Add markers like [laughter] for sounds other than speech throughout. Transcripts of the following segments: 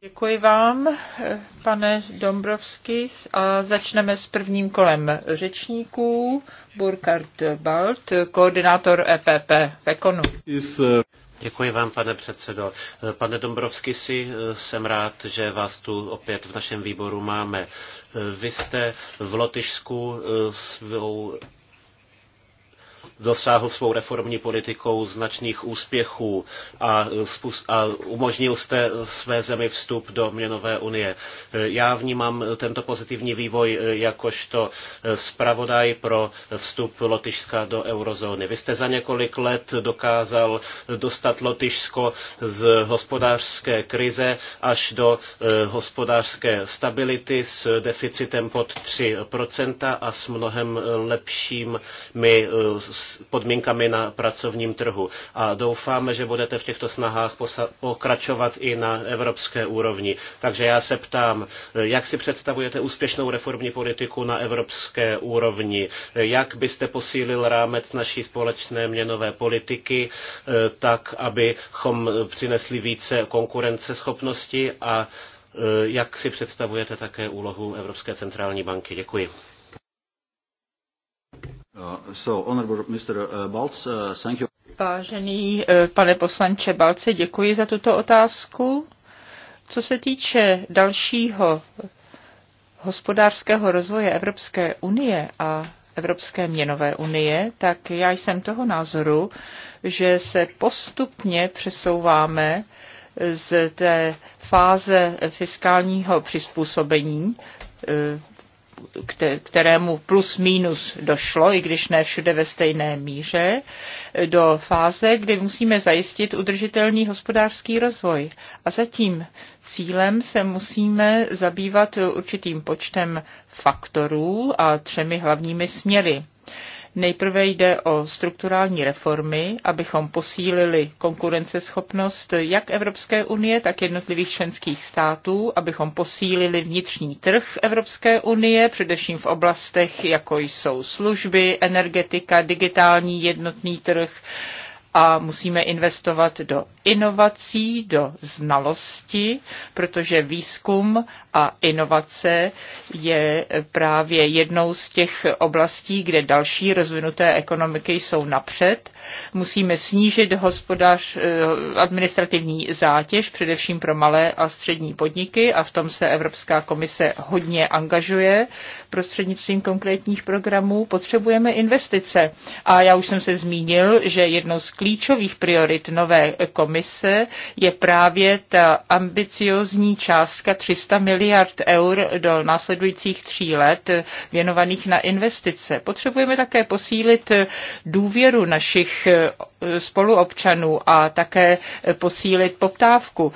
Děkuji vám, pane Dombrovskis, a začneme s prvním kolem řečníků. Burkhard Balt, koordinátor EPP v Ekonu. Eh, Děkuji vám, pane předsedo. Eh, pane Dombrovský, si eh, jsem rád, že vás tu opět v našem výboru máme. Vy jste v Lotyšsku svou dosáhl svou reformní politikou značných úspěchů a, a umožnil jste své zemi vstup do měnové unie. Já vnímám tento pozitivní vývoj jakožto zpravodaj pro vstup Lotyšska do eurozóny. Vy jste za několik let dokázal dostat Lotyšsko z hospodářské krize až do eh, hospodářské stability s deficitem pod 3% a s mnohem lepšími eh, podmínkami na pracovním trhu. A doufáme, že budete v těchto snahách pokračovat i na evropské úrovni. Takže já se ptám, jak si představujete úspěšnou reformní politiku na evropské úrovni? Jak byste posílil rámec naší společné měnové politiky eh, tak, abychom přinesli více konkurenceschopnosti a eh, jak si představujete také úlohu Evropské centrální banky? Děkuji. Uh, uh, uh, Vážený pane poslanče Balce, děkuji za tuto otázku. Co se týče dalšího hospodářského rozvoje Evropské unie a Evropské měnové unie, tak já jsem toho názoru, že se postupně přesouváme z té fáze fiskálního přizpůsobení kterému plus minus došlo, i když ne všude ve stejné míře, do fáze, kdy musíme zajistit udržitelný hospodářský rozvoj. A za tím cílem se musíme zabývat určitým počtem faktorů a třemi hlavními směry. Nejprve jde o strukturální reformy, abychom posílili konkurenceschopnost jak Evropské unie, tak jednotlivých členských států, abychom posílili vnitřní trh Evropské unie, především v oblastech, jako jsou služby, energetika, digitální jednotný trh, a musíme investovat do inovací, do znalosti, protože výzkum a inovace je právě jednou z těch oblastí, kde další rozvinuté ekonomiky jsou napřed. Musíme snížit hospodář, eh, administrativní zátěž, především pro malé a střední podniky a v tom se Evropská komise hodně angažuje prostřednictvím konkrétních programů. Potřebujeme investice a já už jsem se zmínil, že jednou z klíčových priorit nové komise je právě ta ambiciozní částka 300 miliard eur do následujících tří let věnovaných na investice. Potřebujeme také posílit důvěru našich spoluobčanů a také posílit poptávku,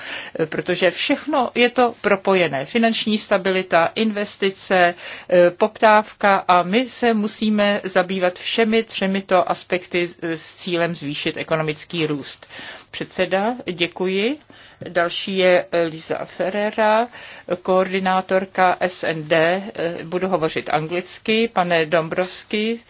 protože všechno je to propojené. Finanční stabilita, investice, poptávka a my se musíme zabývat všemi třemi to aspekty s cílem zvýšit podpořit ekonomický růst. Předseda, děkuji. Další je Lisa Ferrera, koordinátorka SND. Budu hovořit anglicky. Pane Dombrovsky,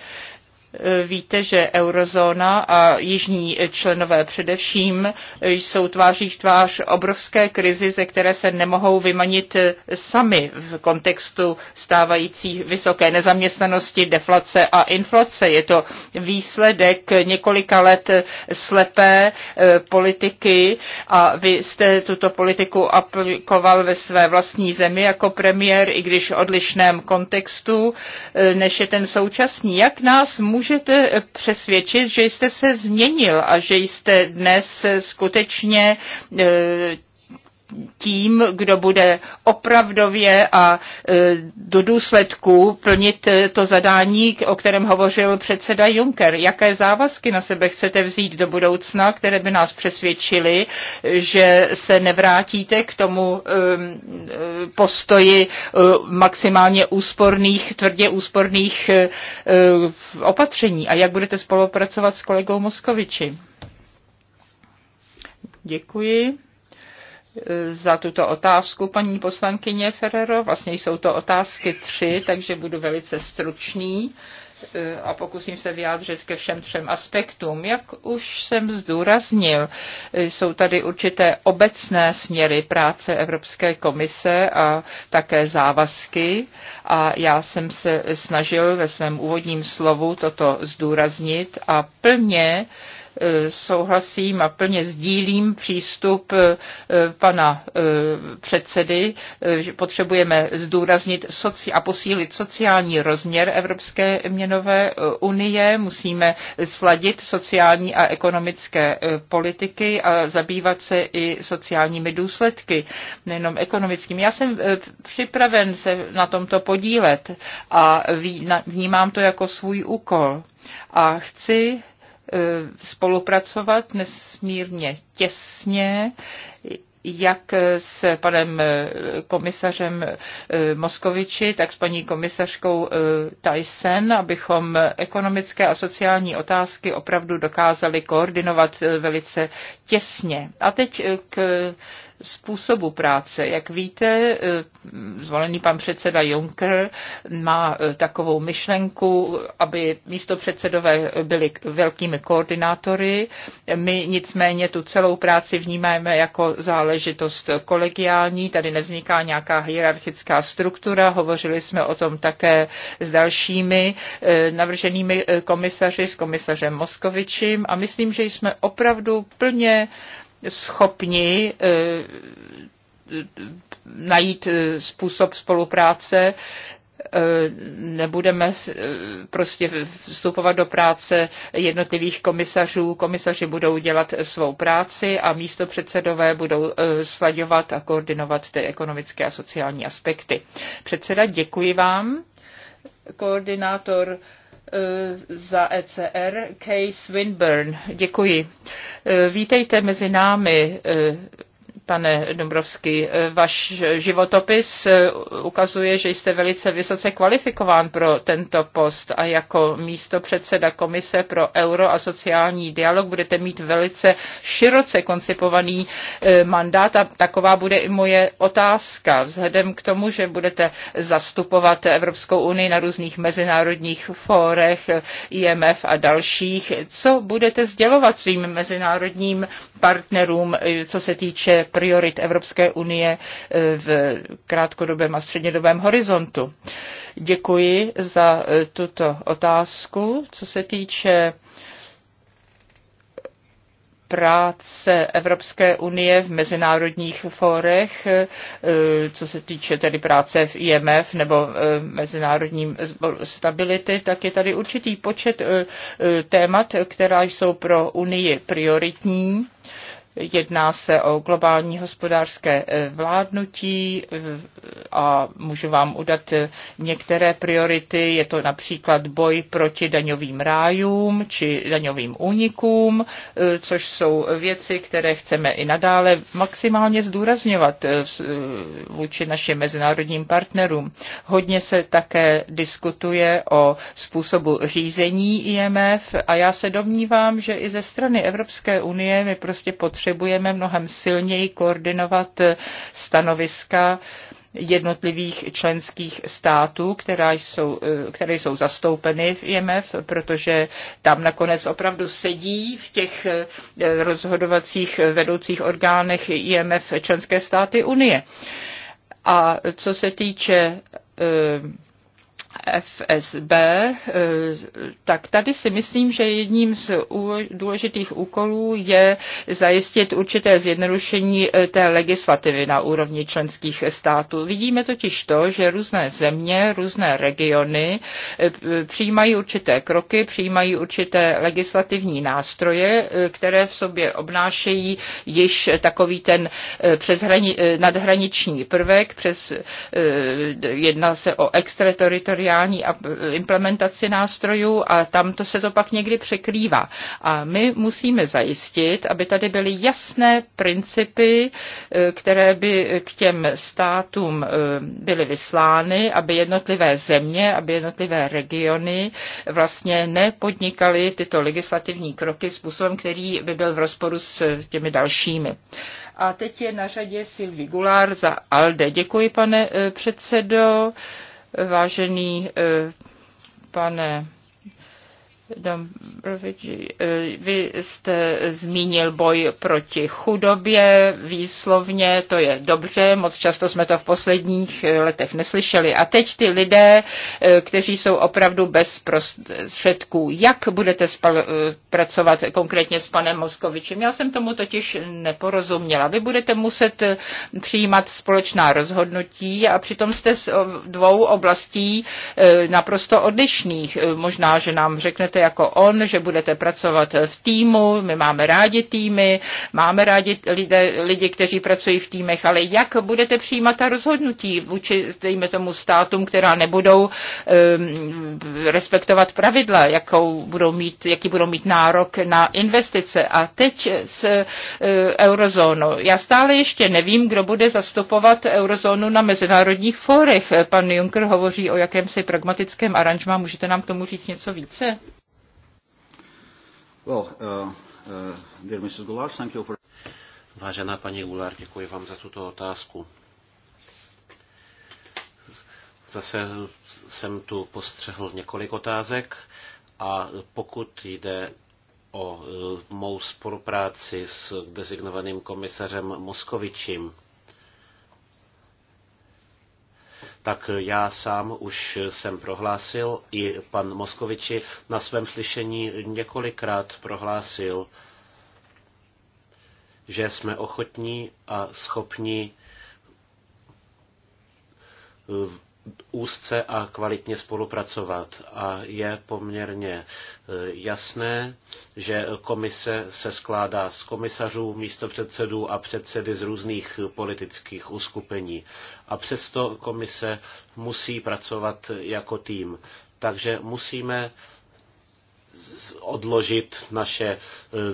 Víte, že eurozóna a jižní členové především jsou tváří v tvář obrovské krizi, ze které se nemohou vymanit sami v kontextu stávající vysoké nezaměstnanosti, deflace a inflace. Je to výsledek několika let slepé eh, politiky a vy jste tuto politiku aplikoval ve své vlastní zemi jako premiér, i když v odlišném kontextu, eh, než je ten současný. Jak nás může můžete přesvědčit, že jste se změnil a že jste dnes skutečně eh, tím, kdo bude opravdově a e, do důsledku plnit to zadání, o kterém hovořil předseda Juncker. Jaké závazky na sebe chcete vzít do budoucna, které by nás přesvědčily, že se nevrátíte k tomu e, postoji e, maximálně úsporných, tvrdě úsporných opatření? A jak budete spolupracovat s kolegou Moskoviči? Děkuji za tuto otázku, paní poslankyně Ferrero. Vlastně jsou to otázky tři, takže budu velice stručný eh, a pokusím se vyjádřit ke všem třem aspektům. Jak už jsem zdůraznil, eh, jsou tady určité obecné směry práce Evropské komise a také závazky a já jsem se snažil ve svém úvodním slovu toto zdůraznit a plně souhlasím a plně sdílím přístup e, pana e, předsedy, e, že potřebujeme zdůraznit a posílit sociální rozměr Evropské měnové unie. Musíme sladit sociální a ekonomické politiky a zabývat se i sociálními důsledky, nejenom ekonomickými. Já jsem připraven se na tomto podílet a vnímám to jako svůj úkol. A chci Eh, spolupracovat nesmírně těsně, jak s panem eh, komisařem eh, Moskoviči, tak s paní komisařkou Tyson, abychom ekonomické a sociální otázky opravdu dokázali koordinovat velice těsně. A teď k způsobu práce. Jak víte, eh, zvolený pan předseda Juncker má eh, takovou myšlenku, aby místo předsedové byli velkými koordinátory. My nicméně tu celou práci vnímáme jako záležitost kolegiální, tady nevzniká nějaká hierarchická struktura, hovořili jsme o tom také s dalšími eh, navrženými komisaři, s komisařem Moskovičem a myslím, že jsme opravdu plně schopni eh, najít eh, způsob spolupráce, eh, nebudeme prostě vstupovat do práce jednotlivých komisařů. Komisaři budou dělat svou práci a místo předsedové budou slaďovat a koordinovat ty ekonomické a sociální aspekty. Předseda, děkuji vám. Koordinátor Eh, za ECR Kay Swinburne. Děkuji. Eh, vítejte mezi námi, eh, Pane Dombrovský, váš životopis eh, ukazuje, že jste velice vysoce kvalifikován pro tento post a jako místo předseda Komise pro euro a sociální dialog budete mít velice široce koncipovaný eh, mandát a taková bude i moje otázka. Vzhledem k tomu, že budete zastupovat Evropskou unii na různých mezinárodních fórech, IMF a dalších, co budete sdělovat svým mezinárodním partnerům, eh, co se týče priorit Evropské unie eh, v krátkodobém a střednědobém horizontu. Děkuji za eh, tuto otázku. Co se týče práce Evropské unie v mezinárodních fórech, eh, co se týče tedy práce v IMF nebo mezinárodním stability, tak je tady určitý počet témat, která jsou pro Unii prioritní Jedná se o globální hospodářské eh, vládnutí eh, a můžu vám udat eh, některé priority. Je to například boj proti daňovým rájům či daňovým únikům, což jsou věci, které chceme i nadále maximálně zdůrazňovat vůči našim mezinárodním partnerům. Hodně se také diskutuje o způsobu řízení IMF a já se domnívám, že i ze strany Evropské unie mi prostě potřebujeme potřebujeme mnohem silněji koordinovat stanoviska jednotlivých členských států, která jsou, eh, které jsou zastoupeny v IMF, protože tam nakonec opravdu sedí v těch eh, rozhodovacích vedoucích orgánech IMF členské státy Unie. A co se týče eh, FSB, eh, tak tady si myslím, že jedním z důležitých úkolů je zajistit určité zjednodušení eh, té legislativy na úrovni členských států. Vidíme totiž to, že různé země, různé regiony eh, přijímají určité kroky, přijímají určité legislativní nástroje, které v sobě obnášejí již takový ten přeshrani, nadhraniční prvek, přes, jedná se o extraterritoriální teritoriální implementaci nástrojů a tam to se to pak někdy překrývá. A my musíme zajistit, aby tady byly jasné principy, eh, které by k těm státům eh, byly vyslány, aby jednotlivé země, aby jednotlivé regiony vlastně nepodnikaly tyto legislativní kroky způsobem, který by byl v rozporu s těmi dalšími. A teď je na řadě Sylvie Goulart za ALDE. Děkuji, pane eh, předsedo. Vážený eh, pane Dombrovič, eh, vy jste zmínil boj proti chudobě výslovně, to je dobře, moc často jsme to v posledních eh, letech neslyšeli. A teď ty lidé, eh, kteří jsou opravdu bez prostředků, jak budete pracovat konkrétně s panem Moskovičem? Já jsem tomu totiž neporozuměla. Vy budete muset přijímat společná rozhodnutí a přitom jste z dvou oblastí naprosto odlišných. Možná, že nám řeknete, budete jako on, že budete pracovat v týmu, my máme rádi týmy, máme rádi lidé, lidi, kteří pracují v týmech, ale jak budete přijímat ta rozhodnutí vůči, dejme tomu, státům, která nebudou um, respektovat pravidla, jakou budou mít, jaký budou mít nárok na investice. A teď s uh, eurozónou. Já stále ještě nevím, kdo bude zastupovat eurozónu na mezinárodních fórech. Pan Juncker hovoří o jakémsi pragmatickém aranžmá. Můžete nám k tomu říct něco více? Well, uh, uh, dear Mrs. Goulart, thank you for... Vážená paní Gulár, děkuji vám za tuto otázku. Zase jsem tu postřehl několik otázek a pokud jde o uh, mou spolupráci s designovaným komisařem Moskovičím, tak já sám už jsem prohlásil, i pan Moskoviči na svém slyšení několikrát prohlásil, že jsme ochotní a schopní úzce a kvalitně spolupracovat. A je poměrně e, jasné, že komise se skládá z komisařů, místopředsedů a předsedy z různých politických uskupení. A přesto komise musí pracovat jako tým. Takže musíme odložit naše e,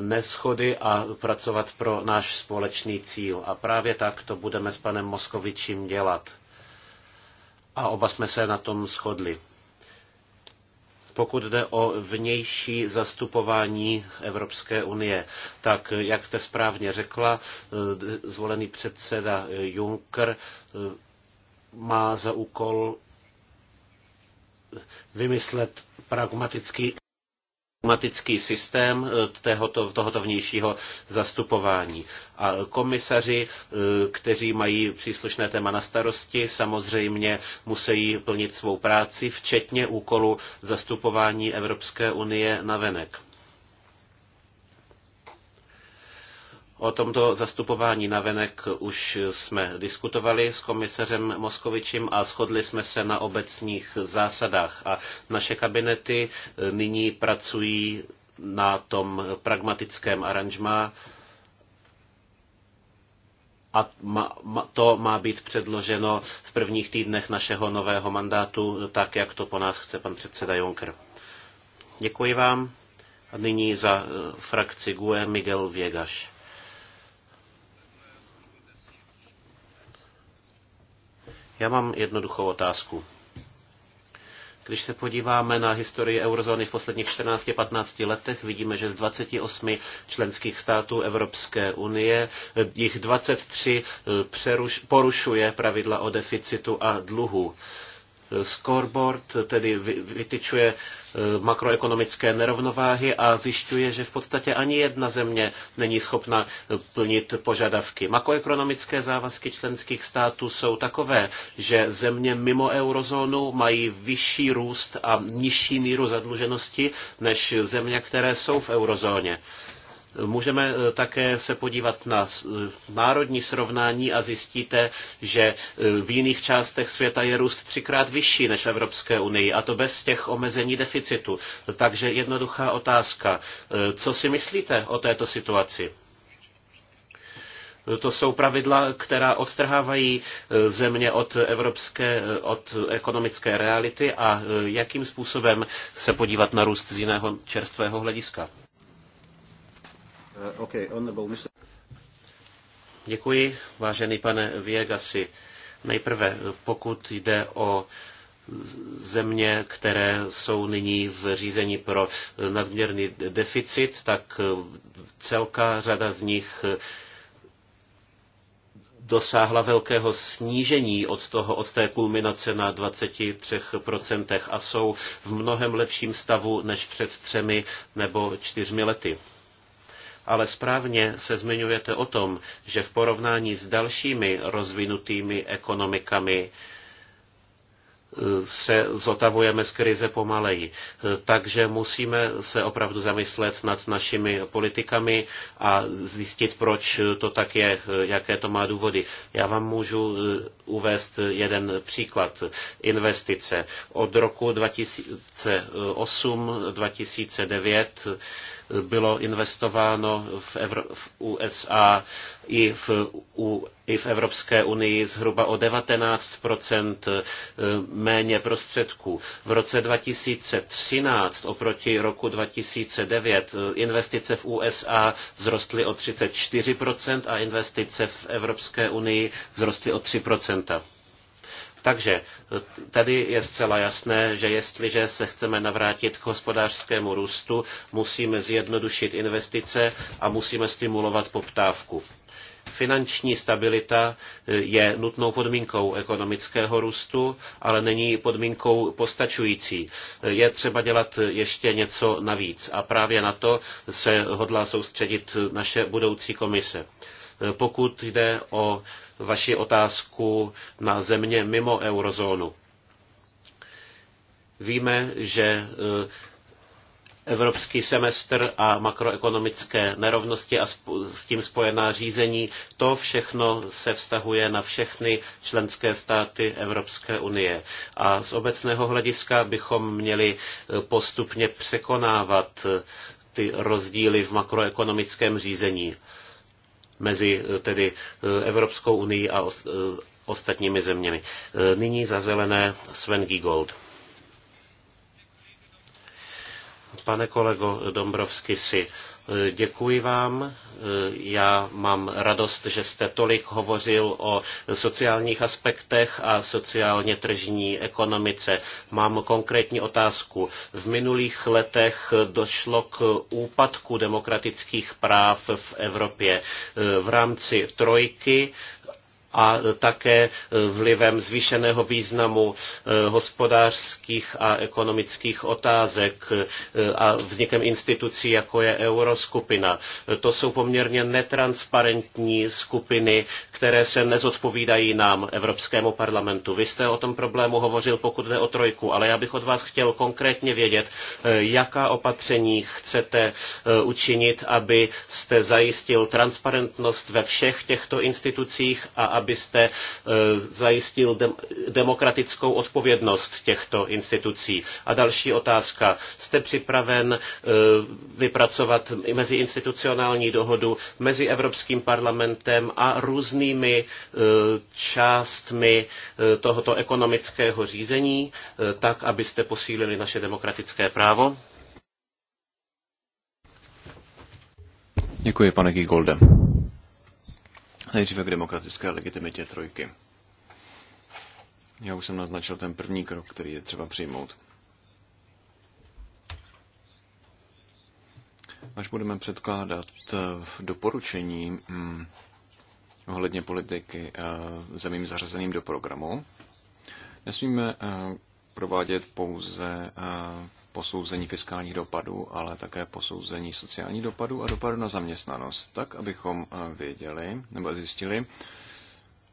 neschody a pracovat pro náš společný cíl. A právě tak to budeme s panem Moskovičím dělat a oba jsme se na tom shodli. Pokud jde o vnější zastupování Evropské unie, tak jak jste správně řekla, eh, zvolený předseda Juncker eh, má za úkol vymyslet pragmatický automatický systém eh, tohoto, tohoto vnějšího zastupování. A komisaři, eh, kteří mají příslušné téma na starosti, samozřejmě musí plnit svou práci, včetně úkolu zastupování Evropské unie na venek. O tomto zastupování navenek už jsme diskutovali s komisařem Moskovičem a shodli jsme se na obecných zásadách. A naše kabinety eh, nyní pracují na tom pragmatickém aranžmá a to má být předloženo v prvních týdnech našeho nového mandátu, tak jak to po nás chce pan předseda Juncker. Děkuji vám. A nyní za eh, frakci GUE Miguel Viegas. Já mám jednoduchou otázku. Když se podíváme na historii eurozóny v posledních 14-15 letech, vidíme, že z 28 členských států Evropské unie jich 23 eh, přeruš, porušuje pravidla o deficitu a dluhu. Scoreboard tedy vytyčuje e, makroekonomické nerovnováhy a zjišťuje, že v podstatě ani jedna země není schopna plnit požadavky. Makroekonomické závazky členských států jsou takové, že země mimo eurozónu mají vyšší růst a nižší míru zadluženosti než země, které jsou v eurozóně. Můžeme eh, také se podívat na eh, národní srovnání a zjistíte, že eh, v jiných částech světa je růst třikrát vyšší než v Evropské unii a to bez těch omezení deficitu. Takže jednoduchá otázka. Co si myslíte o této situaci? To jsou pravidla, která odtrhávají země od evropské, od ekonomické reality a jakým způsobem se podívat na růst z jiného čerstvého hlediska. Eh, Děkuji, vážený pane Viegasi. Nejprve, pokud jde o země, které jsou nyní v řízení pro nadměrný deficit, tak eh, celá řada z nich eh, dosáhla velkého snížení od, toho, od té kulminace na 23% a jsou v mnohem lepším stavu než před třemi nebo čtyřmi lety ale správně se zmiňujete o tom, že v porovnání s dalšími rozvinutými ekonomikami eh, se zotavujeme z krize pomaleji. Takže musíme se opravdu zamyslet nad našimi politikami a zjistit, proč to tak je, jaké to má důvody. Já vám můžu eh, uvést jeden příklad investice. Od roku 2008-2009 bylo investováno v, Evro- v USA i v, u, i v Evropské unii zhruba o 19 eh, méně prostředků. V roce 2013 oproti roku 2009 eh, investice v USA vzrostly o 34 a investice v Evropské unii vzrostly o 3 takže tady je zcela jasné, že jestliže se chceme navrátit k hospodářskému růstu, musíme zjednodušit investice a musíme stimulovat poptávku. Finanční stabilita eh, je nutnou podmínkou ekonomického růstu, ale není podmínkou postačující. Eh, je třeba dělat eh, ještě něco navíc a právě na to se hodlá soustředit naše budoucí komise pokud jde o vaši otázku na země mimo eurozónu. Víme, že eh, evropský semestr a makroekonomické nerovnosti a s tím spojená řízení, to všechno se vztahuje na všechny členské státy Evropské unie. A z obecného hlediska bychom měli eh, postupně překonávat eh, ty rozdíly v makroekonomickém řízení mezi eh, tedy eh, Evropskou unii a eh, ostatními zeměmi. Nyní za zelené Sven Giegold. Pane kolego Dombrovsky, si Děkuji vám. Já mám radost, že jste tolik hovořil o sociálních aspektech a sociálně tržní ekonomice. Mám konkrétní otázku. V minulých letech došlo k úpadku demokratických práv v Evropě v rámci trojky a také vlivem zvýšeného významu eh, hospodářských a ekonomických otázek eh, a vznikem institucí, jako je euroskupina. Eh, to jsou poměrně netransparentní skupiny, které se nezodpovídají nám, Evropskému parlamentu. Vy jste o tom problému hovořil, pokud jde o trojku, ale já bych od vás chtěl konkrétně vědět, jaká opatření chcete učinit, aby zajistil transparentnost ve všech těchto institucích a aby abyste e, zajistil demokratickou odpovědnost těchto institucí. A další otázka. Jste připraven e, vypracovat meziinstitucionální dohodu mezi Evropským parlamentem a různými e, částmi tohoto ekonomického řízení, tak, abyste posílili naše demokratické právo? Děkuji, pane Gigolde. Nejdříve k demokratické legitimitě trojky. Já už jsem naznačil ten první krok, který je třeba přijmout. Až budeme předkládat eh, doporučení mm, ohledně politiky eh, zemím zařazeným do programu, nesmíme eh, provádět pouze posouzení fiskálních dopadů, ale také posouzení sociálních dopadů a dopadů na zaměstnanost, tak abychom eh, věděli nebo zjistili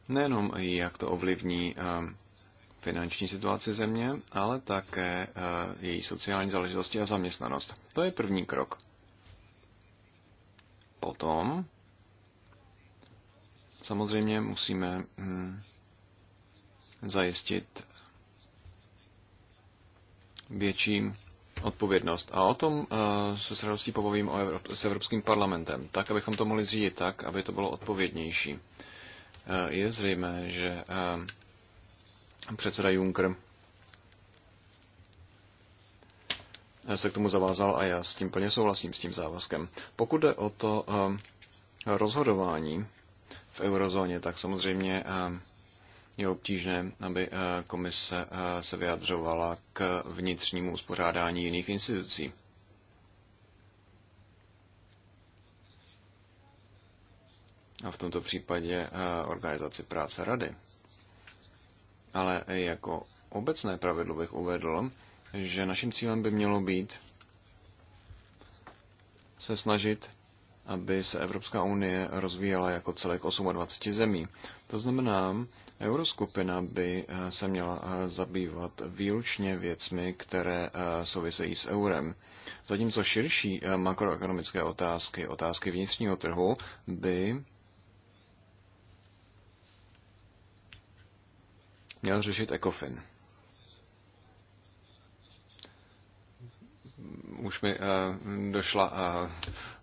nejenom, jak to ovlivní eh, finanční situaci země, ale také eh, její sociální záležitosti a zaměstnanost. To je první krok. Potom samozřejmě musíme hm, zajistit větší odpovědnost. A o tom eh, se s radostí pobavím o Evrop- s Evropským parlamentem, tak, abychom to mohli zřídit tak, aby to bylo odpovědnější. Eh, je zřejmé, že eh, předseda Juncker se k tomu zavázal a já s tím plně souhlasím, s tím závazkem. Pokud jde o to rozhodování v eurozóně, tak samozřejmě je obtížné, aby eh, komise eh, se vyjadřovala k vnitřnímu uspořádání jiných institucí. A v tomto případě eh, organizaci práce rady. Ale jako obecné pravidlo bych uvedl, že naším cílem by mělo být se snažit aby se Evropská unie rozvíjela jako celek 28 zemí. To znamená, euroskupina by eh, se měla eh, zabývat výlučně věcmi, které eh, souvisejí s eurem. Zatímco širší makroekonomické otázky, otázky vnitřního trhu, by měl řešit ECOFIN. Už mi došla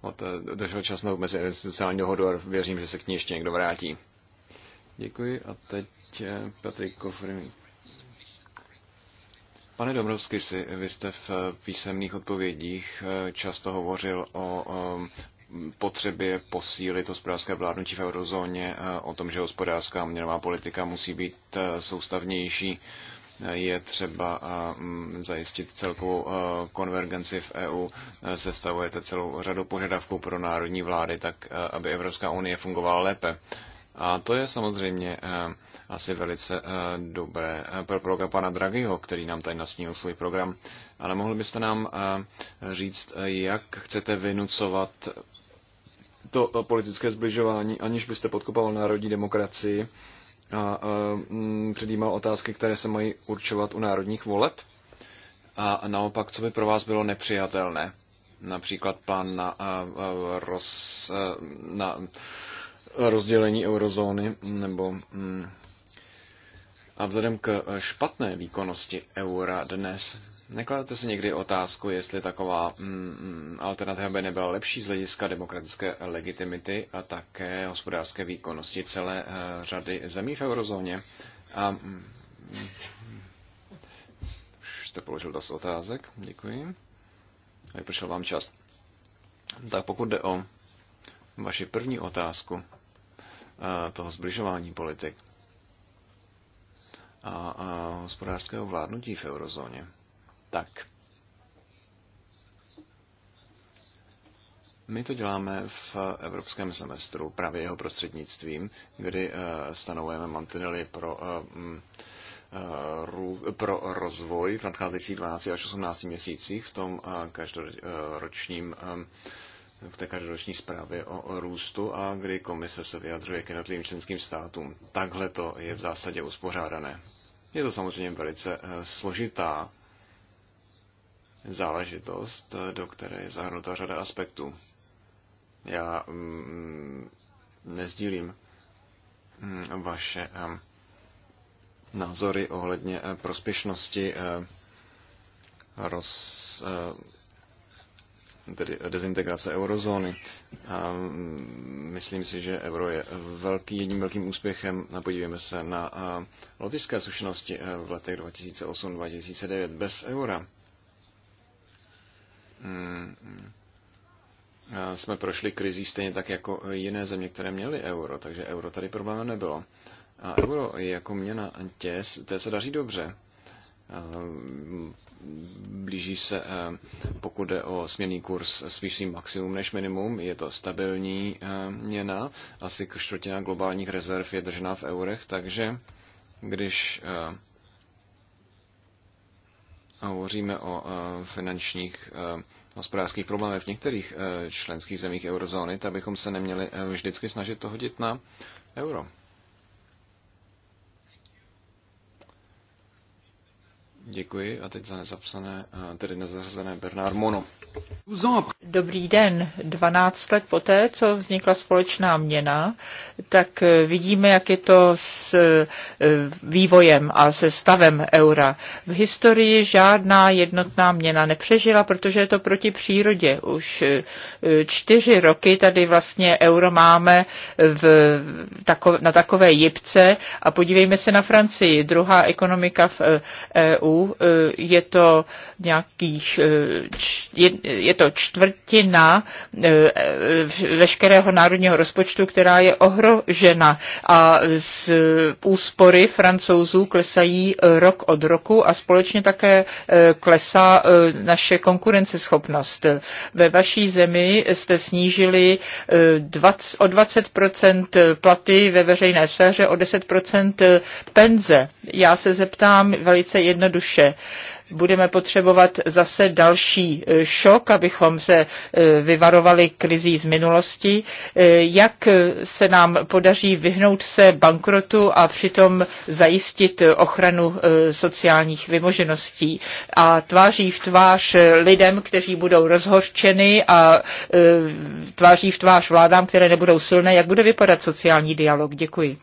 od eh, došločasnou mezi institucionální dohodu a věřím, že se k ní ještě někdo vrátí. Děkuji a teď eh, Patrik Kofrmík. Pane Dobrovsky, eh, vy jste v písemných odpovědích často hovořil o potřebě posílit hospodářské vládnutí v eurozóně, o tom, že hospodářská měnová politika musí být soustavnější je třeba mm, zajistit celkovou konvergenci v EU. Sestavujete celou řadu požadavků pro národní vlády, tak aby Evropská unie fungovala lépe. A to je samozřejmě asi velice dobré pro program pana Draghiho, který nám tady nasnil svůj program. Ale mohli byste nám říct, jak chcete vynucovat to politické zbližování, aniž byste podkopal národní demokracii a mm, předjímal otázky, které se mají určovat u národních voleb? A naopak, co by pro vás bylo nepřijatelné? Například plán na, roz, na rozdělení eurozóny nebo mm, a vzhledem k špatné výkonnosti eura dnes, Nekladete si někdy otázku, jestli taková mm, mm, alternativa by nebyla lepší z hlediska demokratické legitimity a také hospodářské výkonnosti celé uh, řady zemí v eurozóně? A, mm, mm, mm, už jste položil dost otázek, děkuji. A vypršel vám čas. Tak pokud jde o vaši první otázku uh, toho zbližování politik a, a hospodářského vládnutí v eurozóně, tak My to děláme v evropském semestru, právě jeho prostřednictvím, kdy eh, stanovujeme mantinely pro, eh, mm, eh, pro rozvoj v nadcházejících 12 až 18 měsících v tom každoročním v té každoroční zprávě o růstu a kdy komise se vyjadřuje k jednotlivým členským státům. Takhle to je v zásadě uspořádané. Je to samozřejmě velice složitá záležitost, do které je zahrnuta řada aspektů. Já mm, mm, nezdílím mm, vaše názory ohledně eh, prospěšnosti eh, roz, eh, tedy dezintegrace eurozóny. myslím si, že euro je velký, jedním velkým úspěchem. Podívejme se na lotické lotyšské zkušenosti v letech 2008-2009 bez eura Mm, mm. jsme prošli krizí stejně tak jako jiné země, které měly euro, takže euro tady problém nebylo. A euro je jako měna těs, té se daří dobře. Ehm, blíží se, ehm, pokud jde o směrný kurz, spíš maximum než minimum. Je to stabilní ehm, měna, asi čtvrtina globálních rezerv je držená v eurech, takže když hovoříme o e, finančních e, hospodářských problémech v některých e, členských zemích eurozóny, tak bychom se neměli vždycky snažit to hodit na euro. Děkuji a teď za nezapsané, eh, tedy nezařazené Bernard Mono. Dobrý den. 12 let poté, co vznikla společná měna, tak eh, vidíme, jak je to s eh, vývojem a se stavem eura. V historii žádná jednotná měna nepřežila, protože je to proti přírodě. Už čtyři roky tady vlastně euro máme v, tako, na takové jipce a podívejme se na Francii, druhá ekonomika v EU e Eh, je to nějakých, eh, je to čtvrtina eh, veškerého národního rozpočtu, která je ohrožena a z úspory francouzů klesají rok od roku a společně také klesá naše konkurenceschopnost. Ve vaší zemi jste snížili 20, o 20% platy ve veřejné sféře, o 10% penze. Já se zeptám velice jednoduše, duše. Budeme potřebovat zase další eh, šok, abychom se eh, vyvarovali krizí z minulosti. Eh, jak se nám podaří vyhnout se bankrotu a přitom zajistit ochranu sociálních vymožeností a tváří v tvář lidem, kteří budou rozhorčeny a tváří v tvář vládám, které nebudou silné, jak bude vypadat sociální dialog. Děkuji.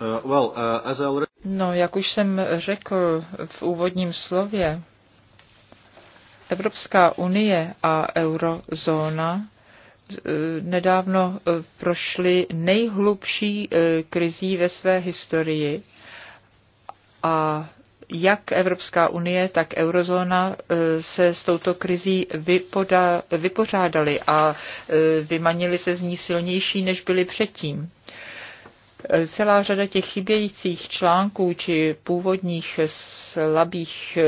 Uh, uh, no, jak už jsem řekl v úvodním slově, Evropská unie a eurozóna uh, nedávno prošly nejhlubší krizí ve své historii a jak Evropská unie, tak eurozóna se s touto krizí vypoda, vypořádali a vymanili se z ní silnější, než byli předtím celá řada těch chybějících článků či původních slabých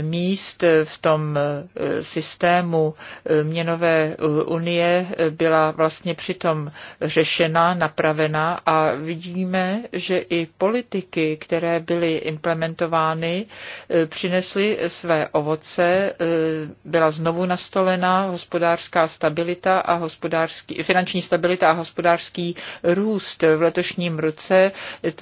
míst v tom eh, systému eh, měnové eh, unie byla vlastně přitom řešena, napravena a vidíme, že i politiky, které byly implementovány, přinesly své ovoce, byla znovu nastolena hospodářská stabilita a hospodářský, finanční stabilita a hospodářský růst. V letošním roce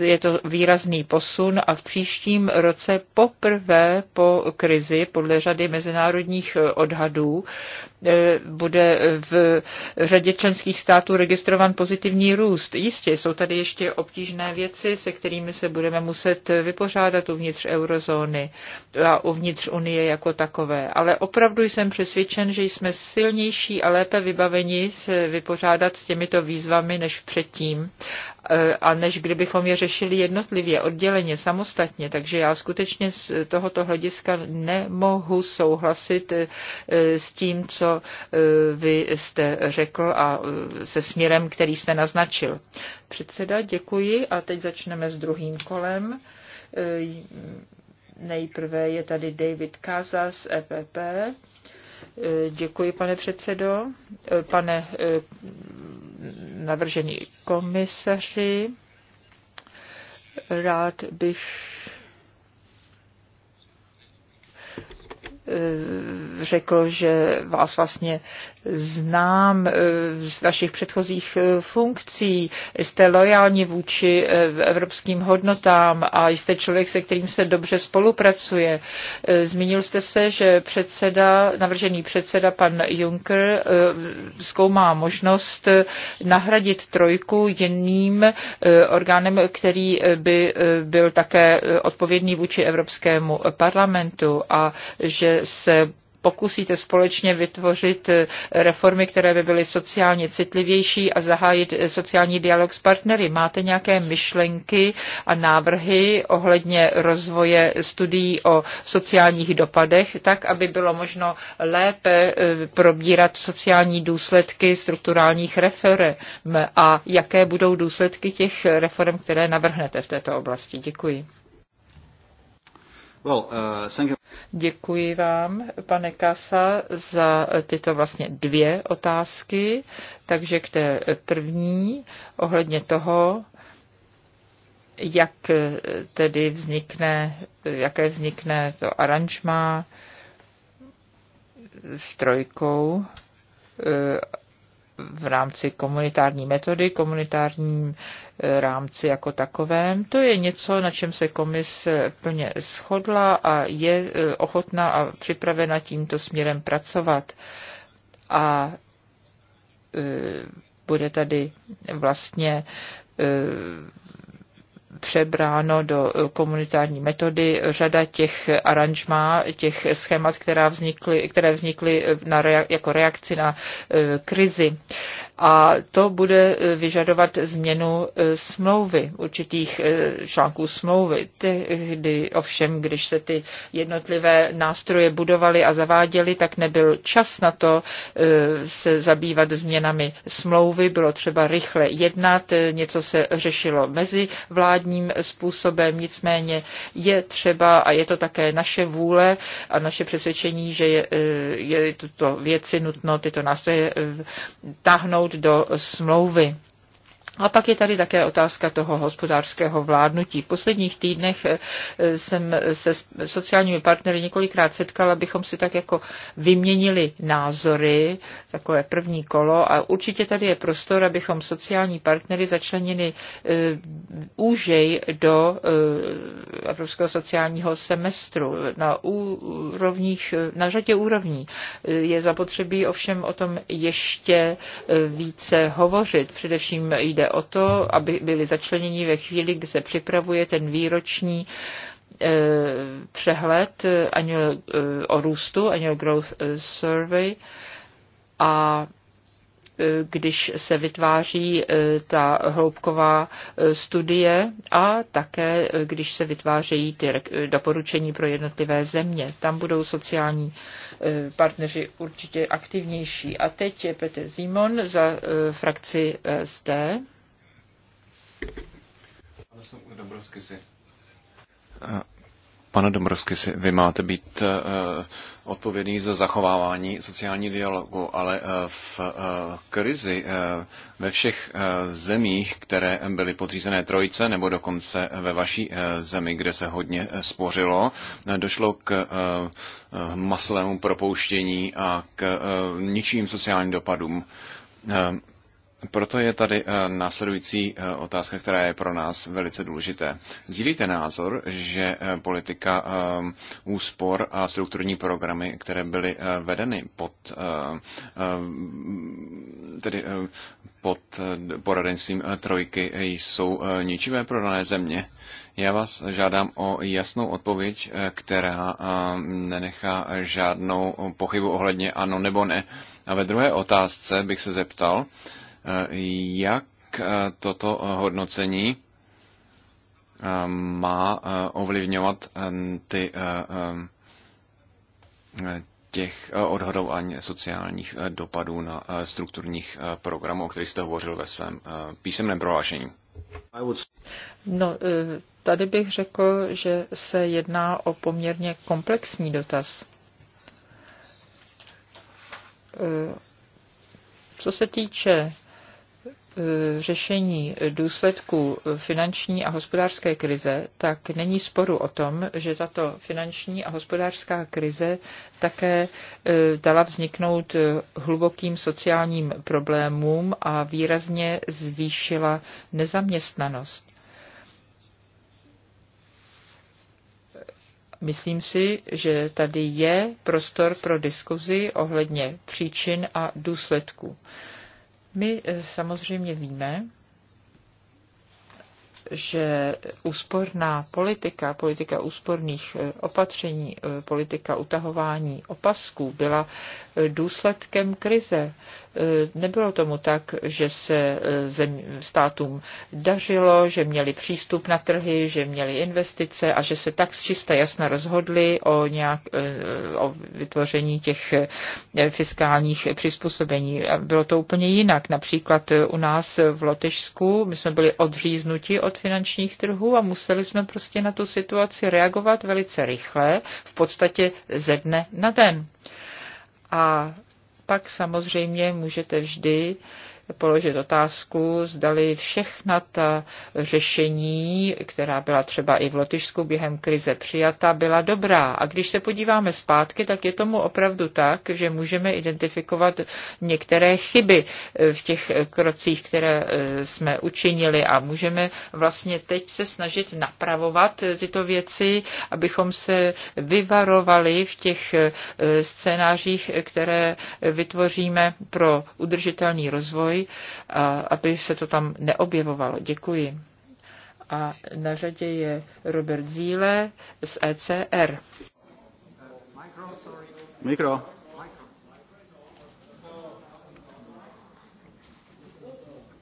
je to výrazný posun a v příštím roce poprvé po krizi podle řady mezinárodních odhadů E, bude v řadě členských států registrovan pozitivní růst. Jistě jsou tady ještě obtížné věci, se kterými se budeme muset vypořádat uvnitř eurozóny a uvnitř Unie jako takové. Ale opravdu jsem přesvědčen, že jsme silnější a lépe vybaveni se vypořádat s těmito výzvami než předtím e, a než kdybychom je řešili jednotlivě, odděleně, samostatně. Takže já skutečně z tohoto hlediska nemohu souhlasit e, s tím, co co eh, vy jste řekl a eh, se směrem, který jste naznačil. Předseda, děkuji a teď začneme s druhým kolem. Eh, nejprve je tady David Kaza z EPP. Děkuji, pane předsedo. Pane navržený komisaři, rád bych Eh, řekl, že vás vlastně znám eh, z vašich předchozích eh, funkcí, jste lojální vůči evropským hodnotám a jste člověk, se kterým se dobře spolupracuje. Zmínil jste se, že předseda, navržený předseda pan Juncker zkoumá možnost nahradit trojku jiným orgánem, který by byl také odpovědný vůči Evropskému parlamentu a že se pokusíte společně vytvořit eh, reformy, které by byly sociálně citlivější a zahájit eh, sociální dialog s partnery. Máte nějaké myšlenky a návrhy ohledně rozvoje studií o sociálních dopadech, tak aby bylo možno lépe eh, probírat sociální důsledky strukturálních reform a jaké budou důsledky těch reform, které navrhnete v této oblasti? Děkuji. Well, uh, Děkuji vám, pane Kasa, za tyto vlastně dvě otázky. Takže k té první ohledně toho, jak tedy vznikne, jaké vznikne to aranžma s trojkou v rámci komunitární metody, komunitárním eh, rámci jako takovém. To je něco, na čem se komis eh, plně shodla a je eh, ochotná a připravena tímto směrem pracovat. A bude tady vlastně přebráno do eh, komunitární metody. Řada těch aranžmá, těch schémat, která vznikly, které vznikly eh, na reak- jako reakci na eh, krizi. A to bude vyžadovat změnu smlouvy, určitých článků smlouvy. Tehdy ovšem, když se ty jednotlivé nástroje budovaly a zaváděly, tak nebyl čas na to se zabývat změnami smlouvy. Bylo třeba rychle jednat, něco se řešilo mezi vládě správným způsobem. Nicméně je třeba, a je to také naše vůle a naše přesvědčení, že je, eh, je tuto věci nutno tyto nástroje eh, tahnout do smlouvy. A pak je tady také otázka toho hospodářského vládnutí. V posledních týdnech eh, jsem se s sociálními partnery několikrát setkala, abychom si tak jako vyměnili názory, takové první kolo a určitě tady je prostor, abychom sociální partnery začlenili eh, úžej do eh, Evropského sociálního semestru na úrovních, na řadě úrovní. Je zapotřebí ovšem o tom ještě více hovořit. Především jde jde o to, aby byli začleněni ve chvíli, kdy se připravuje ten výroční e, přehled e, annual, e, o růstu, Annual Growth Survey, a když se vytváří ta hloubková studie a také když se vytvářejí ty doporučení pro jednotlivé země. Tam budou sociální partneři určitě aktivnější. A teď je Petr Zimon za frakci SD si. Pane Dombrovsky, si, vy máte být eh, odpovědný za zachovávání sociální dialogu, ale eh, v eh, krizi ve všech zemích, které byly podřízené trojce, nebo dokonce ve vaší zemi, kde se hodně spořilo, došlo k masovému propouštění a k ničím sociálním dopadům proto je tady eh, následující eh, otázka, která je pro nás velice důležité. Zdílíte názor, že eh, politika úspor a strukturní programy, které byly vedeny pod, tedy pod poradenstvím trojky, jsou ničivé pro dané země? Já vás žádám o jasnou odpověď, která nenechá žádnou pochybu ohledně ano nebo ne. A ve druhé otázce bych se zeptal, Eh, jak eh, toto eh, hodnocení má ovlivňovat ty těch odhadování sociálních dopadů na strukturních programů, o kterých jste hovořil ve svém písemném prohlášení? No, tady bych řekl, že se jedná o poměrně komplexní dotaz. Co se týče Eh, řešení důsledků finanční a hospodářské krize, tak není sporu o tom, že tato finanční a hospodářská krize také eh, dala vzniknout eh, hlubokým sociálním problémům a výrazně zvýšila nezaměstnanost. Myslím si, že tady je prostor pro diskuzi ohledně příčin a důsledků. My eh, samozřejmě víme, že úsporná politika, politika úsporných eh, opatření, eh, politika utahování opasků byla eh, důsledkem krize. Nebylo tomu tak, že se zem, státům dařilo, že měli přístup na trhy, že měli investice a že se tak čisté jasně rozhodli o, nějak, o vytvoření těch fiskálních přizpůsobení. Bylo to úplně jinak. Například u nás v Lotyšsku my jsme byli odříznuti od od finančních trhů a museli jsme prostě na tu situaci reagovat velice rychle, v podstatě ze dne na den. A pak samozřejmě můžete vždy položit otázku, zdali všechna ta řešení, která byla třeba i v Lotyšsku během krize přijata, byla dobrá. A když se podíváme zpátky, tak je tomu opravdu tak, že můžeme identifikovat některé chyby v těch krocích, které eh, jsme učinili a můžeme vlastně teď se snažit napravovat tyto věci, abychom se vyvarovali v těch eh, scénářích, které vytvoříme pro udržitelný rozvoj zdroj, a aby se to tam neobjevovalo. Děkuji. A na řadě je Robert Zíle z ECR. Mikro.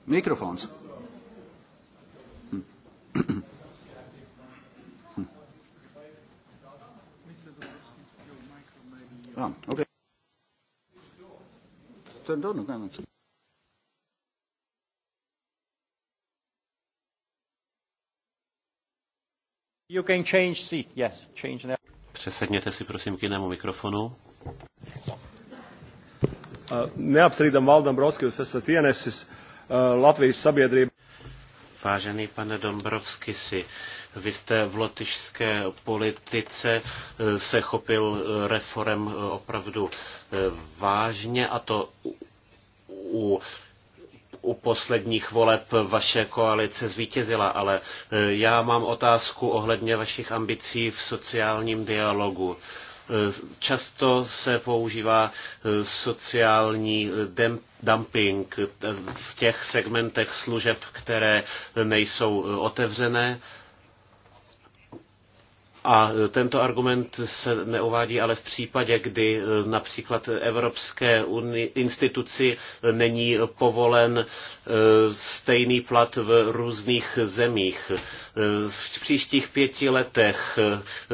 Mikrofons. [clears throat] Ah, okay. Turn down the You can change seat. Yes, change now. Přesedněte si prosím k jinému mikrofonu. Uh, Neapstrīdam Valdam se se ienesis uh, Latvijas sabiedrību. Vážený pane si vy jste v lotyšské politice uh, se chopil reform opravdu vážně a to u u posledních voleb vaše koalice zvítězila, ale e, já mám otázku ohledně vašich ambicí v sociálním dialogu. E, často se používá e, sociální dumping v těch segmentech služeb, které nejsou otevřené a tento argument se neuvádí ale v případě, kdy eh, například Evropské uni- instituci není povolen eh, stejný plat v různých zemích. Eh, v příštích pěti letech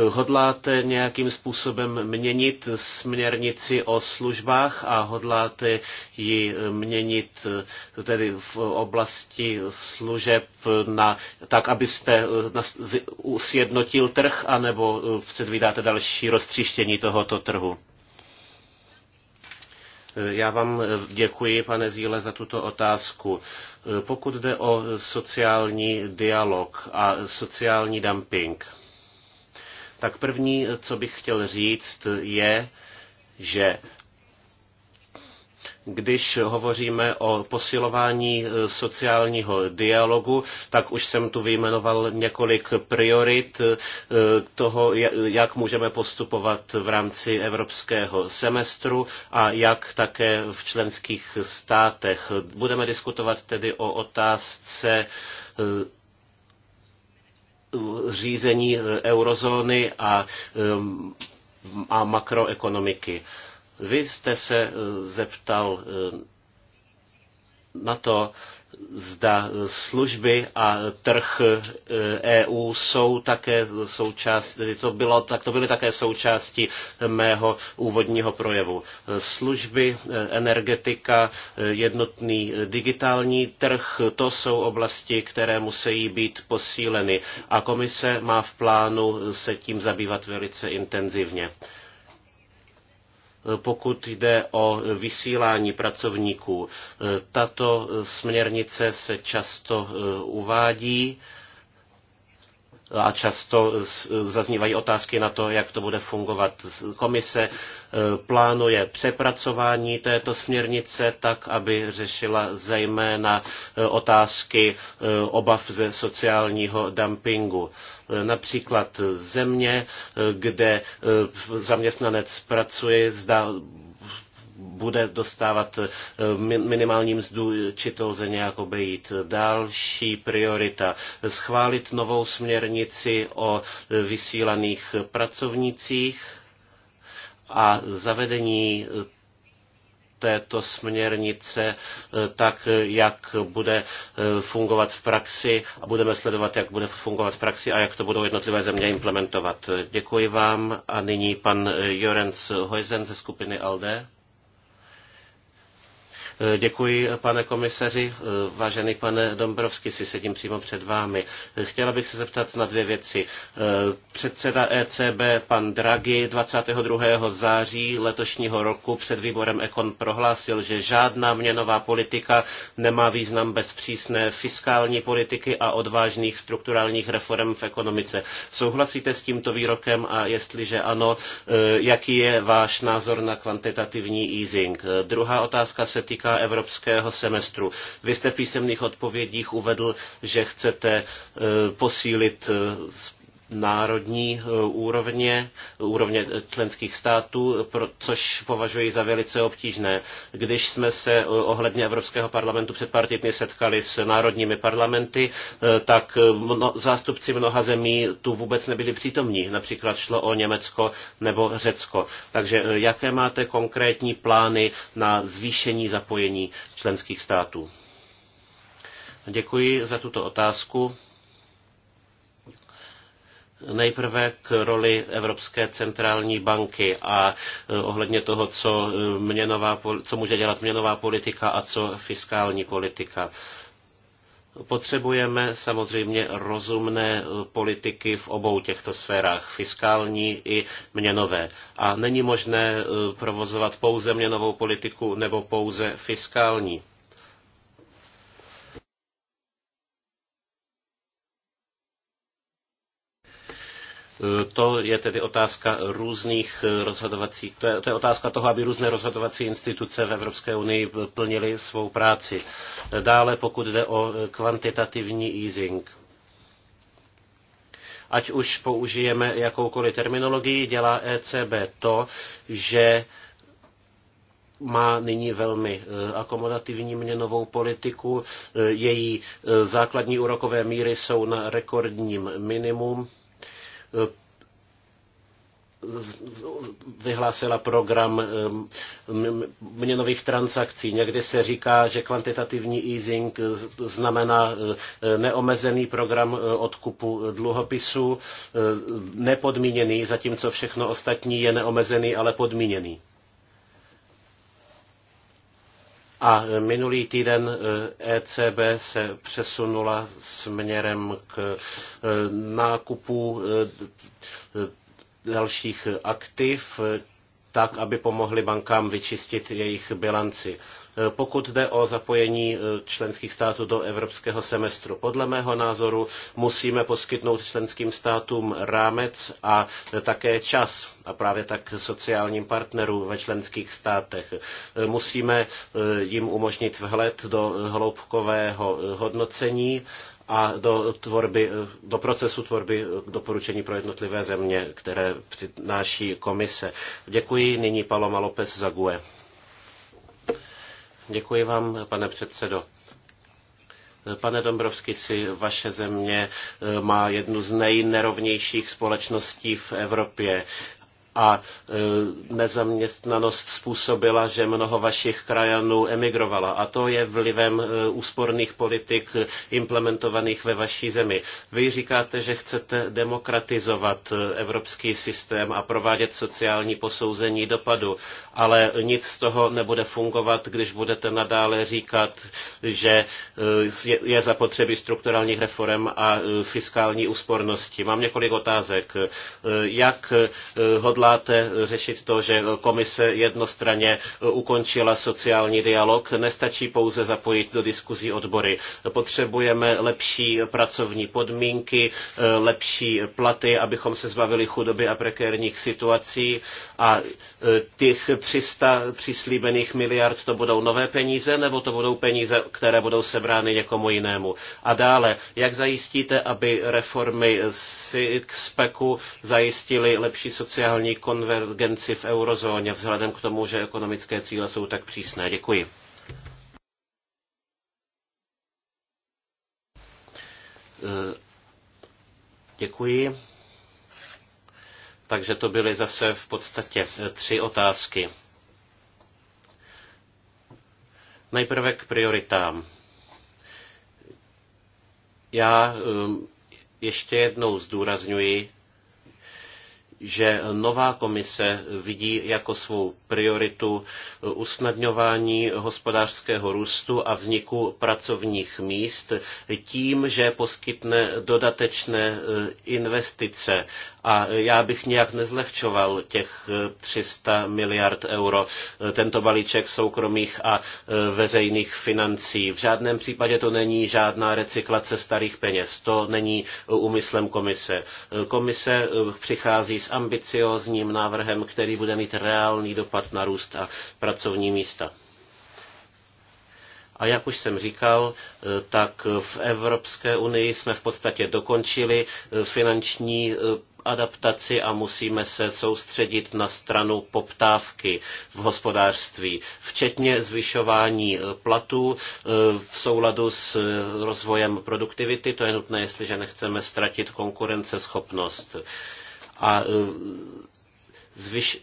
hodláte nějakým způsobem měnit směrnici o službách a hodláte ji měnit tedy v oblasti služeb na, tak, abyste sjednotil trh a nebo eh, předvídáte další roztříštění tohoto trhu? Eh, já vám eh, děkuji, pane Zíle, za tuto otázku. Pokud jde o sociální dialog a sociální dumping, tak první, co bych chtěl říct, je, že když hovoříme o posilování eh, sociálního dialogu, tak už jsem tu vyjmenoval několik priorit eh, toho, jak můžeme postupovat v rámci evropského semestru a jak také v členských státech. Budeme diskutovat tedy o otázce eh, řízení eurozóny a, a makroekonomiky. Vy jste se eh, zeptal eh, na to, zda eh, služby a trh EU e jsou také součástí, to bylo, tak to byly také součástí mého úvodního projevu. Služby, energetika, jednotný digitální trh, to jsou oblasti, které musí být posíleny a komise má v plánu se tím zabývat velice intenzivně pokud jde o vysílání pracovníků. Tato směrnice se často eh, uvádí a často zaznívají otázky na to, jak to bude fungovat. Komise e, plánuje přepracování této směrnice tak, aby řešila zejména e, otázky e, obav ze sociálního dumpingu. Například země, kde zaměstnanec pracuje, zda bude dostávat eh, minimální mzdu, či to lze nějak obejít. Další priorita. Schválit novou směrnici o eh, vysílaných pracovnicích a zavedení eh, této směrnice tak, jak bude fungovat v praxi a budeme sledovat, jak bude fungovat v praxi a jak to budou jednotlivé země implementovat. Děkuji vám a nyní pan Jorenz Hojzen ze skupiny ALDE. Děkuji, pane komisaři. Vážený pane Dombrovský, si sedím přímo před vámi. Chtěla bych se zeptat na dvě věci. Předseda ECB, pan Draghi, 22. září letošního roku před výborem Ekon prohlásil, že žádná měnová politika nemá význam bez přísné fiskální politiky a odvážných strukturálních reform v ekonomice. Souhlasíte s tímto výrokem a jestliže ano, eh, jaký je váš názor na kvantitativní easing? Druhá otázka se týká otázka evropského semestru. Vy jste v písemných odpovědích uvedl, že chcete eh, posílit eh, národní eh, úrovně, úrovně členských států, což považuji za velice obtížné. Když jsme se eh, ohledně Evropského parlamentu před pár týdny setkali s národními parlamenty, eh, tak mno, zástupci mnoha zemí tu vůbec nebyli přítomní. Například šlo o Německo nebo Řecko. Takže jaké máte konkrétní plány na zvýšení zapojení členských států? Děkuji za tuto otázku. Nejprve k roli Evropské centrální banky a eh, ohledně toho, co, eh, měnová, co může dělat měnová politika a co fiskální politika. Potřebujeme samozřejmě rozumné eh, politiky v obou těchto sférách, fiskální i měnové. A není možné provozovat pouze měnovou politiku nebo pouze fiskální. Eh, to je tedy otázka různých eh, rozhodovacích, to je, to je otázka toho, aby různé rozhodovací instituce v Evropské unii eh, plnily svou práci. Dále, pokud jde o kvantitativní easing. Ať už použijeme jakoukoliv terminologii, dělá ECB to, že má nyní velmi akomodativní měnovou politiku. Její základní úrokové míry jsou na rekordním minimum vyhlásila program um, měnových transakcí. Někdy se říká, že kvantitativní easing znamená uh, neomezený program uh, odkupu uh, dluhopisů, nepodmíněný, zatímco všechno ostatní je neomezený, ale podmíněný. A minulý týden ECB eh, e se přesunula směrem k eh, nákupu eh, dalších aktiv, tak, aby pomohli bankám vyčistit jejich bilanci. Eh, pokud jde o zapojení eh, členských států do evropského semestru. Podle mého názoru musíme poskytnout členským státům rámec a eh, také čas a právě tak sociálním partnerům ve členských státech. Musíme jim umožnit vhled do hloubkového hodnocení a do, tvorby, do procesu tvorby doporučení pro jednotlivé země, které přináší komise. Děkuji nyní Paloma López Zague. Děkuji vám, pane předsedo. Pane Dombrovský, si vaše země eh, má jednu z nejnerovnějších společností v Evropě a e, nezaměstnanost způsobila, že mnoho vašich krajanů emigrovalo. A to je vlivem e, úsporných politik implementovaných ve vaší zemi. Vy říkáte, že chcete demokratizovat e, evropský systém a provádět sociální posouzení dopadu, ale nic z toho nebude fungovat, když budete nadále říkat, že je zapotřebí strukturálních reform a fiskální úspornosti. Mám několik otázek. Jak hodl hodláte řešit to, že komise jednostranně ukončila sociální dialog. Nestačí pouze zapojit do diskuzí odbory. Potřebujeme lepší pracovní podmínky, lepší platy, abychom se zbavili chudoby a prekérních situací. A e, těch 300 přislíbených miliard, to budou nové peníze, nebo to budou peníze, které budou sebrány někomu jinému? A dále, jak zajistíte, aby reformy Sixpacku zajistily lepší sociální fiskální konvergenci v eurozóně vzhledem k tomu, že ekonomické cíle jsou tak přísné. Děkuji. Eh, děkuji. Takže to byly zase v podstatě eh, tři otázky. Nejprve k prioritám. Já eh, ještě jednou zdůrazňuji, že nová komise vidí jako svou prioritu usnadňování hospodářského růstu a vzniku pracovních míst tím, že poskytne dodatečné eh, investice. A já bych nějak nezlehčoval těch 300 eh, miliard euro, eh, tento balíček soukromých a veřejných financí. V žádném případě to není žádná recyklace starých peněz. To není úmyslem komise. Komise přichází s ambiciózním návrhem, který bude mít reálný dopad na růst a pracovní místa. A jak už jsem říkal, eh, tak v Evropské unii jsme v podstatě dokončili eh, finanční eh, adaptaci a musíme se soustředit na stranu poptávky v hospodářství, včetně zvyšování platů v souladu s rozvojem produktivity. To je nutné, jestliže nechceme ztratit konkurenceschopnost. schopnost a, e, zvyš,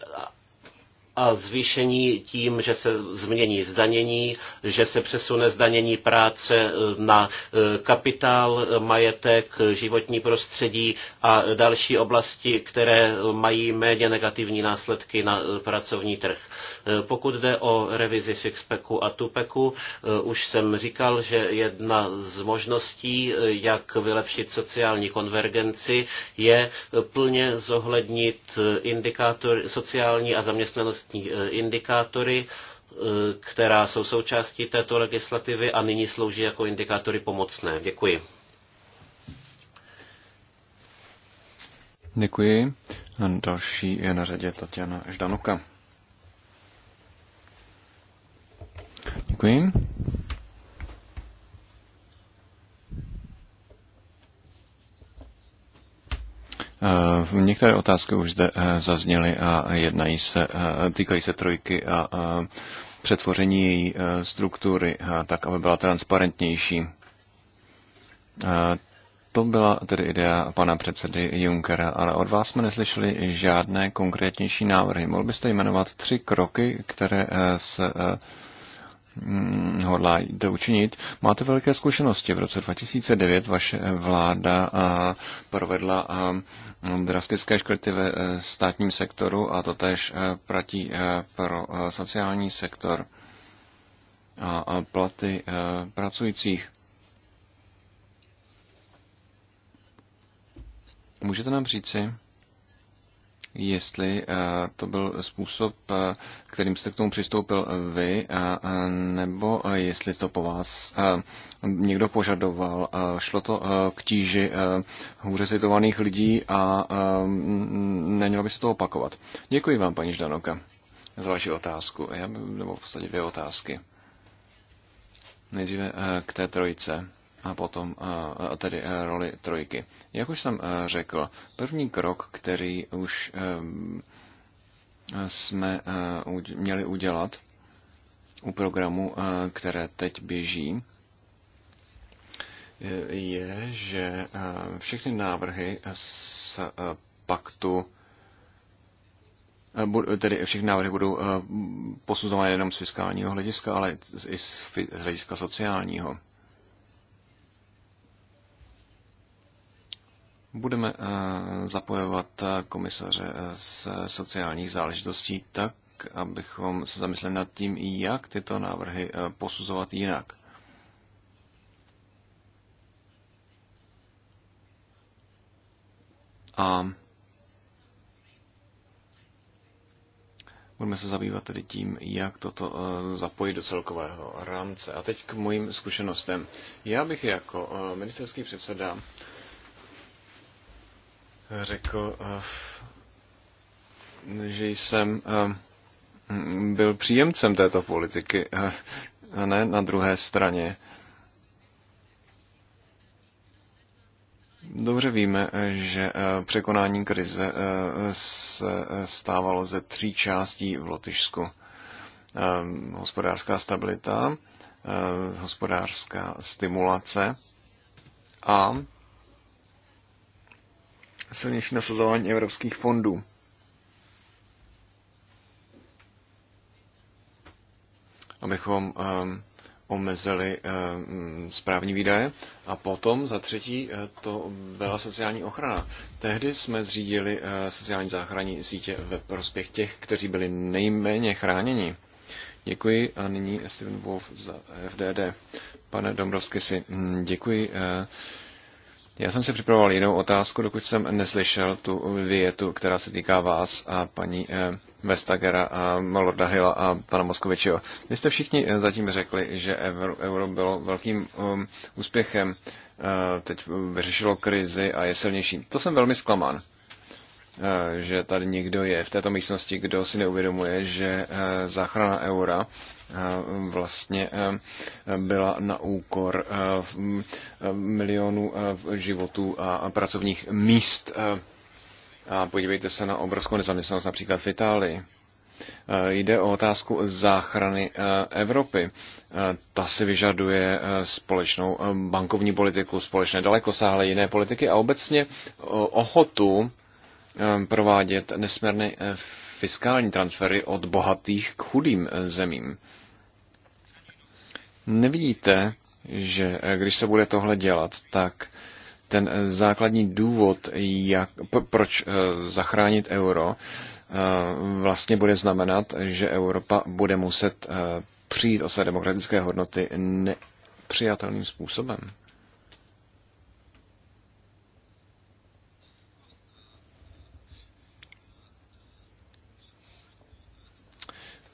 a zvýšení tím, že se změní zdanění, že se přesune zdanění práce e, na e, kapitál, majetek, životní prostředí a další oblasti, které mají méně negativní následky na e, pracovní trh. Pokud jde o revizi Sixpacku a Tupeku, už jsem říkal, že jedna z možností, jak vylepšit sociální konvergenci, je plně zohlednit indikátor sociální a zaměstnanosti emisní eh, indikátory, eh, která jsou součástí této legislativy a nyní slouží jako indikátory pomocné. Děkuji. Děkuji. A další je na řadě Tatiana Ždanuka. Děkuji. Eh, některé otázky už zde eh, zazněly a jednají se, eh, týkají se trojky a přetvoření její struktury, tak aby byla transparentnější. To byla tedy idea pana předsedy Junckera, ale od vás jsme neslyšeli žádné konkrétnější návrhy. Mohl byste jmenovat tři kroky, které se Mm, hodlá to učinit. Máte velké zkušenosti. V roce 2009 vaše vláda provedla drastické škrty ve e, státním sektoru a to tež e, platí e, pro sociální sektor a platy pracujících. Můžete nám říci, jestli eh, to byl způsob, eh, kterým jste k tomu přistoupil vy, nebo eh, jestli to po vás někdo požadoval. Šlo to k tíži hůře citovaných lidí a nemělo by se to opakovat. Děkuji vám, paní Ždanoka, za vaši otázku, nebo v podstatě dvě otázky. Nejdříve k té trojice a potom eh, tedy eh, roli trojky. Jak už jsem eh, řekl, první krok, který už jsme měli udělat u programu, které teď běží, je, že všechny návrhy z paktu tedy všechny návrhy budou posuzovány jenom z fiskálního hlediska, ale i z hlediska sociálního. budeme eh, zapojovat eh, komisaře eh, z sociálních záležitostí tak, abychom se zamysleli nad tím, jak tyto návrhy posuzovat jinak. A budeme se zabývat tedy tím, jak toto zapojit do celkového rámce. A teď k mojim zkušenostem. Já bych jako ministerský předseda řekl, eh, že jsem eh, byl příjemcem této politiky, eh, a ne na druhé straně. Dobře víme, že překonání krize se stávalo ze tří částí v Lotyšsku. Hospodářská stabilita, hospodářská stimulace a silnější nasazování evropských fondů. Abychom um, omezili ehm, správní výdaje. A potom za třetí eh, to byla sociální ochrana. Tehdy jsme zřídili eh, sociální záchranní sítě ve prospěch těch, kteří byli nejméně chráněni. Děkuji a nyní Steven Wolf za FDD. Pane Dombrovsky si hm, děkuji. Eh, já jsem si připravoval jinou otázku, dokud jsem neslyšel tu větu, která se týká vás a paní eh, Vestagera a Lorda Hilla a pana Moskovičeho. Vy jste všichni eh, zatím řekli, že euro bylo velkým um, úspěchem, eh, teď vyřešilo krizi a je silnější. To jsem velmi zklamán. Eh, že tady někdo je v této místnosti, kdo si neuvědomuje, že eh, záchrana eura eh, vlastně byla na úkor milionů životů a pracovních míst. A podívejte se na obrovskou nezaměstnanost například v Itálii. Jde o otázku záchrany Evropy. Ta si vyžaduje společnou bankovní politiku, společné dalekosáhle jiné politiky a obecně ochotu Um, provádět nesmírné eh, fiskální transfery od bohatých k chudým eh, zemím. Nevidíte, že eh, když se bude tohle dělat, tak ten základní důvod, jak, proč zachránit euro, vlastně bude znamenat, že Evropa bude muset přijít o své demokratické hodnoty nepřijatelným způsobem.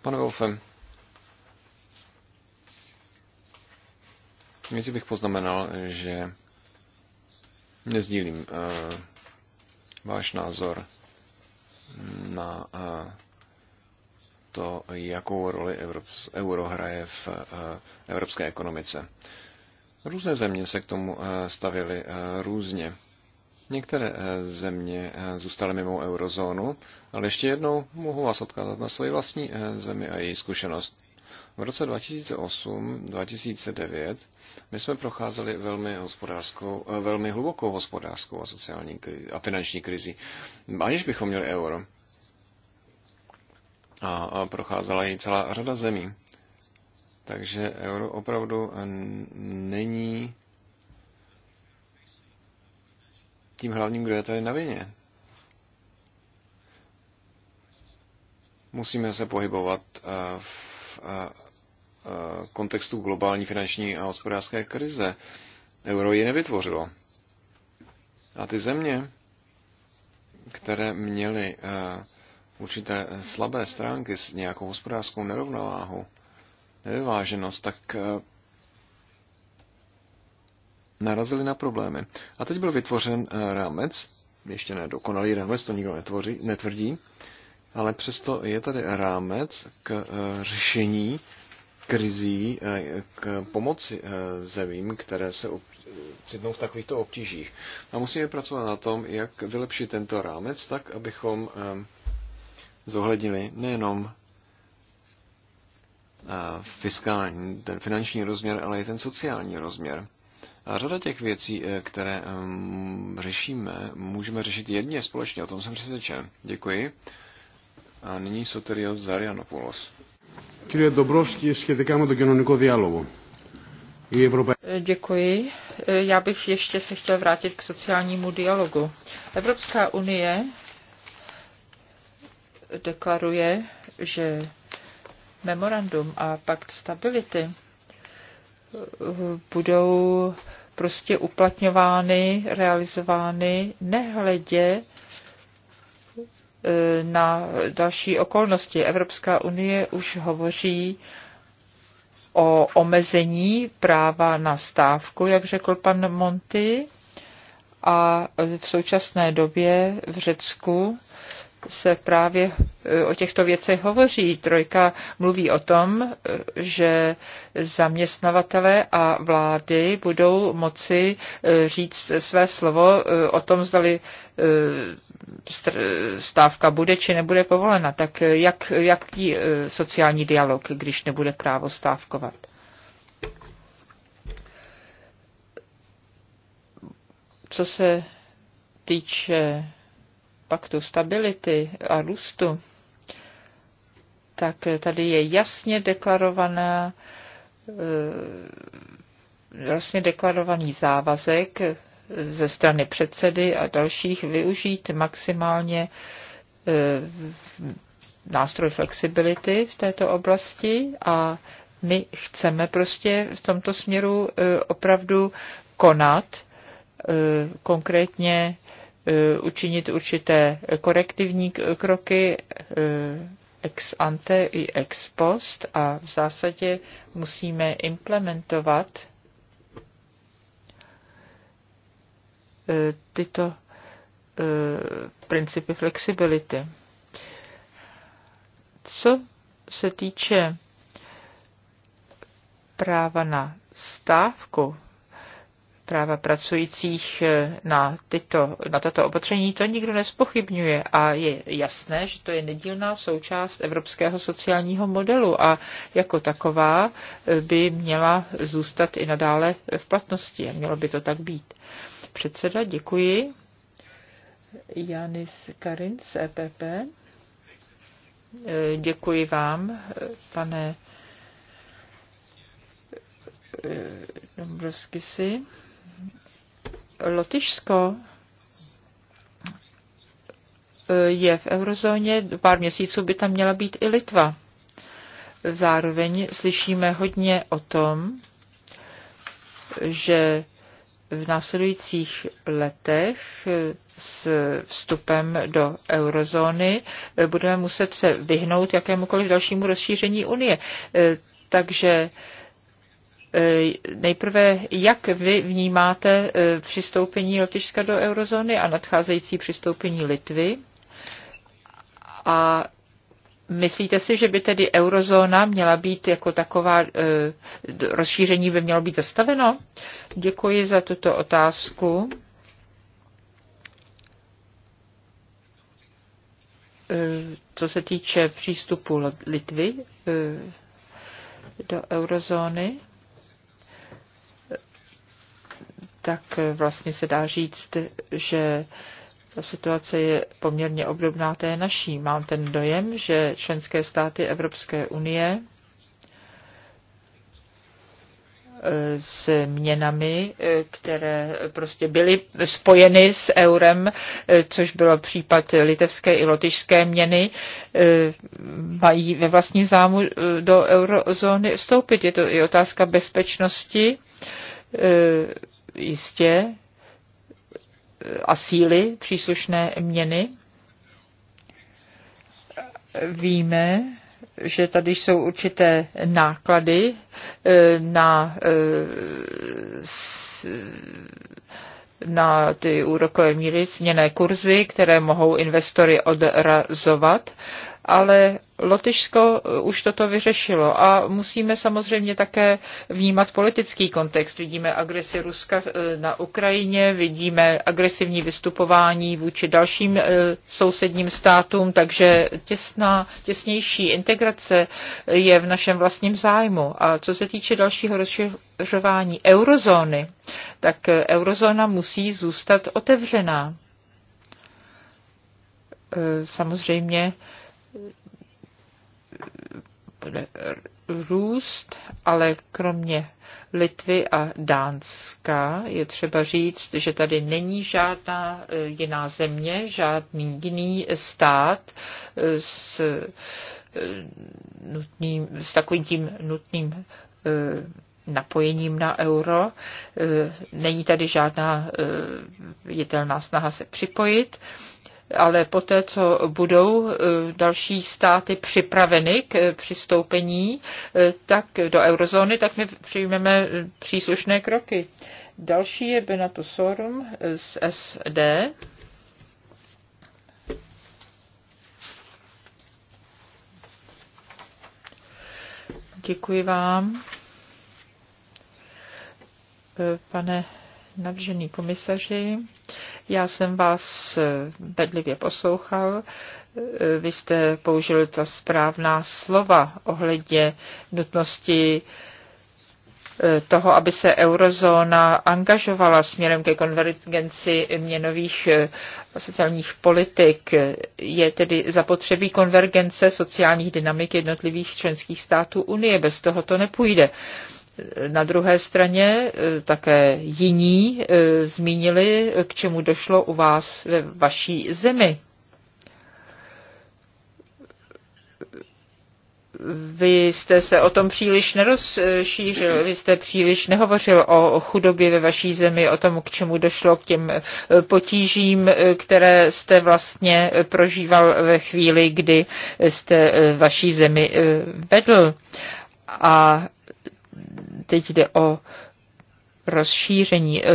Pane Wolfe, nejdřív bych poznamenal, že nezdílím uh, váš názor na uh, to, jakou roli Evrops, euro hraje v uh, evropské ekonomice. Různé země se k tomu uh, stavily uh, různě. Některé eh, země eh, zůstaly mimo eurozónu, ale ještě jednou mohu vás odkázat na svoji vlastní eh, zemi a její zkušenost. V roce 2008-2009 my jsme procházeli velmi, hospodářskou, velmi hlubokou hospodářskou a, sociální krizi, a finanční krizi, aniž bychom měli euro. A, procházela ji celá řada zemí. Takže euro opravdu není tím hlavním, kdo je tady na vině. Musíme se pohybovat eh, v eh, eh, kontextu globální finanční a hospodářské krize. Euro ji nevytvořilo. A ty země, které měly určité slabé stránky s nějakou hospodářskou nerovnováhu, nevyváženost, tak narazili na problémy. A teď byl vytvořen eh, rámec, ještě ne dokonalý rámec, to nikdo netvoří, netvrdí, ale přesto je tady rámec k eh, řešení krizí, eh, k pomoci zemím, které se citnou v takovýchto obtížích. A musíme pracovat na tom, jak vylepšit tento rámec, tak abychom zohlednili nejenom fiskální, ten finanční rozměr, ale i ten sociální rozměr. A řada těch věcí, eh, které mm, řešíme, můžeme řešit jedně společně, o tom jsem přesvědčen. Děkuji. A nyní Soterios Zarianopoulos. Kyrie Dobrovský, σχετικά do τον dialogu. Eh, děkuji. Eh, já bych ještě se chtěl vrátit k sociálnímu dialogu. Evropská unie deklaruje, že memorandum a pakt stability budou prostě uplatňovány, realizovány, nehledě e, na další okolnosti. Evropská unie už hovoří o omezení práva na stávku, jak řekl pan Monty, a v současné době v Řecku se právě e, o těchto věcech hovoří. Trojka mluví o tom, e, že zaměstnavatele a vlády budou moci e, říct své slovo o tom, zdali stávka bude či nebude povolena. Tak jak, jaký sociální dialog, když nebude právo stávkovat? Co se týče paktu stability a růstu, tak tady je jasně deklarovaná vlastně deklarovaný závazek ze strany předsedy a dalších využít maximálně eh, nástroj flexibility v této oblasti a my chceme prostě v tomto směru eh, opravdu konat, konkrétně Eh, učinit určité korektivní kroky eh, ex ante i ex post a v zásadě musíme implementovat eh, tyto principy flexibility. Co se týče práva na stávku, práva pracujících eh, na, tyto, na tato opatření, to nikdo nespochybňuje a je jasné, že to je nedílná součást evropského sociálního modelu a jako taková eh, by měla zůstat i nadále v platnosti a mělo by to tak být. Předseda, děkuji. Janis Karin z EPP. Eh, děkuji vám, pane Dombrovskisi. si. Lotyšsko e, je v eurozóně, pár měsíců by tam měla být i Litva. Zároveň slyšíme hodně o tom, že v následujících letech s vstupem do eurozóny e, budeme muset se vyhnout jakémukoliv dalšímu rozšíření Unie. E, takže Eh, nejprve, jak vy vnímáte eh, přistoupení Lotyšska do eurozóny a nadcházející přistoupení Litvy? A Myslíte si, že by tedy eurozóna měla být jako taková, eh, rozšíření by mělo být zastaveno? Děkuji za tuto otázku. Co se týče přístupu Litvy do eurozóny, tak vlastně se dá říct, že ta situace je poměrně obdobná té naší. Mám ten dojem, že členské státy Evropské unie eh, s měnami, eh, které prostě byly spojeny s eurem, eh, což bylo případ litevské i lotyšské měny, mají ve vlastním zámu do eurozóny vstoupit. Je to i otázka bezpečnosti jistě e, a síly příslušné měny. Víme, že tady jsou určité náklady e, na, e, na ty úrokové míry, směné kurzy, které mohou investory odrazovat ale Lotyšsko eh, už toto vyřešilo a musíme samozřejmě také vnímat politický kontext. Vidíme agresi Ruska eh, na Ukrajině, vidíme agresivní vystupování vůči dalším eh, sousedním státům, takže těsná, těsnější integrace je v našem vlastním zájmu. A co se týče dalšího rozšiřování eurozóny, tak eurozóna musí zůstat otevřená. Samozřejmě růst, ale kromě Litvy a Dánska je třeba říct, že tady není žádná e, jiná země, žádný jiný stát e, s, e, nutným, s takovým tím nutným napojením na euro. Není tady žádná viditelná snaha se připojit ale poté, co budou eh, další státy připraveny k eh, přistoupení eh, tak do eurozóny, tak my přijmeme příslušné kroky. Další je Benato Sorum z SD. Děkuji vám. Pane navržený komisaři, já jsem vás eh, bedlivě poslouchal. Eh, vy jste použil ta správná slova ohledně nutnosti eh, toho, aby se eurozóna angažovala směrem ke konvergenci měnových sociálních politik. Je tedy zapotřebí konvergence sociálních dynamik jednotlivých členských států Unie. Bez toho to nepůjde. Na druhé straně e, také jiní e, zmínili, k čemu došlo u vás ve vaší zemi. Vy jste se o tom příliš nerozšířil, vy jste příliš nehovořil o chudobě ve vaší zemi, o tom, k čemu došlo, k těm e, potížím, které jste vlastně prožíval ve chvíli, kdy jste vaší zemi vedl. A teď jde o rozšíření. Eh,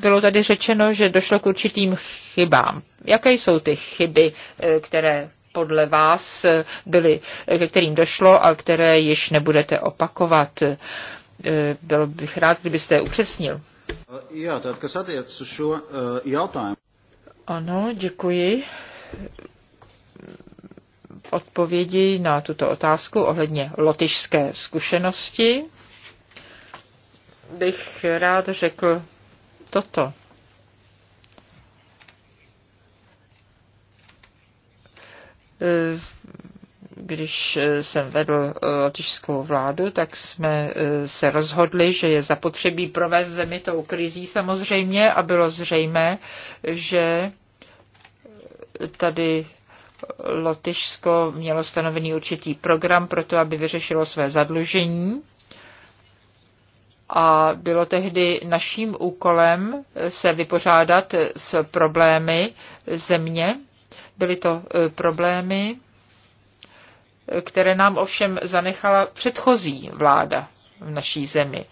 bylo tady řečeno, že došlo k určitým chybám. Jaké jsou ty chyby, eh, které podle vás eh, byly, ke kterým došlo a které již nebudete opakovat? Byl bych rád, kdybyste je upřesnil. Já, Ano, děkuji. Odpovědi na tuto otázku ohledně lotyšské zkušenosti bych rád řekl toto. Když jsem vedl eh, lotyšskou vládu, tak jsme eh, se rozhodli, že je zapotřebí provést zemi tou krizí samozřejmě a bylo zřejmé, že tady Lotyšsko mělo stanovený určitý program pro to, aby vyřešilo své zadlužení a bylo tehdy naším úkolem se vypořádat s problémy země. Byly to e, problémy, e, které nám ovšem zanechala předchozí vláda v naší zemi.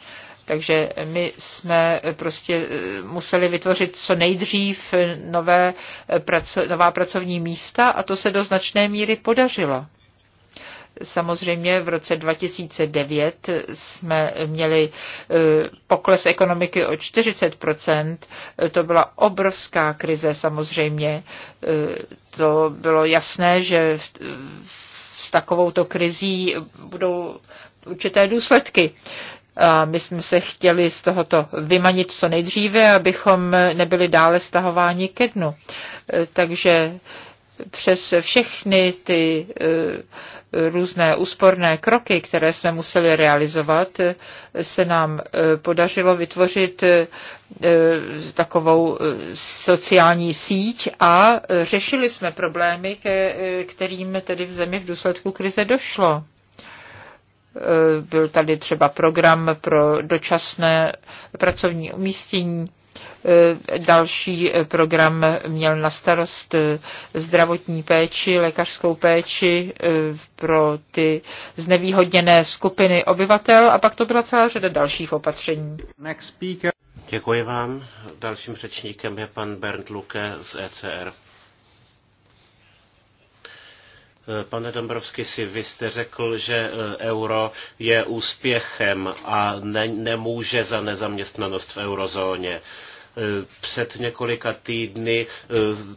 Takže my jsme e, prostě museli vytvořit co nejdřív nové, nová pracovní místa a to se do značné míry podařilo. Samozřejmě v roce 2009 jsme měli e, pokles ekonomiky o 40 To byla obrovská krize samozřejmě. E, to bylo jasné, že s takovouto krizí budou určité důsledky. A my jsme se chtěli z tohoto vymanit co nejdříve, abychom nebyli dále stahováni ke dnu. E, takže přes všechny ty e, různé úsporné kroky, které jsme museli realizovat, se nám e, podařilo vytvořit e, takovou sociální síť a řešili jsme problémy, ke kterým tedy v zemi v důsledku krize došlo. Byl tady třeba program pro dočasné pracovní umístění Eh, další eh, program měl na starost eh, zdravotní péči, lékařskou péči pro ty znevýhodněné skupiny obyvatel a pak to byla celá řada dalších opatření. Next speaker. Děkuji vám. Dalším řečníkem je pan Bernd Luke z ECR. Pane Dombrovský, si vy jste řekl, že euro je úspěchem a ne, nemůže za nezaměstnanost v eurozóně. Eh, před několika týdny eh,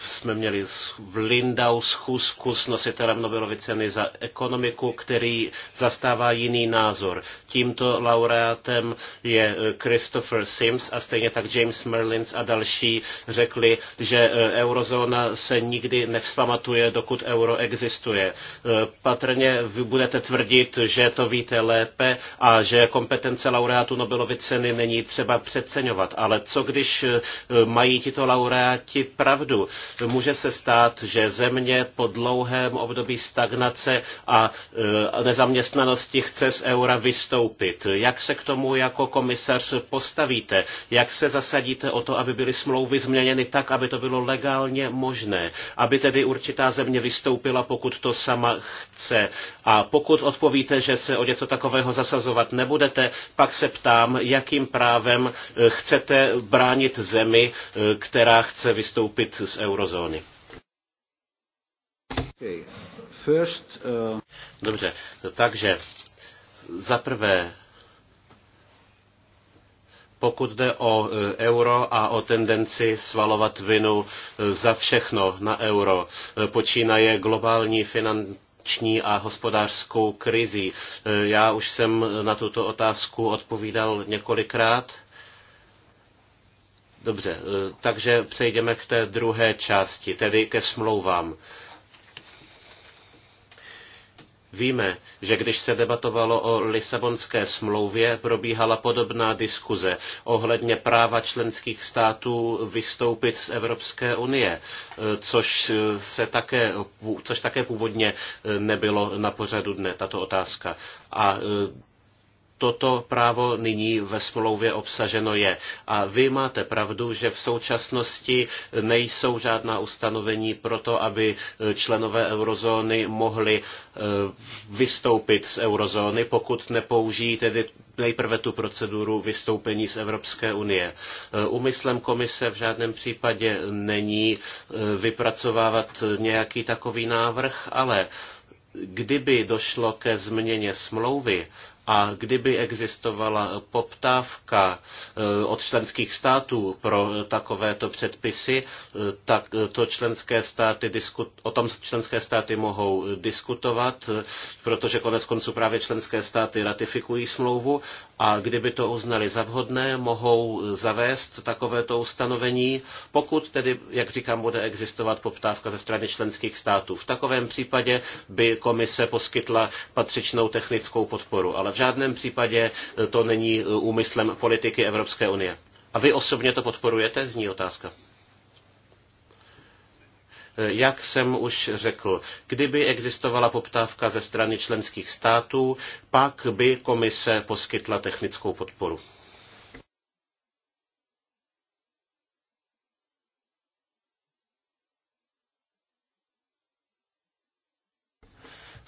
jsme měli v Lindau schůzku s nositelem Nobelovy ceny za ekonomiku, který zastává jiný názor. Tímto laureátem je eh, Christopher Sims a stejně tak James Merlins a další řekli, že eh, eurozóna se nikdy nevzpamatuje, dokud euro existuje. Eh, patrně vy budete tvrdit, že to víte lépe a že kompetence laureátu Nobelovy ceny není třeba přeceňovat. Ale co když mají tito laureáti pravdu? Může se stát, že země po dlouhém období stagnace a e, nezaměstnanosti chce z eura vystoupit. Jak se k tomu jako komisař postavíte? Jak se zasadíte o to, aby byly smlouvy změněny tak, aby to bylo legálně možné? Aby tedy určitá země vystoupila, pokud to sama chce. A pokud odpovíte, že se o něco takového zasazovat nebudete, pak se ptám, jakým právem e, chcete bránit zemi, e, která chce vystoupit z eurozóny. Uh, Dobře, no takže za prvé, pokud jde o eh, euro a o tendenci svalovat vinu eh, za všechno na euro, eh, počínaje globální finanční a hospodářskou krizi. Já už jsem na tuto otázku odpovídal několikrát Dobře, eh, takže přejdeme k té druhé části, tedy ke smlouvám. Víme, že když se debatovalo o Lisabonské smlouvě, probíhala podobná diskuze ohledně práva členských států vystoupit z Evropské unie, eh, což, eh, se také, což také původně nebylo na pořadu dne, tato otázka. A toto právo nyní ve smlouvě obsaženo je. A vy máte pravdu, že v současnosti nejsou žádná ustanovení pro to, aby eh, členové eurozóny mohli eh, vystoupit z eurozóny, pokud nepoužijí tedy nejprve tu proceduru vystoupení z Evropské unie. Eh, úmyslem komise v žádném případě není vypracovávat nějaký takový návrh, ale kdyby došlo ke změně smlouvy, a kdyby existovala poptávka eh, od členských států pro takovéto předpisy, eh, tak eh, to členské státy o tom členské státy mohou diskutovat, protože konec konců právě členské státy ratifikují smlouvu a kdyby to uznali za vhodné, mohou zavést takovéto ustanovení, pokud tedy, jak říkám, bude existovat poptávka ze strany členských států. V takovém případě by komise poskytla patřičnou technickou podporu, ale v žádném případě eh, to není eh, úmyslem politiky Evropské unie. A vy osobně to podporujete? Zní otázka. Eh, jak jsem už řekl, kdyby existovala poptávka ze strany členských států, pak by komise poskytla technickou podporu.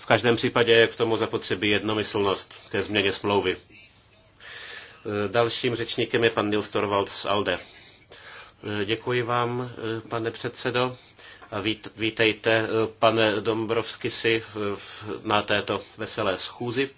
V každém případě je k tomu zapotřebí jednomyslnost ke změně smlouvy. E, dalším řečníkem je pan Nils Torvalds Alde. E, děkuji vám, e, pane předsedo. Vítejte, eh, pane Dombrovsky, si na této veselé schůzi.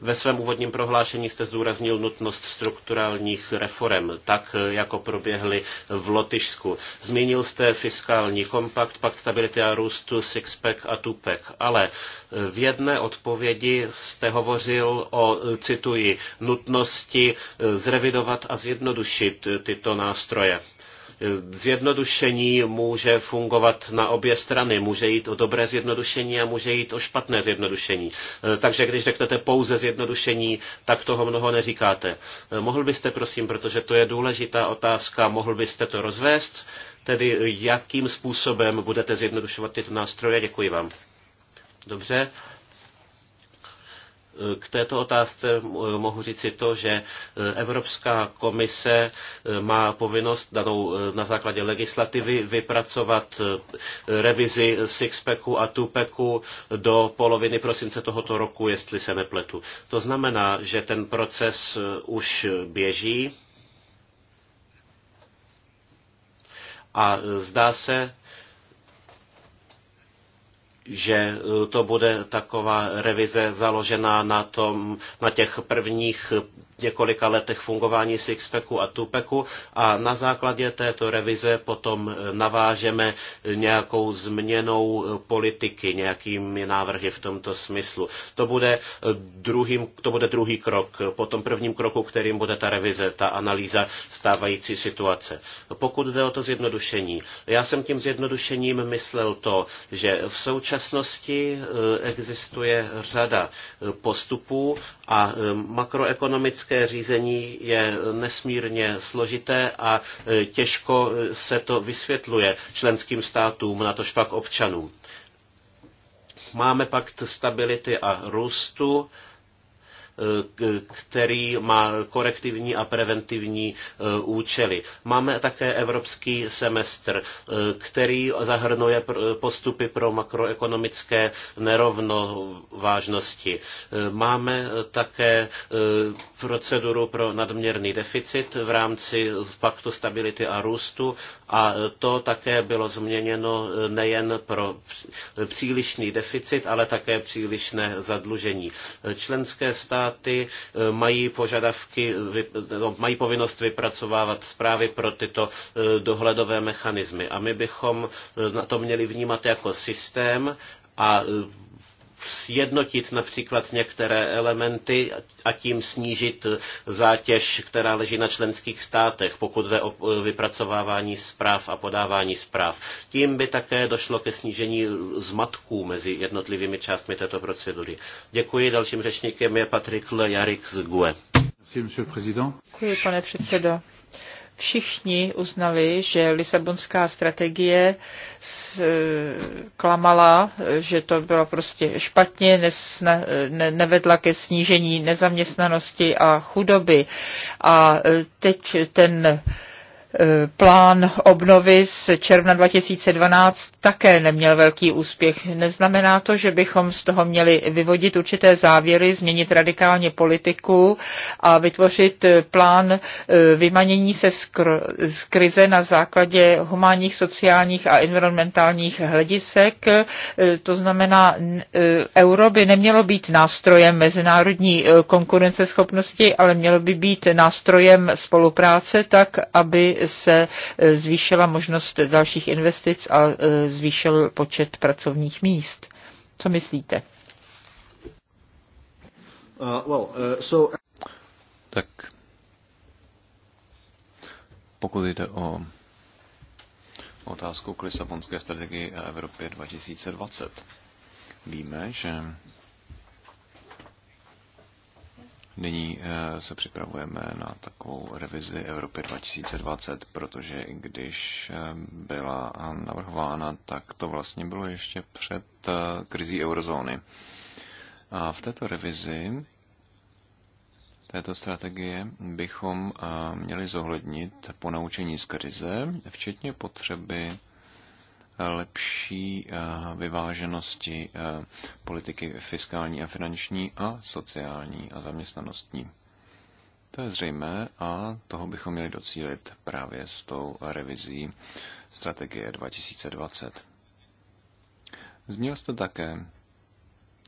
Ve svém úvodním prohlášení jste zdůraznil nutnost strukturálních reform, tak eh, jako proběhly v Lotyšsku. Zmínil jste fiskální kompakt, pakt stability a růstu, sixpack a tupek, ale eh, v jedné odpovědi jste hovořil o, cituji, nutnosti zrevidovat a zjednodušit tyto nástroje zjednodušení může fungovat na obě strany. Může jít o dobré zjednodušení a může jít o špatné zjednodušení. Eh, takže když řeknete pouze zjednodušení, tak toho mnoho neříkáte. Eh, mohl byste, prosím, protože to je důležitá otázka, mohl byste to rozvést? Tedy jakým způsobem budete zjednodušovat tyto nástroje? Děkuji vám. Dobře. K této otázce eh, mohu říci to, že eh, Evropská komise eh, má povinnost danou na základě legislativy vypracovat revizi Sixpacku a Tupacku do poloviny prosince tohoto roku, jestli se nepletu. To znamená, že ten proces už běží a zdá se, že e, to bude taková revize založená na, tom, na těch prvních několika letech fungování Sixpacku a Tupeku a na základě této revize potom eh, navážeme eh, nějakou změnou eh, politiky, nějakými návrhy v tomto smyslu. To bude, druhým, to bude druhý krok. Po tom prvním kroku, kterým bude ta revize, ta analýza stávající situace. Pokud jde o to zjednodušení, já jsem tím zjednodušením myslel to, že v současnosti existuje řada postupů, a e, makroekonomické řízení je nesmírně složité a e, těžko e, se to vysvětluje členským státům, na tož pak občanům. Máme pakt stability a růstu, který má korektivní a preventivní eh, účely. Máme také evropský semestr, eh, který zahrnuje postupy pro makroekonomické nerovnovážnosti. Eh, máme také proceduru pro nadměrný deficit v rámci paktu stability a růstu a to také bylo změněno nejen pro přílišný deficit, ale také přílišné zadlužení. Členské státy státy eh, mají požadavky, no, mají povinnost vypracovávat zprávy pro tyto eh, dohledové mechanismy. A my bychom eh, na to měli vnímat jako systém a sjednotit například některé elementy a tím snížit zátěž, která leží na členských státech, pokud jde o vypracovávání zpráv a podávání zpráv. Tím by také došlo ke snížení zmatků mezi jednotlivými částmi této procedury. Děkuji. Dalším řečníkem je Patrik Jarik z GUE. Děkuji, pane předsedo všichni uznali, že Lisabonská strategie e, klamala, že to bylo prostě špatně, nesna, ne, nevedla ke snížení nezaměstnanosti a chudoby. A e, teď ten plán obnovy z června 2012 také neměl velký úspěch. Neznamená to, že bychom z toho měli vyvodit určité závěry, změnit radikálně politiku a vytvořit eh, plán eh, vymanění se z krize na základě humánních, sociálních a environmentálních hledisek. Eh, to znamená, euro by nemělo být nástrojem mezinárodní konkurenceschopnosti, ale mělo by být nástrojem spolupráce tak, aby se eh, zvýšila možnost dalších investic a eh, zvýšil počet pracovních míst. Co myslíte? Uh, well, uh, so... Tak pokud jde o otázku k Lisabonské strategii Evropě 2020, víme, že Nyní eh, se připravujeme na takovou revizi Evropy 2020, protože když eh, byla navrhována, tak to vlastně bylo ještě před eh, krizí eurozóny. A v této revizi této strategie bychom měli zohlednit ponaučení z krize, včetně potřeby lepší eh, vyváženosti eh, politiky fiskální a finanční a sociální a zaměstnanostní. To je zřejmé a toho bychom měli docílit právě s tou revizí strategie 2020. Zmínil jste také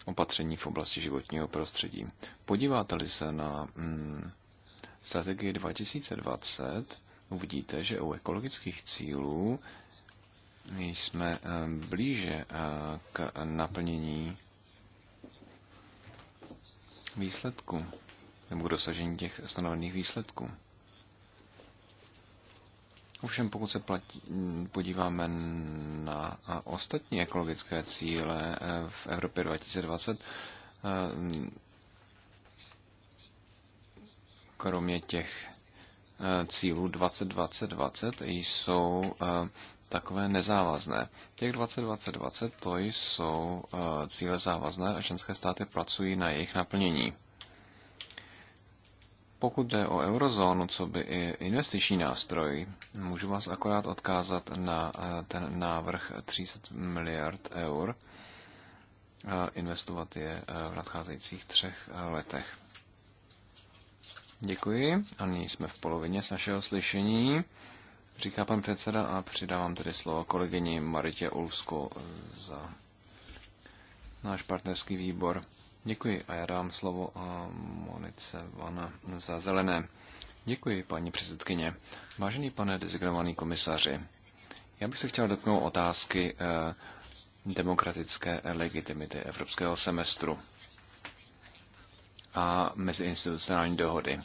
opatření v oblasti životního prostředí. Podíváte-li se na mm, strategii 2020, uvidíte, že u ekologických cílů jsme eh, blíže eh, k naplnění výsledku nebo k dosažení těch stanovených výsledků. Ovšem, pokud se platí, podíváme na eh, ostatní ekologické cíle v Evropě 2020, kromě těch cílů 2020-2020 jsou takové nezávazné. Těch 20-20-20 to jsou eh, cíle závazné a členské státy pracují na jejich naplnění. Pokud jde o eurozónu, co by i investiční nástroj, můžu vás akorát odkázat na eh, ten návrh 300 miliard eur, investovat je eh, v nadcházejících třech letech. Děkuji a nyní jsme v polovině s našeho slyšení. Říká pan předseda a přidávám tedy slovo kolegyni Maritě Ulsku za náš partnerský výbor. Děkuji a já dám slovo eh, Monice Vana za zelené. Děkuji, paní předsedkyně. Vážený pane designovaný komisaři, já bych se chtěl dotknout otázky eh, demokratické legitimity evropského semestru a meziinstitucionální dohody.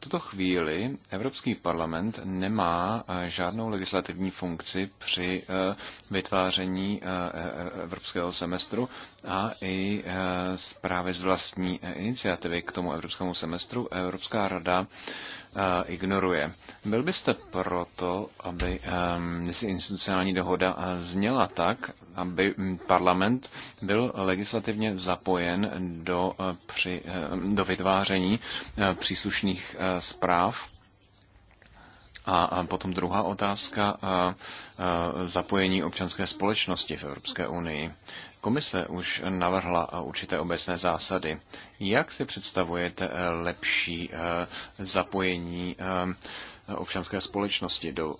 V tuto chvíli Evropský parlament nemá eh, žádnou legislativní funkci při eh, vytváření eh, evropského semestru a i právě z vlastní iniciativy k tomu evropskému semestru. Evropská rada ignoruje. Byl byste proto, aby si institucionální dohoda zněla tak, aby parlament byl legislativně zapojen do, při, e, do vytváření e, příslušných e, zpráv? A potom druhá otázka, zapojení občanské společnosti v Evropské unii. Komise už navrhla eh, určité obecné zásady. Jak si představujete eh, lepší eh, zapojení občanské společnosti do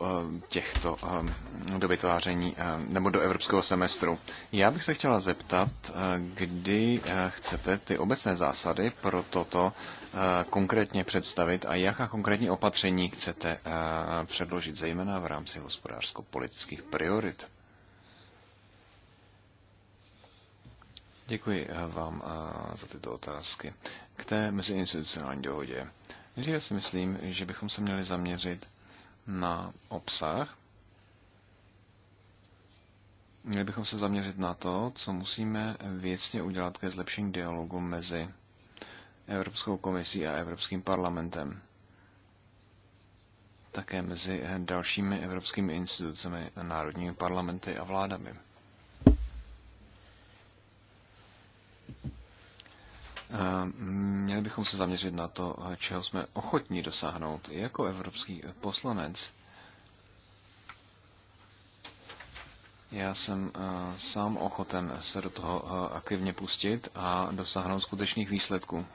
těchto, do vytváření nebo do evropského semestru. Já bych se chtěla zeptat, kdy chcete ty obecné zásady pro toto konkrétně představit a jaká konkrétní opatření chcete předložit, zejména v rámci hospodářsko-politických priorit. Děkuji eh, vám eh, za tyto otázky. K té meziinstitucionální dohodě. Nejdříve si myslím, že bychom se měli zaměřit na obsah. Měli bychom se zaměřit na to, co musíme věcně udělat ke zlepšení dialogu mezi Evropskou komisí a Evropským parlamentem. Také mezi dalšími evropskými institucemi, národními parlamenty a vládami. Měli bychom se zaměřit na to, čeho jsme ochotní dosáhnout jako evropský poslanec. Já jsem eh, sám ochoten se do toho eh, aktivně pustit a dosáhnout skutečných výsledků.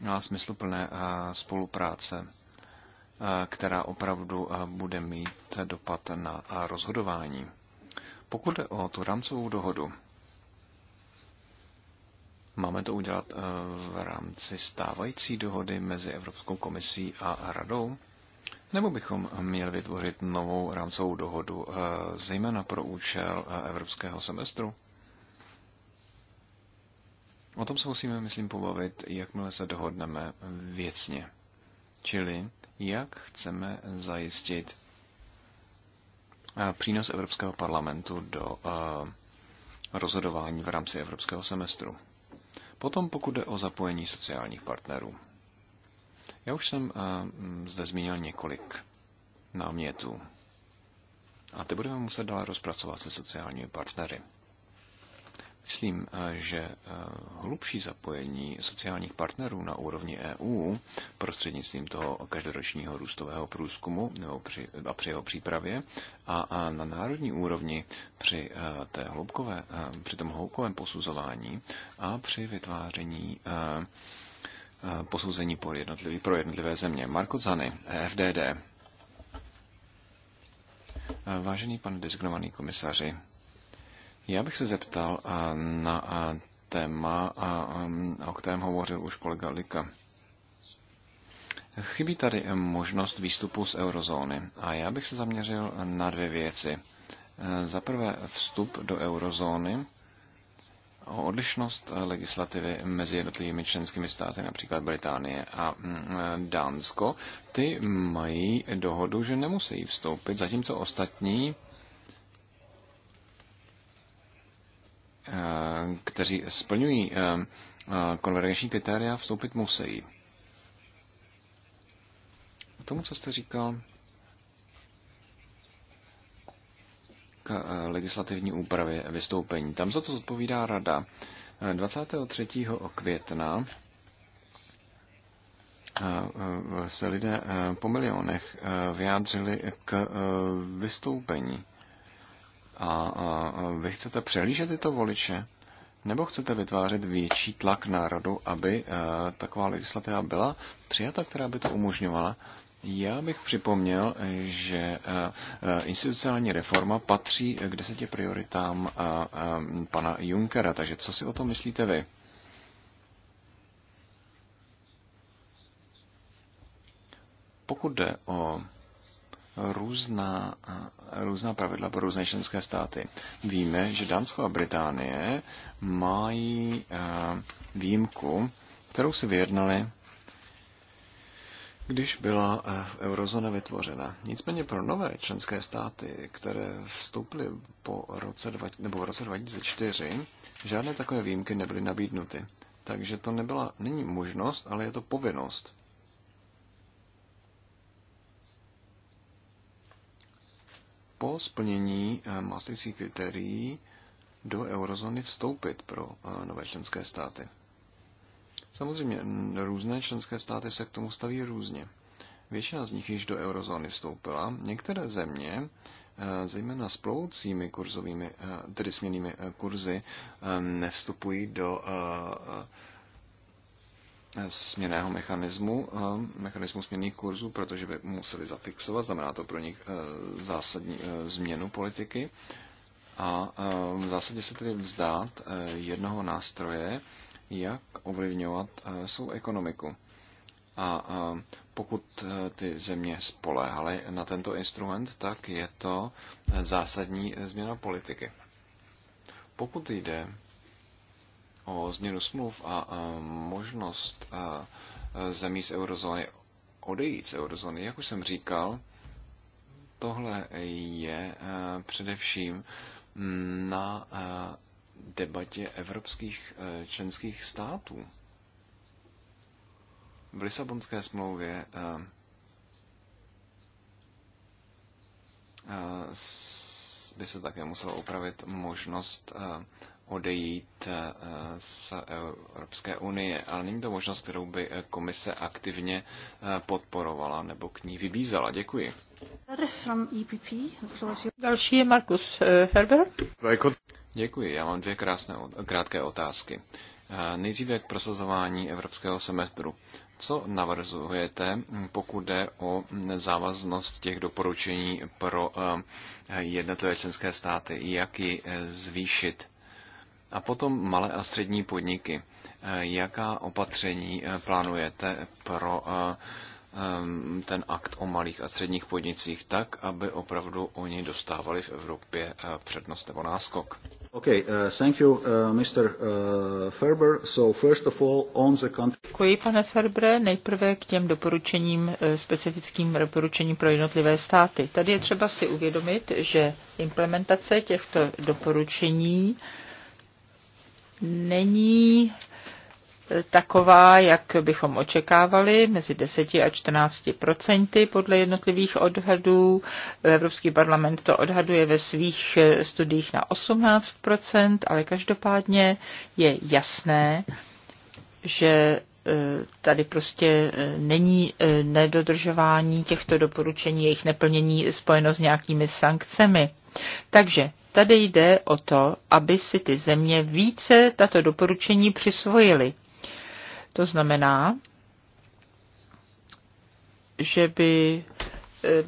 Má no smysluplné eh, spolupráce, která opravdu bude mít dopad na rozhodování. Pokud jde o tu rámcovou dohodu, Máme to udělat eh, v rámci stávající dohody mezi Evropskou komisí a radou? Nebo bychom měli vytvořit novou rámcovou dohodu, eh, zejména pro účel eh, evropského semestru? O tom se musíme, myslím, pobavit, jakmile se dohodneme věcně. Čili, jak chceme zajistit přínos Evropského parlamentu do rozhodování v rámci Evropského semestru. Potom pokud jde o zapojení sociálních partnerů. Já už jsem eh, zde zmínil několik námětů. A ty budeme muset dále rozpracovat se sociálními partnery. Myslím, eh, že eh, hlubší zapojení sociálních partnerů na úrovni EU prostřednictvím toho každoročního růstového průzkumu nebo při, a při jeho přípravě a, a na národní úrovni při, eh, té hloubkové, při tom hloubkovém posuzování a při vytváření posouzení pro jednotlivé, pro jednotlivé země. Marko Zany, FDD. Vážený pane designovaný komisaři, já bych se zeptal na téma, o kterém hovořil už kolega Lika. Chybí tady možnost výstupu z eurozóny a já bych se zaměřil na dvě věci. Za prvé vstup do eurozóny, odlišnost legislativy mezi jednotlivými členskými státy, například Británie a mm, Dánsko, ty mají dohodu, že nemusí vstoupit, zatímco ostatní Eh, kteří splňují eh, eh, konvergenční kritéria, vstoupit musí. K tomu, co jste říkal, k legislativní úpravě vystoupení. Tam za to zodpovídá rada. 23. května se lidé po milionech vyjádřili k vystoupení. A, a vy chcete přehlížet tyto voliče? Nebo chcete vytvářet větší tlak národu, aby eh, taková legislativa byla přijata, která by to umožňovala? Já bych připomněl, že eh, eh, institucionální reforma patří k deseti prioritám pana Junckera, takže co si o tom myslíte vy? Pokud jde o různá, různá pravidla pro různé členské státy. Víme, že Dánsko a Británie mají eh, výjimku, kterou si vyjednali, když byla eh, eurozóna vytvořena. Nicméně pro nové členské státy, které vstoupily po roce, dva, nebo v roce 2004, žádné takové výjimky nebyly nabídnuty. Takže to nebyla, není možnost, ale je to povinnost. po splnění eh, maastrichtských kritérií do eurozóny vstoupit pro eh, nové členské státy. Samozřejmě různé členské státy se k tomu staví různě. Většina z nich již do eurozóny vstoupila. Některé země, eh, zejména s ploucími kurzovými, tedy směnými kurzy, nevstupují do směného mechanismu, eh, mechanismu směných kurzů, protože by museli zafixovat, znamená to pro nich eh, zásadní eh, změnu politiky. A v zásadě se tedy vzdát jednoho nástroje, jak ovlivňovat svou ekonomiku. A pokud ty země spoléhaly na tento instrument, tak je to zásadní změna politiky. Pokud jde o změnu smluv a možnost zemí z eurozóny odejít z eurozóny, jak už jsem říkal, tohle je především na debatě evropských členských států. V Lisabonské smlouvě by se také musela upravit možnost odejít eh, z Evropské unie, ale není to možnost, kterou by komise aktivně eh, podporovala nebo k ní vybízala. Děkuji. E Další je Markus eh, Ferber. Děkuji, já mám dvě krásné, krátké otázky. Nejdříve k prosazování evropského semestru. Co navrzujete, pokud jde o závaznost těch doporučení pro jednotlivé členské státy? Jak ji zvýšit? A potom malé a střední podniky. Eh, jaká opatření eh, plánujete pro eh, ten akt o malých a středních podnicích tak, aby opravdu oni dostávali v Evropě přednost nebo náskok? Okay, uh, thank you, uh, Mr. Ferber. So first of all, on the country... Děkuji, pane Ferber. Nejprve k těm doporučením, specifickým doporučením pro jednotlivé státy. Tady je třeba si uvědomit, že implementace těchto doporučení není eh, taková, jak bychom očekávali, mezi 10 a 14 procenty podle jednotlivých odhadů. Evropský parlament to odhaduje ve svých eh, studiích na 18 ale každopádně je jasné, že E, tady prostě e, není e, nedodržování těchto doporučení, jejich neplnění spojeno s nějakými sankcemi. Takže tady jde o to, aby si ty země více tato doporučení přisvojily. To znamená, že by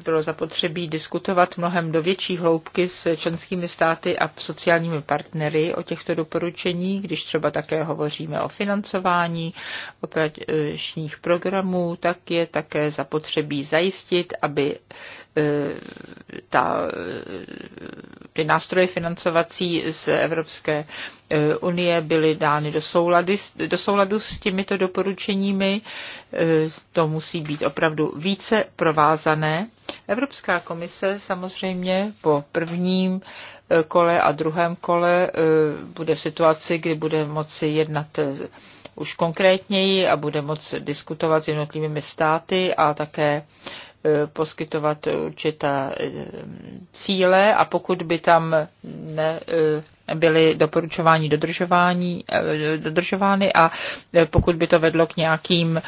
bylo zapotřebí diskutovat mnohem do větší hloubky s členskými státy a sociálními partnery o těchto doporučení, když třeba také hovoříme o financování operačních programů, tak je také zapotřebí zajistit, aby Eh, ta, eh, ty nástroje financovací z Evropské eh, unie byly dány do, soulady, do souladu s těmito doporučeními. To musí být opravdu více provázané. Evropská komise samozřejmě po prvním kole a druhém kole bude v situaci, kdy bude moci jednat už konkrétněji a bude moci diskutovat s jednotlivými státy a také E, poskytovat určitá e, cíle a pokud by tam ne, e, byly doporučování dodržování, dodržovány a pokud by to vedlo k nějakým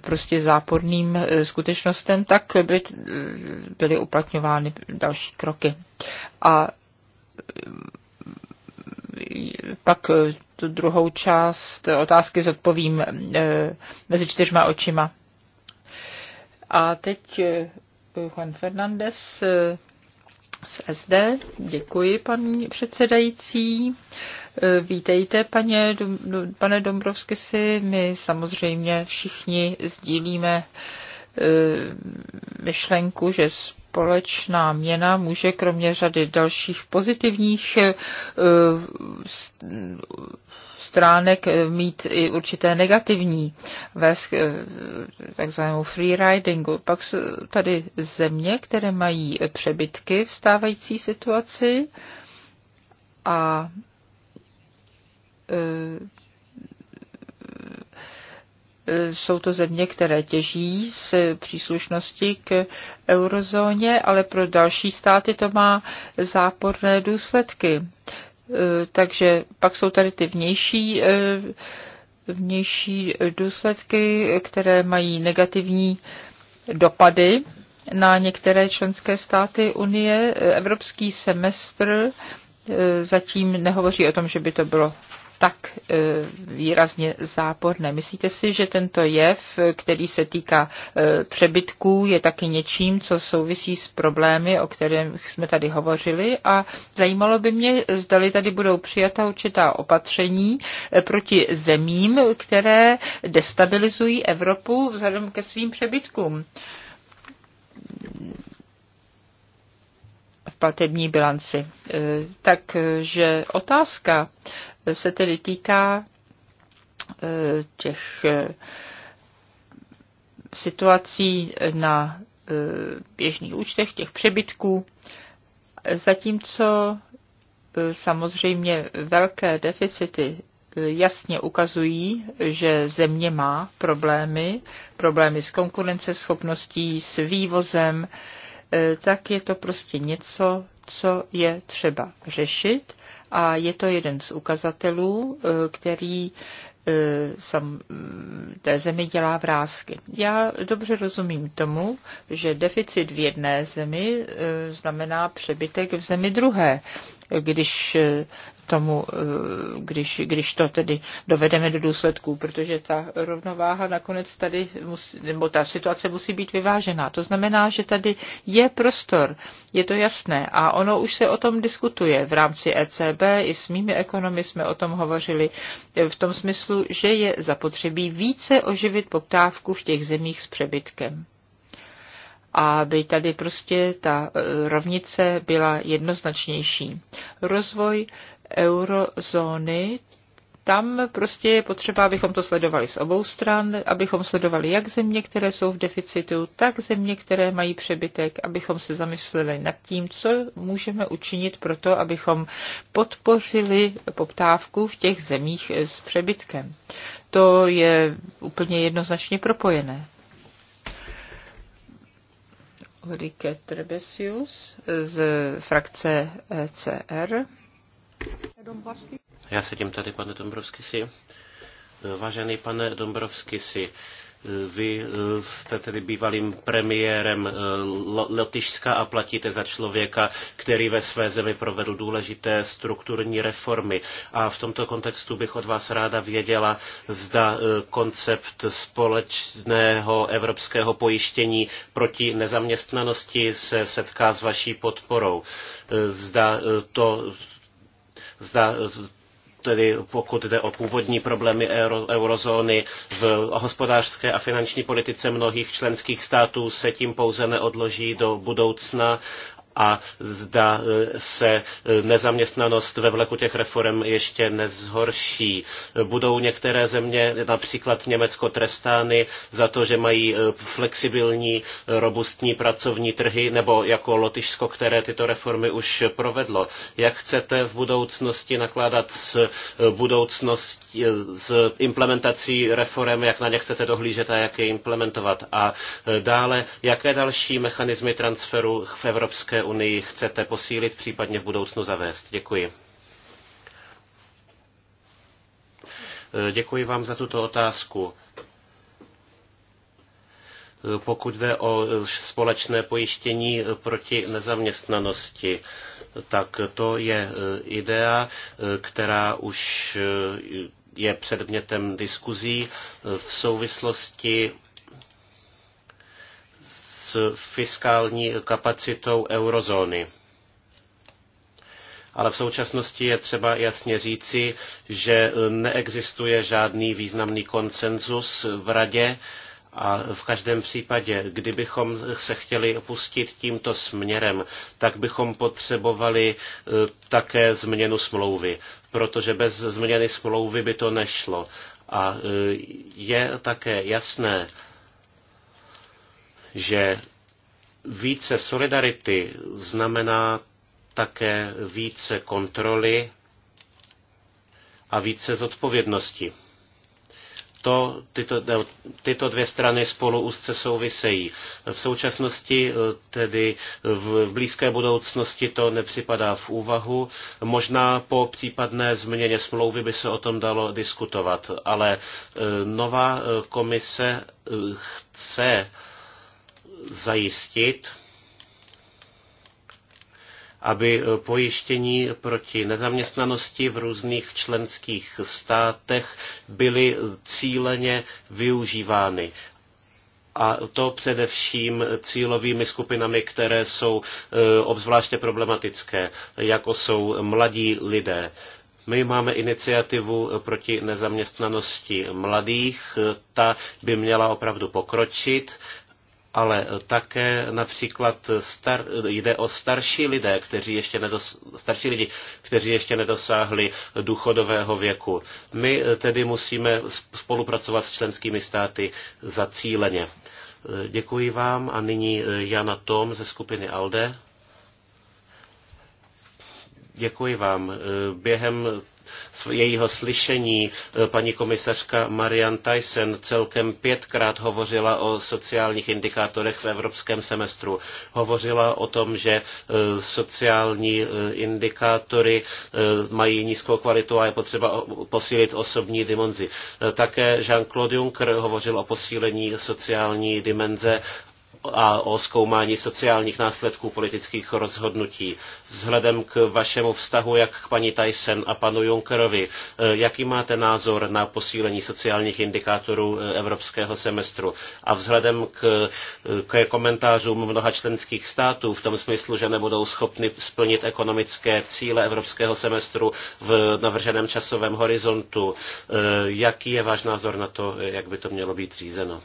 prostě záporným skutečnostem, tak by byly uplatňovány další kroky. A pak tu druhou část otázky zodpovím mezi čtyřma očima. A teď eh, Juan Fernandez eh, z SD. Děkuji, paní předsedající. Eh, vítejte, paně, pane Dombrovsky, si my samozřejmě všichni sdílíme myšlenku, že společná měna může kromě řady dalších pozitivních stránek eh, mít i určité negativní ve eh, takzvanému freeridingu. Pak jsou tady země, které mají přebytky v stávající situaci a eh, jsou to země, které těží z příslušnosti k eurozóně, ale pro další státy to má záporné důsledky. Eh, takže pak jsou tady ty vnější, eh, vnější důsledky, které mají negativní dopady na některé členské státy Unie. Evropský semestr eh, zatím nehovoří o tom, že by to bylo tak e, výrazně záporné. Myslíte si, že tento jev, který se týká e, přebytků, je taky něčím, co souvisí s problémy, o kterých jsme tady hovořili a zajímalo by mě, zdali tady budou přijata určitá opatření e, proti zemím, které destabilizují Evropu vzhledem ke svým přebytkům v platební bilanci. Takže otázka se tedy týká eh, těch eh, situací na eh, běžných účtech, těch přebytků, zatímco samozřejmě velké deficity jasně ukazují, že země má problémy, problémy s konkurenceschopností, s vývozem, tak je to prostě něco, co je třeba řešit a je to jeden z ukazatelů, eh, který eh, sam, eh, té zemi dělá vrázky. Já dobře rozumím tomu, že deficit v jedné zemi znamená přebytek v zemi druhé. Když tomu, eh, když, když to tedy dovedeme do důsledků, protože ta rovnováha nakonec tady, musí, nebo ta situace musí být vyvážená. To znamená, že tady je prostor, je to jasné a ono už se o tom diskutuje v rámci ECB, i s mými ekonomy jsme o tom hovořili eh, v tom smyslu, že je zapotřebí více oživit poptávku v těch zemích s přebytkem aby tady prostě ta eh, rovnice byla jednoznačnější. Rozvoj eurozóny, tam prostě je potřeba, abychom to sledovali z obou stran, abychom sledovali jak země, které jsou v deficitu, tak země, které mají přebytek, abychom se zamysleli nad tím, co můžeme učinit pro to, abychom podpořili poptávku v těch zemích s přebytkem. To je úplně jednoznačně propojené. Ulrike Trebesius z frakce ECR. Já sedím tady, pane Dombrovský, si. Vážený pane Dombrovský, si. Vy eh, jste tedy bývalým premiérem eh, Lotyšska a platíte za člověka, který ve své zemi provedl důležité strukturní reformy. A v tomto kontextu bych od vás ráda věděla, zda eh, koncept společného evropského pojištění proti nezaměstnanosti se setká s vaší podporou. Zda to Zda eh, tedy pokud jde o původní problémy euro, eurozóny v hospodářské a finanční politice mnohých členských států, se tím pouze neodloží do budoucna a zda e, se e, nezaměstnanost ve vleku těch reform ještě nezhorší. Budou některé země, například Německo, trestány za to, že mají e, flexibilní, robustní pracovní trhy, nebo jako Lotyšsko, které tyto reformy už provedlo. Jak chcete v budoucnosti nakládat s budoucností, s implementací reform, jak na ně chcete dohlížet a jak je implementovat? A dále, jaké další mechanismy transferu v Evropské Evropské unii chcete posílit, případně v budoucnu zavést? Děkuji. Eh, děkuji vám za tuto otázku. Eh, pokud jde o eh, společné pojištění proti nezaměstnanosti, tak to je idea, která už je předmětem diskuzí v souvislosti fiskální kapacitou eurozóny. Ale v současnosti je třeba jasně říci, že neexistuje žádný významný konsenzus v radě, a v každém případě, kdybychom se chtěli opustit tímto směrem, tak bychom potřebovali eh, také změnu smlouvy, protože bez změny smlouvy by to nešlo. A eh, je také jasné, že více solidarity znamená také více kontroly a více zodpovědnosti. To, tyto, tyto dvě strany spolu úzce souvisejí. V současnosti, eh, tedy v blízké budoucnosti, to nepřipadá v úvahu. Možná po případné změně smlouvy by se o tom dalo diskutovat, ale eh, nová eh, komise chce zajistit, aby pojištění proti nezaměstnanosti v různých členských státech byly cíleně využívány. A to především cílovými skupinami, které jsou eh, obzvláště problematické, jako jsou mladí lidé. My máme iniciativu proti nezaměstnanosti mladých, ta by měla opravdu pokročit ale také například star, jde o starší lidé, kteří ještě nedos, starší lidi, kteří ještě nedosáhli důchodového věku. My tedy musíme spolupracovat s členskými státy zacíleně. Děkuji vám a nyní Jana Tom ze skupiny ALDE. Děkuji vám. Během jejího slyšení e, paní komisařka Marian Tyson celkem pětkrát hovořila o sociálních indikátorech v evropském semestru. Hovořila o tom, že e, sociální e, indikátory mají nízkou kvalitu a je potřeba posílit osobní dimenzi. Také Jean-Claude Juncker hovořil o posílení sociální dimenze a o zkoumání sociálních následků politických rozhodnutí. Vzhledem k vašemu vztahu jak k paní Tyson a panu Junckerovi, eh, jaký máte názor na posílení sociálních indikátorů eh, evropského semestru? A vzhledem k, eh, k komentářům mnoha členských států v tom smyslu, že nebudou schopny splnit ekonomické cíle evropského semestru v navrženém časovém horizontu, jaký je váš názor na to, jak by to mělo být řízeno?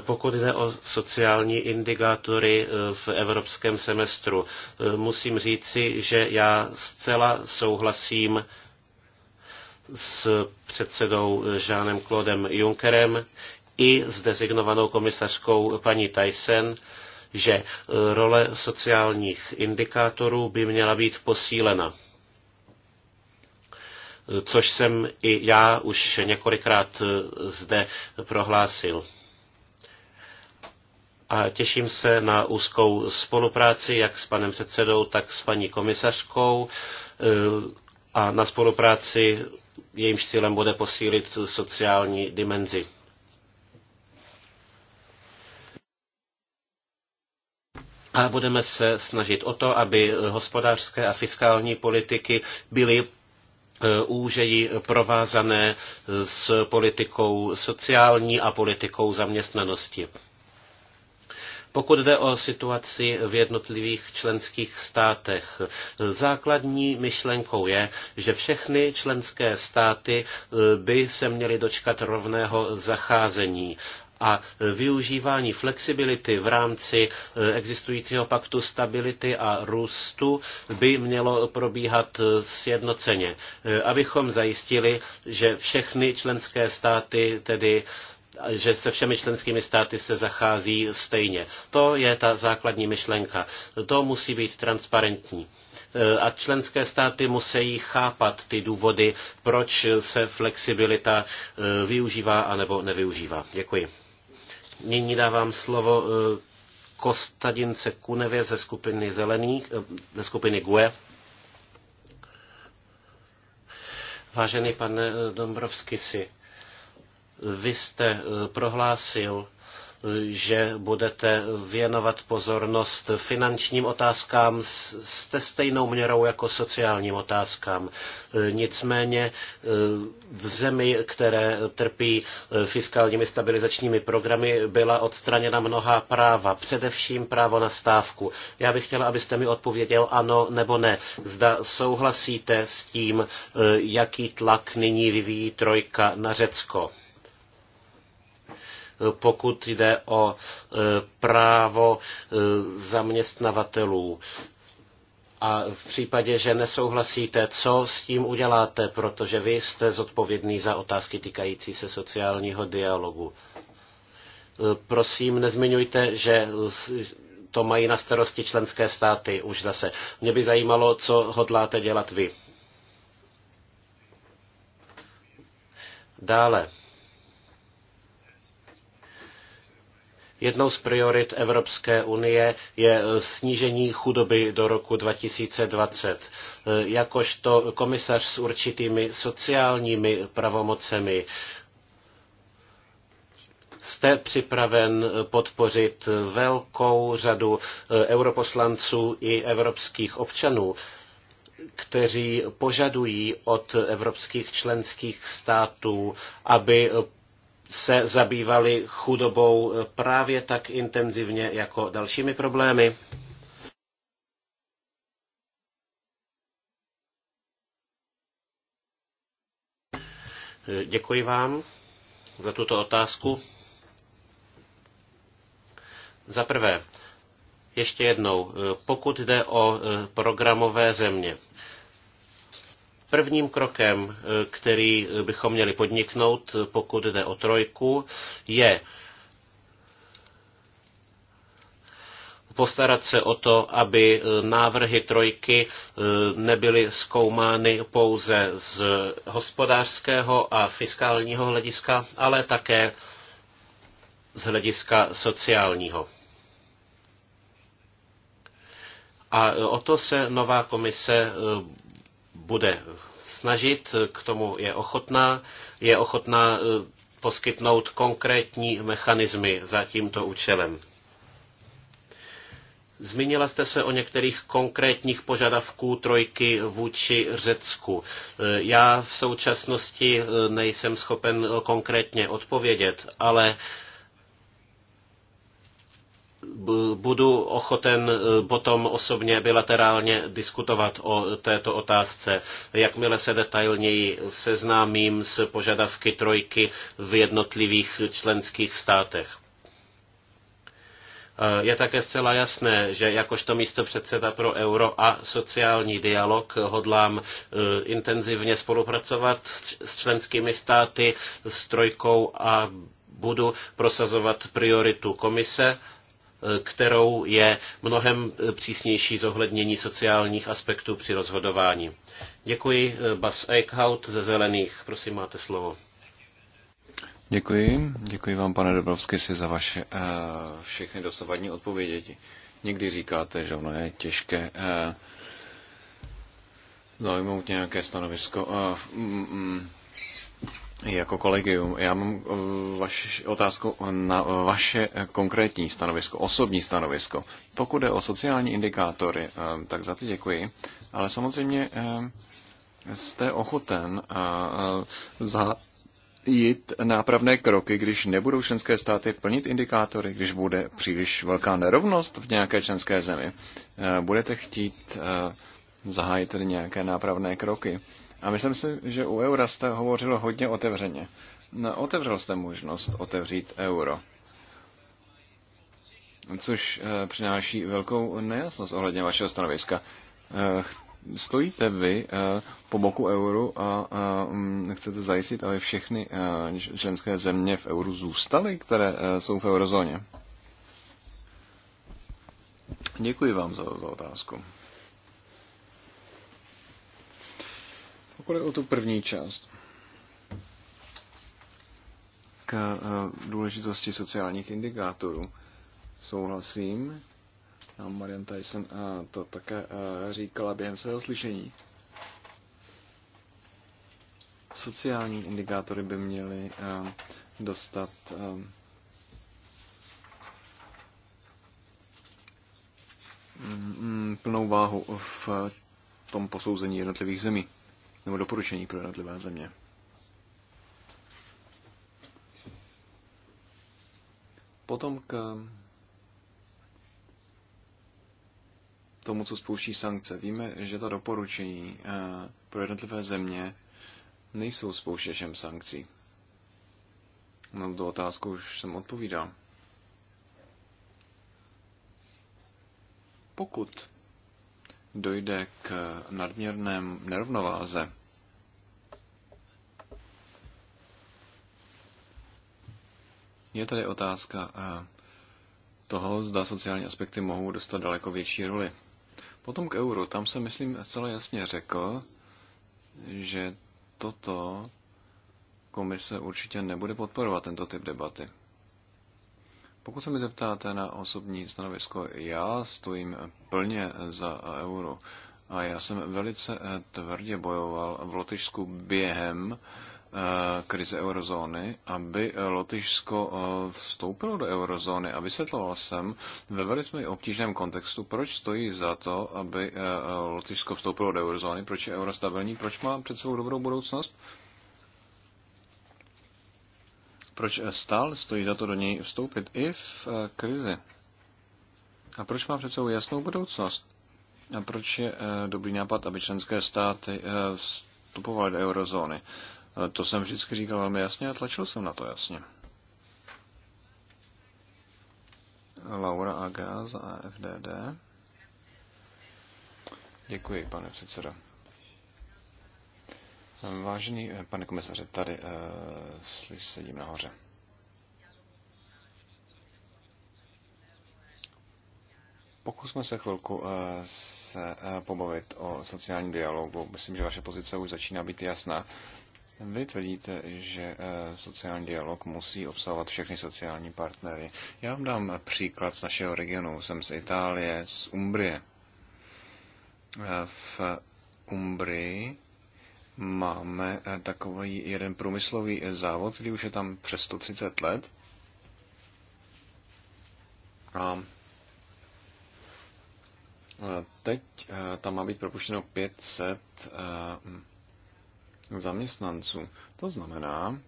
Pokud jde o sociální indikátory e, v evropském semestru, e, musím říci, že já zcela souhlasím s předsedou Žánem Claudem Junckerem i s designovanou komisařkou paní Tyson, že e, role sociálních indikátorů by měla být posílena. Což jsem i já už několikrát zde prohlásil a těším se na úzkou spolupráci jak s panem předsedou, tak s paní komisařkou eh, a na spolupráci jejímž cílem bude posílit sociální dimenzi. A budeme se snažit o to, aby hospodářské a fiskální politiky byly eh, úžeji provázané s politikou sociální a politikou zaměstnanosti. Pokud jde o situaci v jednotlivých členských státech, základní myšlenkou je, že všechny členské státy eh, by se měly dočkat rovného zacházení a eh, využívání flexibility v rámci eh, existujícího paktu stability a růstu by mělo probíhat sjednoceně, abychom zajistili, že všechny členské státy tedy že se všemi členskými státy se zachází stejně. To je ta základní myšlenka. To musí být transparentní e, a členské státy musí chápat ty důvody, proč se flexibilita e, využívá anebo nevyužívá. Děkuji. Nyní dávám slovo e, Kostadince Kunevě ze skupiny Zelených, ze skupiny GUE. Vážený pane Dombrovský, si vy jste eh, prohlásil, eh, že budete věnovat pozornost finančním otázkám se stejnou měrou jako sociálním otázkám. Eh, nicméně v zemi, které trpí fiskálními stabilizačními programy, byla odstraněna mnoha práva, především právo na stávku. Já bych chtěla, abyste mi odpověděl ano nebo ne. Zda souhlasíte s tím, jaký tlak nyní vyvíjí trojka na Řecko pokud jde o e, právo e, zaměstnavatelů. A v případě, že nesouhlasíte, co s tím uděláte, protože vy jste zodpovědný za otázky týkající se sociálního dialogu. E, prosím, nezmiňujte, že to mají na starosti členské státy už zase. Mě by zajímalo, co hodláte dělat vy. Dále. Jednou z priorit Evropské unie je eh, snížení chudoby do roku 2020. Eh, jakožto komisař s určitými sociálními pravomocemi jste připraven podpořit velkou řadu eh, europoslanců i evropských občanů, kteří požadují od evropských členských států, aby se zabývali chudobou právě tak intenzivně jako dalšími problémy? Děkuji vám za tuto otázku. Za prvé, ještě jednou, pokud jde o programové země, Prvním krokem, eh, který eh, bychom měli podniknout, eh, pokud jde o trojku, je postarat se o to, aby návrhy trojky nebyly zkoumány pouze z hospodářského a fiskálního hlediska, ale také z hlediska sociálního. A o to se nová komise bude snažit, k tomu je ochotná, je ochotná e, poskytnout konkrétní mechanismy za tímto účelem. Zmínila jste se o některých konkrétních požadavků trojky vůči Řecku. E, já v současnosti e, nejsem schopen konkrétně odpovědět, ale budu ochoten e, potom osobně bilaterálně diskutovat o této otázce. Jakmile se detailněji seznámím s požadavky trojky v jednotlivých členských státech. E, je také zcela jasné, že jakožto místo předseda pro euro a sociální dialog hodlám e, intenzivně spolupracovat s členskými státy, s trojkou a budu prosazovat prioritu komise kterou je mnohem eh, přísnější zohlednění sociálních aspektů při rozhodování. Děkuji, eh, Bas Eichhout ze Zelených. Prosím, máte slovo. Děkuji. Děkuji vám, pane Dobrovsky, si za vaše uh, všechny dosavadní odpovědi. Někdy říkáte, že ono je těžké uh, zaujmout nějaké stanovisko. Uh, mm, mm jako kolegium. Já mám eh, vaši otázku na vaše konkrétní stanovisko, osobní stanovisko. Pokud jde o sociální indikátory, eh, tak za ty děkuji, ale samozřejmě eh, jste ochoten za jít nápravné kroky, když nebudou členské státy plnit indikátory, když bude příliš velká nerovnost v nějaké členské zemi. Budete chtít zahájit tedy nějaké nápravné kroky. A myslím si, že u eura jste hovořilo hodně otevřeně. No, otevřel jste možnost otevřít euro, což eh, přináší velkou nejasnost ohledně vašeho stanoviska. Eh, stojíte vy eh, po boku euru a mm, chcete zajistit, aby všechny členské země v euru zůstaly, které jsou v eurozóně? Děkuji vám za otázku. Pokud je o tu první část, k eh, důležitosti sociálních indikátorů, souhlasím. A Marian Tyson eh, to také eh, říkala během svého slyšení. Sociální indikátory by měly dostat mm, mm, plnou váhu v tom posouzení jednotlivých zemí nebo doporučení pro jednotlivé země. Potom k tomu, co spouští sankce. Víme, že ta doporučení eh, pro jednotlivé země nejsou spouštěšem sankcí. Na no, tu otázku už jsem odpovídal. Pokud dojde k nadměrném nerovnováze, je tady otázka eh, toho, zda sociální aspekty mohou dostat daleko větší roli. Potom k euru. Tam se, myslím, celé jasně řekl, že toto komise určitě nebude podporovat tento typ debaty. Pokud se mi zeptáte na osobní stanovisko, já stojím plně za euro. A já jsem velice tvrdě bojoval v Lotyšsku během eh, krize eurozóny, aby Lotyšsko eh, vstoupilo do eurozóny a vysvětloval jsem ve velice obtížném kontextu, proč stojí za to, aby eh, Lotyšsko vstoupilo do eurozóny, proč je euro stabilní, proč má před sebou dobrou budoucnost proč stál stojí za to do něj vstoupit i v eh, krizi? A proč má přece jasnou budoucnost? A proč je eh, dobrý nápad, aby členské státy eh, vstupovaly do eurozóny? To jsem vždycky říkal velmi jasně a tlačil jsem na to jasně. Laura Aga za AFDD. Děkuji, pane předsedo. Vážený eh, pane komisaře, tady uh, sedím nahoře. Pokusme se chvilku uh, se uh, pobavit o sociálním dialogu. Myslím, že vaše pozice už začíná být jasná. Vy tvrdíte, že sociální dialog musí obsahovat všechny sociální partnery. Já vám dám příklad z našeho regionu. Jsem z Itálie, z Umbrie. V Umbrii máme eh, takový jeden průmyslový eh, závod, který už je tam přes 130 let. A eh, teď tam má být propuštěno 500 zaměstnanců. To znamená,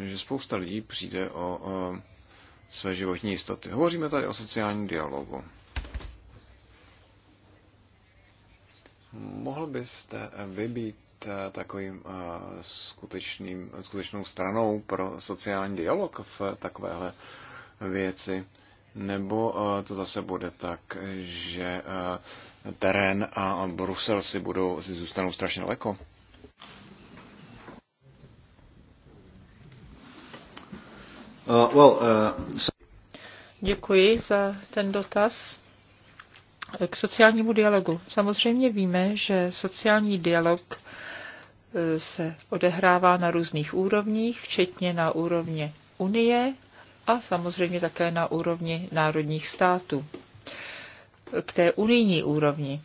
že spousta lidí přijde o své životní jistoty. Hovoříme tady o sociálním dialogu. Mohl byste být eh, takovým eh, skutečným, skutečnou stranou pro sociální dialog v takovéhle věci? Nebo eh, to zase bude tak, že terén a Brusel si, budou, si zůstanou strašně daleko? Uh, well, uh, so... Děkuji za ten dotaz. K sociálnímu dialogu. Samozřejmě víme, že sociální dialog e, se odehrává na různých úrovních, včetně na úrovni Unie a samozřejmě také na úrovni národních států. K té unijní úrovni.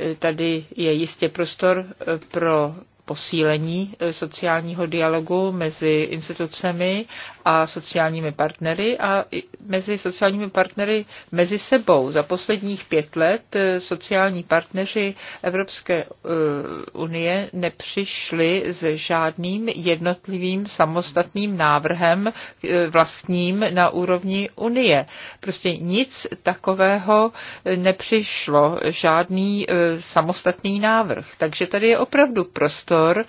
E, tady je jistě prostor e, pro posílení sociálního dialogu mezi institucemi a sociálními partnery a mezi sociálními partnery mezi sebou. Za posledních pět let eh, sociální partneři Evropské eh, unie nepřišli s žádným jednotlivým samostatným návrhem eh, vlastním na úrovni unie. Prostě nic takového nepřišlo, žádný samostatný návrh. Takže tady je opravdu prostor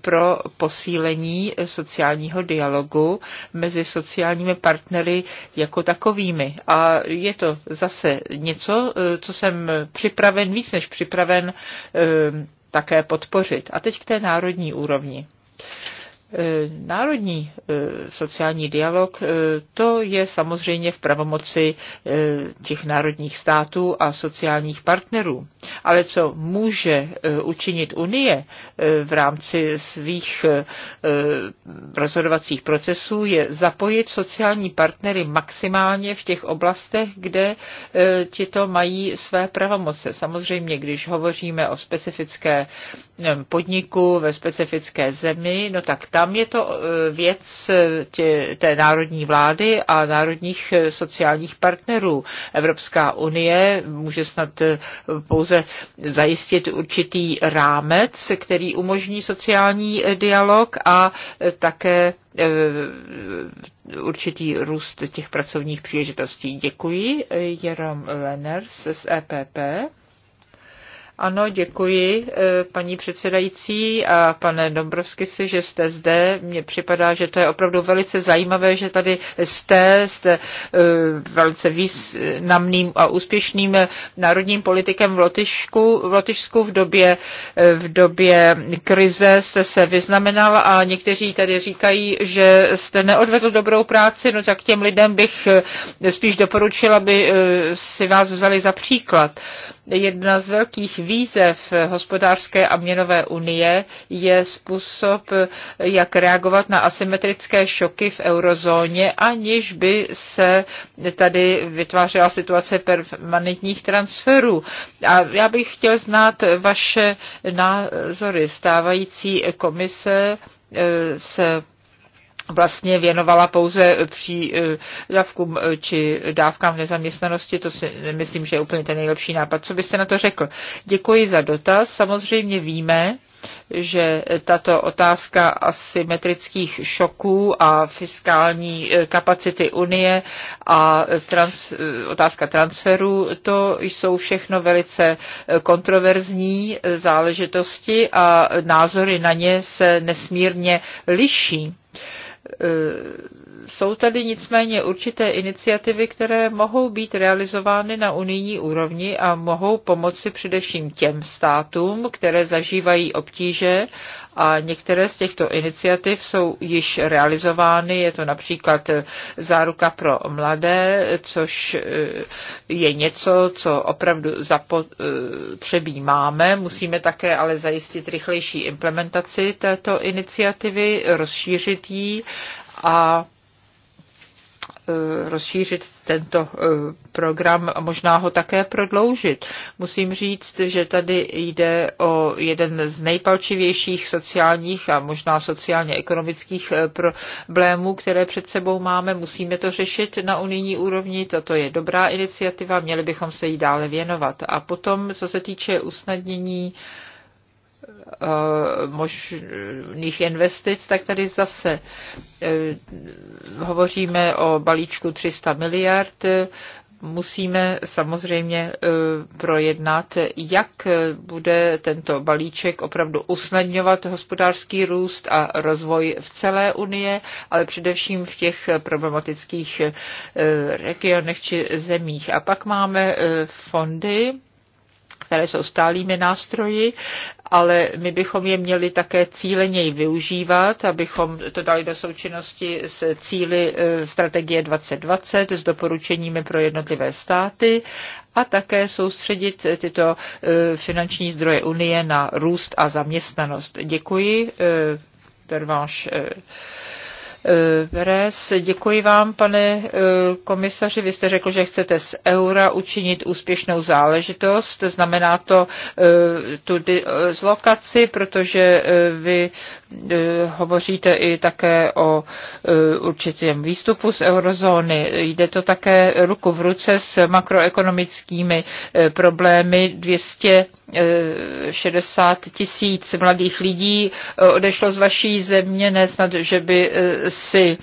pro posílení sociálního dialogu mezi sociálními partnery jako takovými. A je to zase něco, eh, co jsem připraven, víc než připraven eh, také podpořit. A teď k té národní úrovni. Eh, národní eh, sociální dialog, eh, to je samozřejmě v pravomoci těch národních států a sociálních partnerů. Ale co může učinit Unie v rámci svých rozhodovacích procesů, je zapojit sociální partnery maximálně v těch oblastech, kde tito mají své pravomoce. Samozřejmě, když hovoříme o specifické podniku ve specifické zemi, no tak tam tam je to e, věc e, tě, té národní vlády a národních e, sociálních partnerů. Evropská unie může snad pouze zajistit určitý rámec, který umožní sociální dialog a také určitý růst těch pracovních příležitostí. Děkuji. Jerom Lenners z EPP. Ano, děkuji, eh, paní předsedající a pane Dombrovsky si, že jste zde. Mně připadá, že to je opravdu velice zajímavé, že tady jste, jste eh, velice významným a úspěšným národním politikem v Lotyšku. V Lotyšsku v době, eh, v době krize jste se vyznamenal a někteří tady říkají, že jste neodvedl dobrou práci, no tak těm lidem bych spíš doporučil, aby si vás vzali za příklad. Jedna z velkých výzev hospodářské a měnové unie je způsob, jak reagovat na asymetrické šoky v eurozóně, aniž by se tady vytvářela situace permanentních transferů. A já bych chtěl znát vaše názory. Stávající komise eh, se vlastně věnovala pouze při dávkům eh, či dávkám v nezaměstnanosti, to si myslím, že je úplně ten nejlepší nápad. Co byste na to řekl? Děkuji za dotaz. Samozřejmě víme, že tato otázka asymetrických šoků a fiskální eh, kapacity Unie a trans, eh, otázka transferu, to jsou všechno velice kontroverzní záležitosti a názory na ně se nesmírně liší euh, jsou tady nicméně určité iniciativy, které mohou být realizovány na unijní úrovni a mohou pomoci především těm státům, které zažívají obtíže a některé z těchto iniciativ jsou již realizovány. Je to například eh, záruka pro mladé, což eh, je něco, co opravdu zapotřebí máme. Musíme také ale zajistit rychlejší implementaci této iniciativy, rozšířit ji a Eh, rozšířit tento eh, program a možná ho také prodloužit. Musím říct, že tady jde o jeden z nejpalčivějších sociálních a možná sociálně-ekonomických eh, problémů, které před sebou máme. Musíme to řešit na unijní úrovni. Toto je dobrá iniciativa, měli bychom se jí dále věnovat. A potom, co se týče usnadnění, Eh, možných investic, tak tady zase eh, hovoříme o balíčku 300 miliard. Musíme samozřejmě eh, projednat, jak bude tento balíček opravdu usnadňovat hospodářský růst a rozvoj v celé Unie, ale především v těch problematických regionech či zemích. A pak máme fondy, které jsou stálými nástroji ale my bychom je měli také cíleněji využívat, abychom to dali do součinnosti s cíly e, strategie 2020, s doporučeními pro jednotlivé státy a také soustředit tyto e, finanční zdroje Unie na růst a zaměstnanost. Děkuji. E, váš Beres, eh, děkuji vám, pane eh, komisaři. Vy jste řekl, že chcete z eura učinit úspěšnou záležitost. Znamená to eh, tu zlokaci, protože vy hovoříte i také o určitém výstupu z eurozóny. Jde to také ruku v ruce s makroekonomickými problémy. 200 60 tisíc mladých lidí odešlo z vaší země, ne snad, že by si e,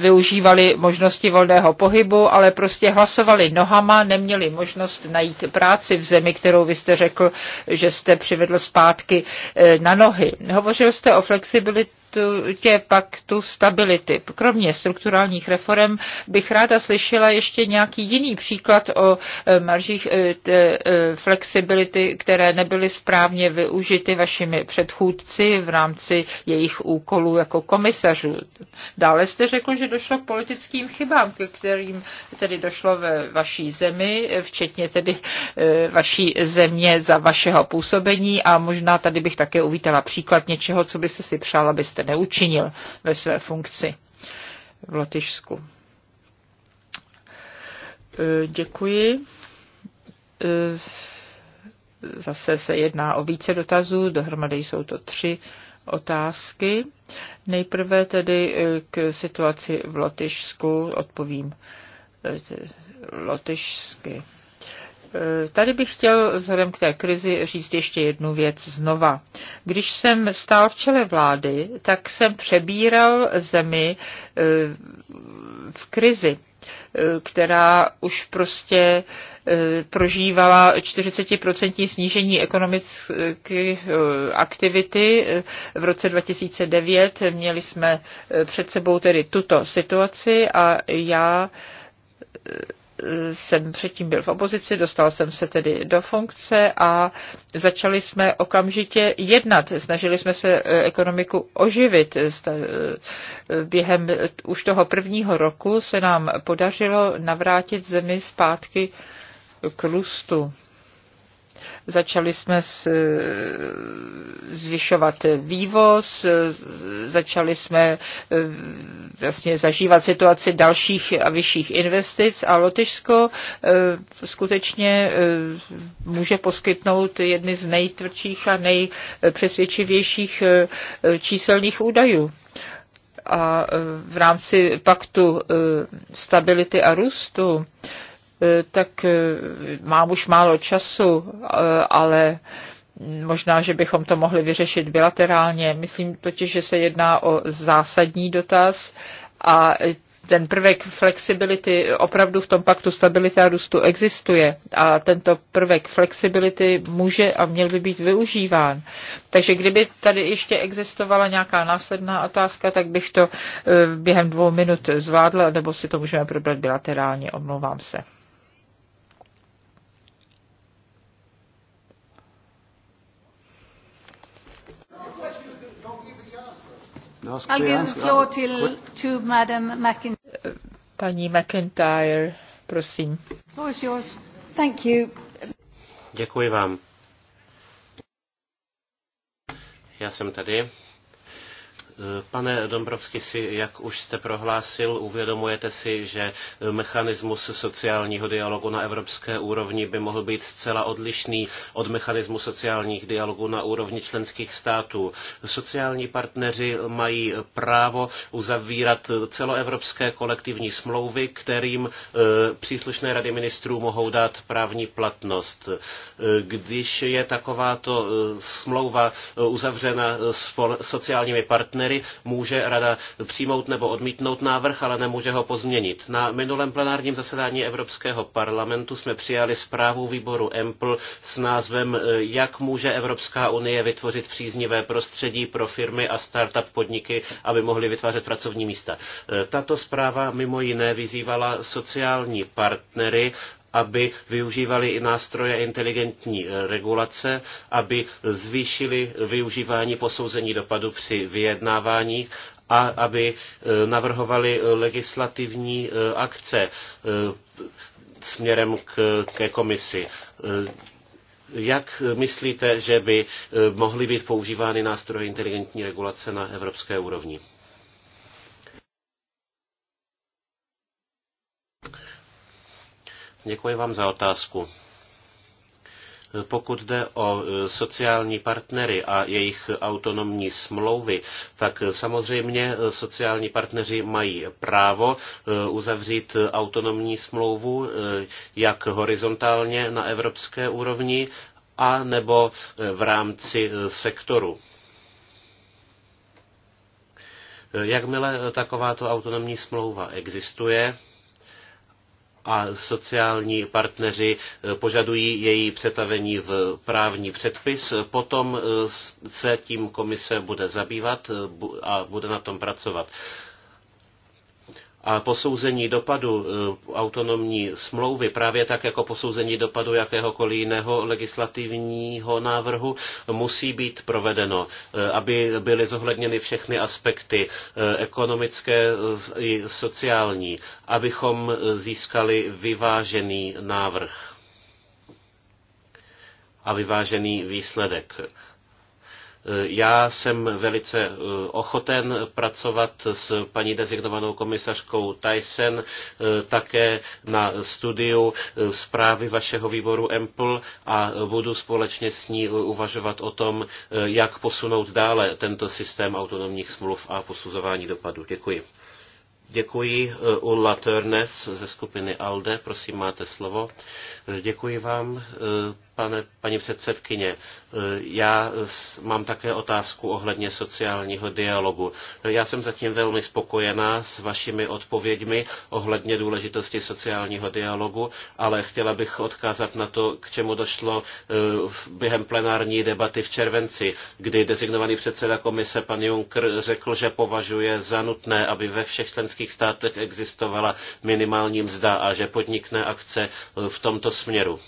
využívali možnosti volného pohybu, ale prostě hlasovali nohama, neměli možnost najít práci v zemi, kterou vy jste řekl, že jste přivedl zpátky e, na nohy. Hovořil jste o flexibilitě tě tu stability. Kromě strukturálních reform bych ráda slyšela ještě nějaký jiný příklad o e, maržích e, e, flexibility, které nebyly správně využity vašimi předchůdci v rámci jejich úkolů jako komisařů. Dále jste řekl, že došlo k politickým chybám, ke kterým tedy došlo ve vaší zemi, včetně tedy vaší země za vašeho působení a možná tady bych také uvítala příklad něčeho, co byste si přál, abyste jste neučinil ve své funkci v Lotyšsku. E, děkuji. E, zase se jedná o více dotazů, dohromady jsou to tři otázky. Nejprve tedy e, k situaci v Lotyšsku odpovím lotyšsky. Eh, tady bych chtěl vzhledem k té krizi říct ještě jednu věc znova. Když jsem stál v čele vlády, tak jsem přebíral zemi eh, v krizi eh, která už prostě prožívala 40% snížení ekonomické aktivity v roce 2009. Měli jsme před sebou tedy tuto situaci a já jsem předtím byl v opozici, dostal jsem se tedy do funkce a začali jsme okamžitě jednat. Snažili jsme se eh, ekonomiku oživit. Eh, během už toho prvního roku se nám podařilo navrátit zemi zpátky k růstu. Začali jsme eh, zvyšovat vývoz, eh, začali jsme eh, vlastně zažívat situaci dalších a vyšších investic a Lotyšsko skutečně může poskytnout jedny z nejtvrdších a nejpřesvědčivějších číselných údajů a v rámci paktu stability a růstu Eh, tak eh, mám už málo času, eh, ale možná, že bychom to mohli vyřešit bilaterálně. Myslím totiž, že se jedná o zásadní dotaz a ten prvek flexibility opravdu v tom paktu stability a růstu existuje a tento prvek flexibility může a měl by být využíván. Takže kdyby tady ještě existovala nějaká následná otázka, tak bych to během dvou minut zvládla, nebo si to můžeme probrat bilaterálně, omlouvám se. Paní McIntyre, prosím. Děkuji vám. Já jsem tady. Pane Dombrovsky, si, jak už jste prohlásil, uvědomujete si, že mechanismus sociálního dialogu na evropské úrovni by mohl být zcela odlišný od mechanismu sociálních dialogů na úrovni členských států. Sociální partneři mají právo uzavírat celoevropské kolektivní smlouvy, kterým eh, příslušné rady ministrů mohou dát právní platnost. Eh, když je takováto eh, smlouva uzavřena s sociálními partnery, závěry, může rada přijmout nebo odmítnout návrh, ale nemůže ho pozměnit. Na minulém plenárním zasedání Evropského parlamentu jsme přijali zprávu výboru EMPL s názvem eh, Jak může Evropská unie vytvořit příznivé prostředí pro firmy a startup podniky, aby mohly vytvářet pracovní místa. Eh, tato zpráva mimo jiné vyzývala sociální partnery, aby využívali i nástroje inteligentní eh, regulace, aby zvýšili využívání posouzení dopadu při vyjednávání a aby eh, navrhovali eh, legislativní akce směrem k, ke komisi. Jak myslíte, že by mohly být používány nástroje inteligentní regulace na evropské úrovni? Děkuji vám za otázku. Pokud jde o e, sociální partnery a jejich autonomní smlouvy, tak e, samozřejmě e, sociální partneři mají právo uzavřít autonomní smlouvu jak horizontálně na evropské úrovni, a nebo v rámci sektoru. Jakmile takováto autonomní smlouva existuje, a sociální partneři eh, požadují její přetavení v právní předpis. Potom eh, se tím komise bude zabývat eh, a bude na tom pracovat. A posouzení dopadu eh, autonomní smlouvy, právě tak jako posouzení dopadu jakéhokoliv jiného legislativního návrhu, musí být provedeno, eh, aby byly zohledněny všechny aspekty eh, ekonomické i sociální, abychom získali vyvážený návrh a vyvážený výsledek. Já jsem velice eh, ochoten pracovat s paní dezignovanou komisařkou Tyson eh, také na studiu eh, zprávy vašeho výboru EMPL a budu společně s ní uvažovat o tom, jak posunout dále tento systém autonomních smluv a posuzování dopadu. Děkuji. Děkuji Ulla Törnes ze skupiny ALDE. Prosím, máte slovo. Děkuji vám, Pane, paní předsedkyně, eh, já mám také otázku ohledně sociálního dialogu. Já jsem zatím velmi spokojená s vašimi odpověďmi ohledně důležitosti sociálního dialogu, ale chtěla bych odkázat na to, k čemu došlo eh, během plenární debaty v červenci, kdy designovaný předseda komise pan Juncker řekl, že považuje za nutné, aby ve všech členských státech existovala minimální mzda a že podnikne akce eh, v tomto směru.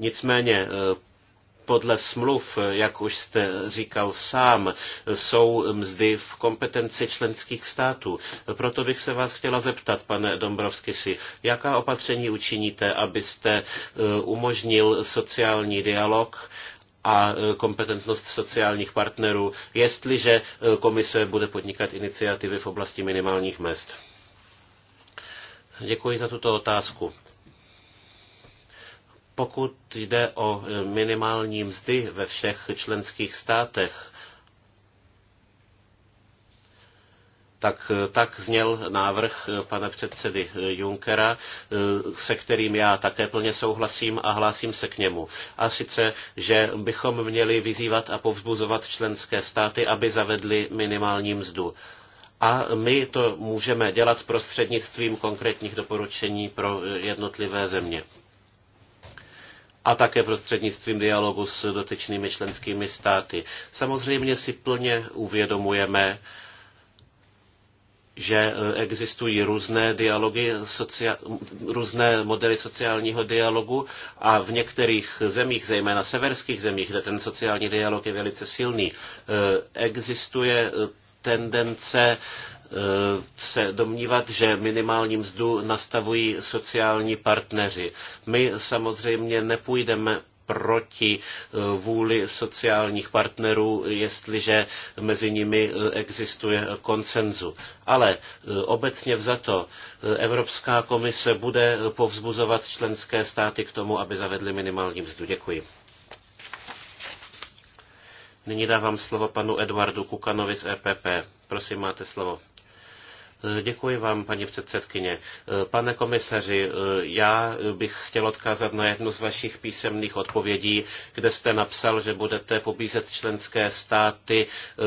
Nicméně eh, podle smluv, jak už jste říkal sám, jsou mzdy v kompetenci členských států. Proto bych se vás chtěla zeptat, pane Dombrovsky, si, jaká opatření učiníte, abyste eh, umožnil sociální dialog a eh, kompetentnost sociálních partnerů, jestliže komise bude podnikat iniciativy v oblasti minimálních mest. Děkuji za tuto otázku. Pokud jde o e, minimální mzdy ve všech členských státech, tak, e, tak zněl návrh e, pana předsedy Junckera, se kterým já také plně souhlasím a hlásím se k němu. A sice, že bychom měli vyzývat a povzbuzovat členské státy, aby zavedli minimální mzdu. A my to můžeme dělat prostřednictvím konkrétních doporučení pro jednotlivé země a také prostřednictvím dialogu s dotyčnými členskými státy. Samozřejmě si plně uvědomujeme, že e, existují různé dialogy, socia- různé modely sociálního dialogu a v některých zemích, zejména severských zemích, kde ten sociální dialog je velice silný, e, existuje e, tendence Eh, se domnívat, že minimální mzdu nastavují sociální partneři. My samozřejmě nepůjdeme proti eh, vůli sociálních partnerů, jestliže mezi nimi eh, existuje konsenzu. Ale obecně vzato Evropská komise bude povzbuzovat členské státy k tomu, aby zavedly minimální mzdu. Děkuji. Nyní dávám slovo panu Eduardu Kukanovi z EPP. Prosím, máte slovo. Děkuji vám, paní předsedkyně. Pane komisaři, já bych chtěl odkázat na jednu z vašich písemných odpovědí, kde jste napsal, že budete pobízet členské státy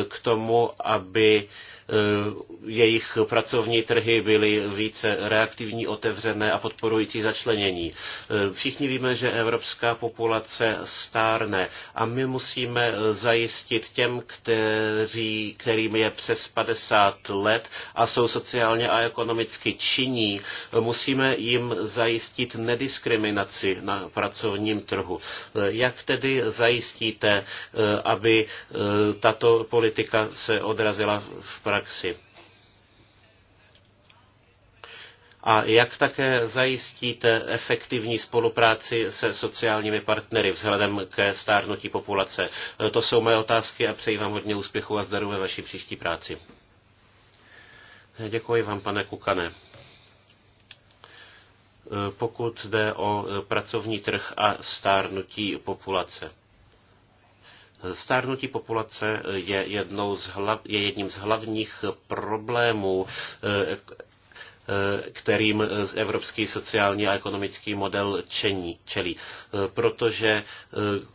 k tomu, aby Eh, jejich pracovní trhy byly více reaktivní, otevřené a podporující začlenění. Eh, všichni víme, že evropská populace stárne a my musíme eh, zajistit těm, kteří, kterým je přes 50 let a jsou sociálně a ekonomicky činní, musíme jim zajistit nediskriminaci na pracovním trhu. Jak tedy zajistíte, aby tato politika se odrazila v praxi? praxi. A jak také zajistíte efektivní spolupráci se sociálními partnery vzhledem ke stárnutí populace? To jsou moje otázky a přeji vám hodně úspěchu a zdaru ve vaší příští práci. Děkuji vám, pane Kukane. Pokud jde o pracovní trh a stárnutí populace. Stárnutí populace je, jednou z hlav, je jedním z hlavních problémů eh, Eh, kterým eh, evropský sociální a ekonomický model čení, čelí. Eh, protože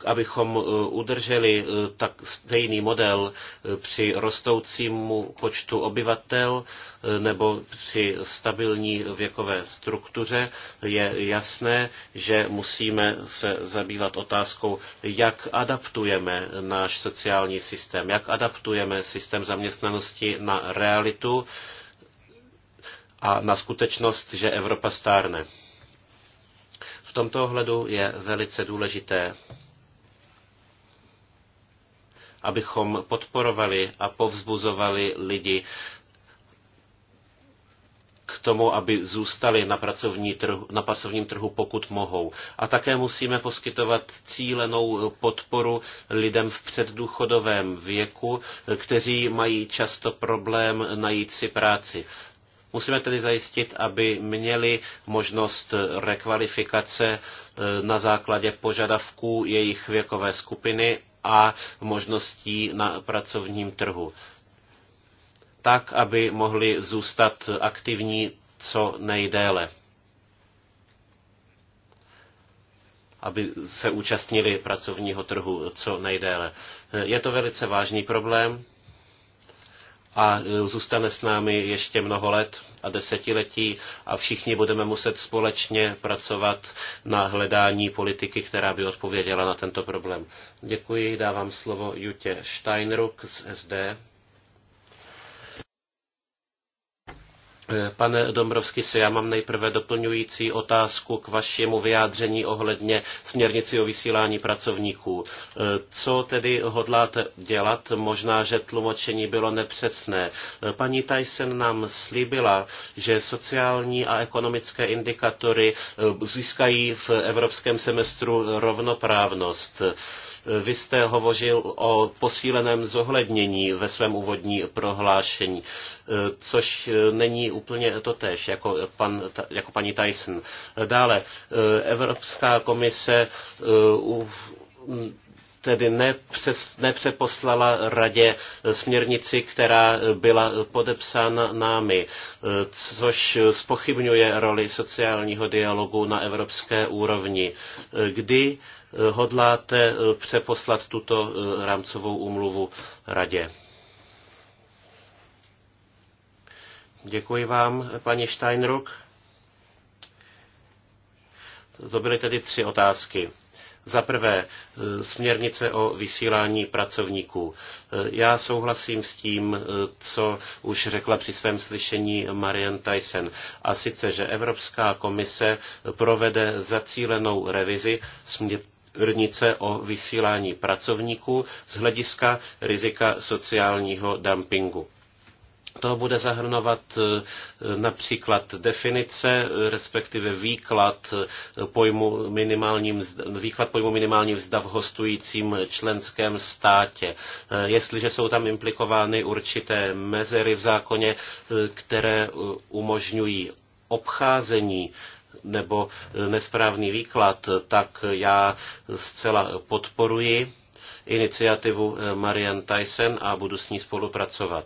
abychom udrželi tak stejný model při rostoucímu počtu obyvatel nebo při stabilní věkové struktuře, je jasné, že musíme se zabývat otázkou, jak adaptujeme náš sociální systém, jak adaptujeme systém zaměstnanosti na realitu, a na skutečnost, že Evropa stárne. V tomto ohledu je velice důležité, abychom podporovali a povzbuzovali lidi k tomu, aby zůstali na, pracovní trhu, na pracovním trhu, pokud mohou. A také musíme poskytovat cílenou podporu lidem v předdůchodovém věku, kteří mají často problém najít si práci. Musíme tedy zajistit, aby měli možnost rekvalifikace e, na základě požadavků jejich věkové skupiny a možností na pracovním trhu. Tak, aby mohli zůstat aktivní co nejdéle. aby se účastnili pracovního trhu co nejdéle. E, je to velice vážný problém, a e, zůstane s námi ještě mnoho let a desetiletí a všichni budeme muset společně pracovat na hledání politiky, která by odpověděla na tento problém. Děkuji, dávám slovo Jutě Steinruck z SD. Pane Dombrovský, já mám nejprve doplňující otázku k vašemu vyjádření ohledně směrnici o vysílání pracovníků. Co tedy hodláte dělat? Možná, že tlumočení bylo nepřesné. Paní Tyson nám slíbila, že sociální a ekonomické indikatory získají v evropském semestru rovnoprávnost. Vy jste hovořil o posíleném zohlednění ve svém úvodní prohlášení, což není úplně to tež, jako, pan, jako paní Tyson. Dále, Evropská komise uh, tedy nepřes, nepřeposlala radě směrnici, která byla podepsána námi, což spochybňuje roli sociálního dialogu na evropské úrovni. Kdy hodláte eh, přeposlat tuto eh, rámcovou úmluvu radě. Děkuji vám, paní Steinruck. To byly tedy tři otázky. Za prvé, eh, směrnice o vysílání pracovníků. Já souhlasím s tím, co už řekla při svém slyšení Marian Tyson. A sice, že Evropská komise provede zacílenou revizi směrnice o vysílání pracovníků z hlediska rizika sociálního dumpingu. To bude zahrnovat e, například definice, respektive výklad pojmu minimální mzda, výklad pojmu minimální mzda v hostujícím členském státě. E, jestliže jsou tam implikovány určité mezery v zákoně, e, které umožňují obcházení nebo nesprávný výklad, tak já zcela podporuji iniciativu eh, Marian Tyson a budu s ní spolupracovat.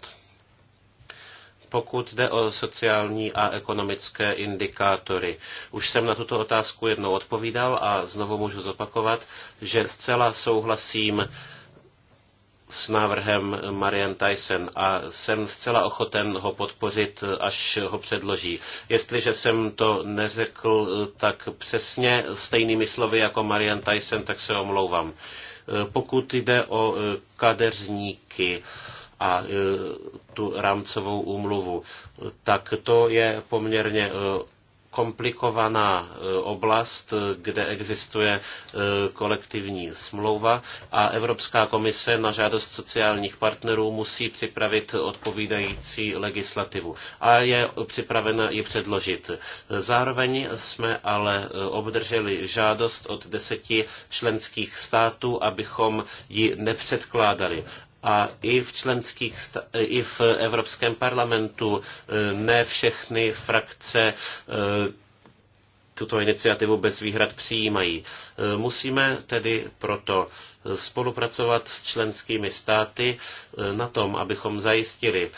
Pokud jde o sociální a ekonomické indikátory, už jsem na tuto otázku jednou odpovídal a znovu můžu zopakovat, že zcela souhlasím s návrhem Marian Tyson a jsem zcela ochoten ho podpořit, až ho předloží. Jestliže jsem to neřekl tak přesně stejnými slovy jako Marian Tyson, tak se omlouvám. Pokud jde o e, kadeřníky, a e, tu rámcovou úmluvu. Tak to je poměrně e, komplikovaná eh, oblast, eh, kde existuje eh, kolektivní smlouva a Evropská komise na žádost sociálních partnerů musí připravit odpovídající legislativu a je připravena ji předložit. Zároveň jsme ale obdrželi žádost od deseti členských států, abychom ji nepředkládali a i v členských, i v Evropském parlamentu e, ne všechny frakce e, tuto iniciativu bez výhrad přijímají. E, musíme tedy proto spolupracovat s členskými státy e, na tom, abychom zajistili, e,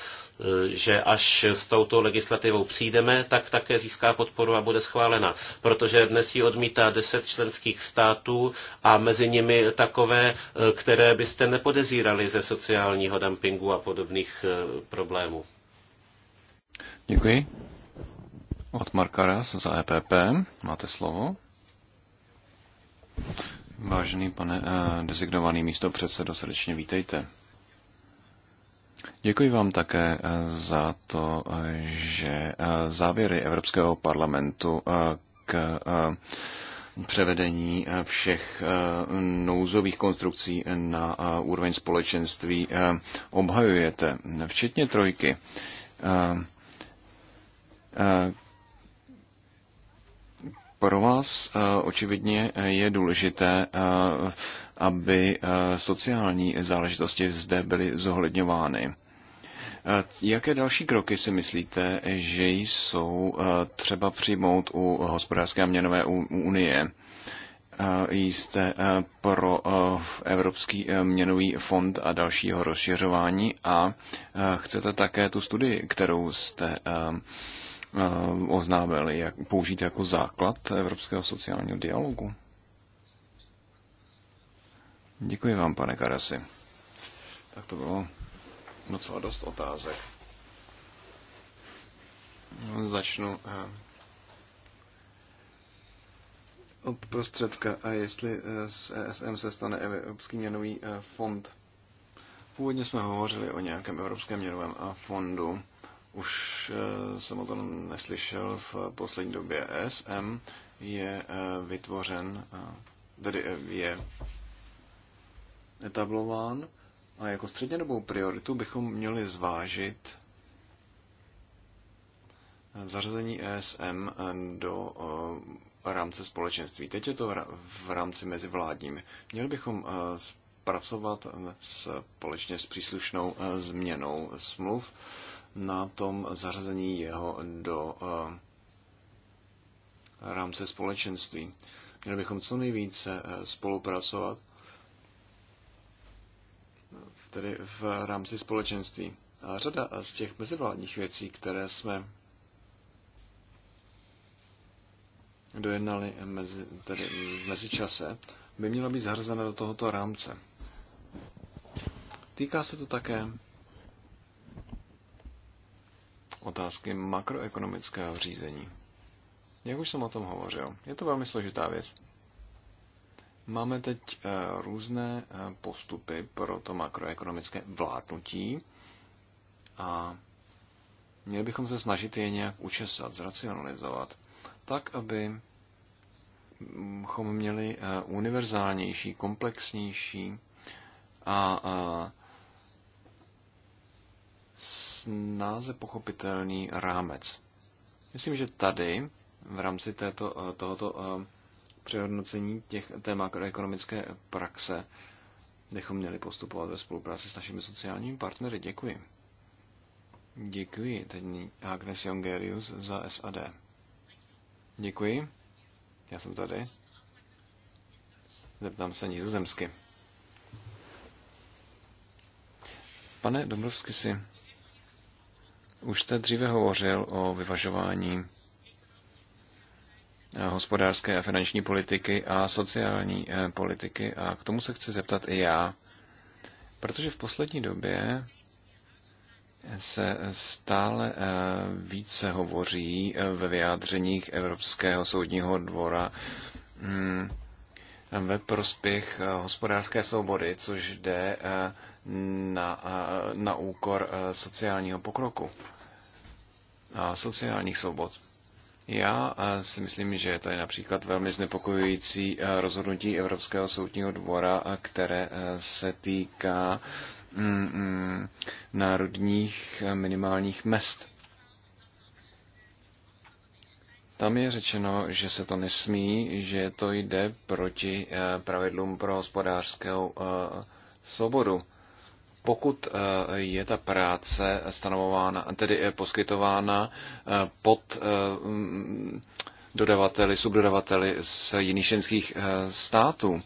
že až s touto legislativou přijdeme, tak také získá podporu a bude schválena. Protože dnes ji odmítá deset členských států a mezi nimi takové, které byste nepodezírali ze sociálního dumpingu a podobných problémů. Děkuji. Od Markaras za EPP. Máte slovo. Vážený pane eh, designovaný místo předsedo, srdečně vítejte. Děkuji vám také eh, za to, eh, že eh, závěry Evropského parlamentu k převedení všech nouzových konstrukcí na úroveň společenství obhajujete, včetně trojky pro vás eh, očividně eh, je důležité, eh, aby sociální záležitosti zde byly zohledňovány. Jaké další kroky si myslíte, že jsou třeba přijmout u hospodářské a měnové unie? Jste pro Evropský měnový fond a dalšího rozšiřování a chcete také tu studii, kterou jste Eh, oznámili, jak použít jako základ evropského sociálního dialogu? Děkuji vám, pane Karasi. Tak to bylo docela dost otázek. Začnu eh, od prostředka a jestli z eh, ESM se stane Evropský měnový fond. Původně jsme hovořili o nějakém Evropském měnovém fondu už eh, jsem o tom neslyšel v poslední době. SM je eh, vytvořen, eh, tedy je etablován a jako střednědobou prioritu bychom měli zvážit zařazení ESM do rámce společenství. Teď je to v rámci mezivládním. Měli bychom pracovat společně s příslušnou změnou smluv na tom zařazení jeho do eh, rámce společenství. Měli bychom co nejvíce eh, spolupracovat tedy v rámci společenství. A řada z těch mezivládních věcí, které jsme dojednali mezi, tedy v mezičase, by měla být zařazena do tohoto rámce. Týká se to také otázky makroekonomického řízení. Jak už jsem o tom hovořil, je to velmi složitá věc. Máme teď eh, různé eh, postupy pro to makroekonomické vládnutí a měli bychom se snažit je nějak učesat, zracionalizovat, tak, aby bychom měli eh, univerzálnější, komplexnější a snáze pochopitelný rámec. Myslím, že tady v rámci této, eh, tohoto eh, přehodnocení těch, té makroekonomické praxe bychom měli postupovat ve spolupráci s našimi sociálními partnery. Děkuji. Děkuji, teď Agnes Jongerius za SAD. Děkuji. Já jsem tady. Zeptám se nizozemsky. Pane Dombrovsky si, už jste dříve hovořil o vyvažování hospodářské a finanční politiky a sociální eh, politiky a k tomu se chci zeptat i já, protože v poslední době se stále eh, více hovoří eh, ve vyjádřeních Evropského soudního dvora hm, ve prospěch hospodářské svobody, což jde na, na úkor eh, sociálního pokroku a sociálních svobod. Já eh, si myslím, že to je například velmi znepokojující eh, rozhodnutí Evropského soudního dvora, které se týká mm, mm, národních minimálních mest. Tam je řečeno, že se to nesmí, že to jde proti pravidlům pro hospodářskou svobodu pokud eh, je ta práce stanovována, tedy eh, poskytována eh, pod mm, dodavateli, subdodavateli z jiných členských států.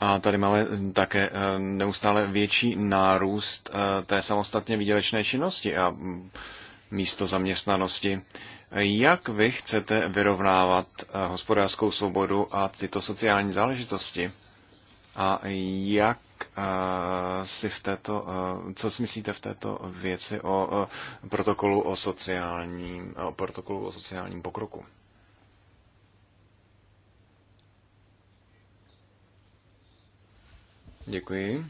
A tady máme také neustále větší nárůst té samostatně výdělečné činnosti a mm, místo zaměstnanosti. Jak vy chcete vyrovnávat hospodářskou svobodu a tyto sociální záležitosti? A jak eh, si v této, eh, co si myslíte v této věci o eh, protokolu o sociálním, o protokolu o sociálním pokroku? Děkuji.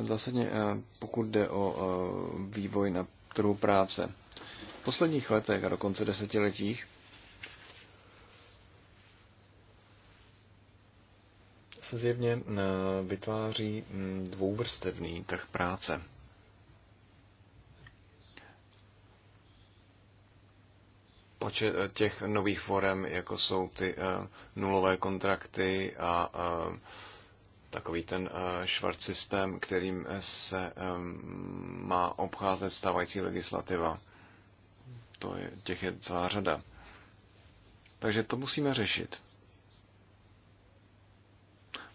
Zásadně pokud jde o vývoj na trhu práce, posledních letech a dokonce desetiletích se zjevně eh, vytváří hm, dvouvrstevný trh práce. počet eh, těch nových forem, jako jsou ty eh, nulové kontrakty a takový ten švart systém, kterým se má obcházet stávající legislativa to je, těch je celá řada. Takže to musíme řešit.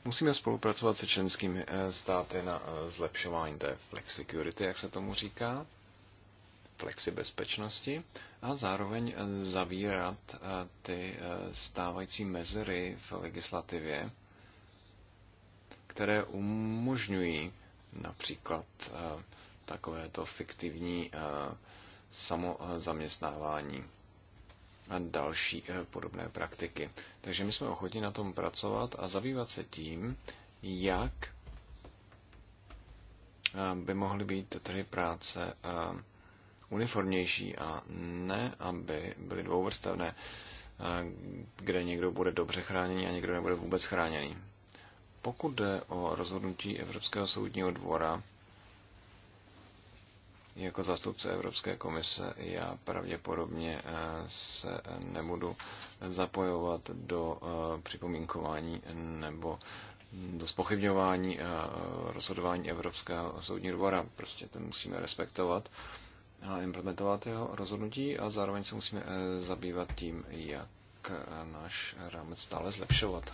Musíme spolupracovat se členskými eh, státy na eh, zlepšování té flexicurity, jak se tomu říká, flexi bezpečnosti, a zároveň eh, zavírat ty stávající mezery v legislativě, které umožňují například takovéto fiktivní samozaměstnávání a další eh, podobné praktiky. Takže my jsme ochotni na tom pracovat a zabývat se tím, jak eh, by mohly být trhy práce eh, uniformnější a ne, aby byly dvouvrstevné, kde někdo bude dobře chráněný a někdo nebude vůbec chráněný. Pokud jde o rozhodnutí Evropského soudního dvora, jako zástupce Evropské komise já pravděpodobně eh, se eh, nebudu zapojovat do eh, připomínkování nebo do spochybňování rozhodování Evropského soudního dvora. Prostě to musíme respektovat a implementovat jeho rozhodnutí a zároveň se musíme zabývat tím, jak náš rámec stále zlepšovat.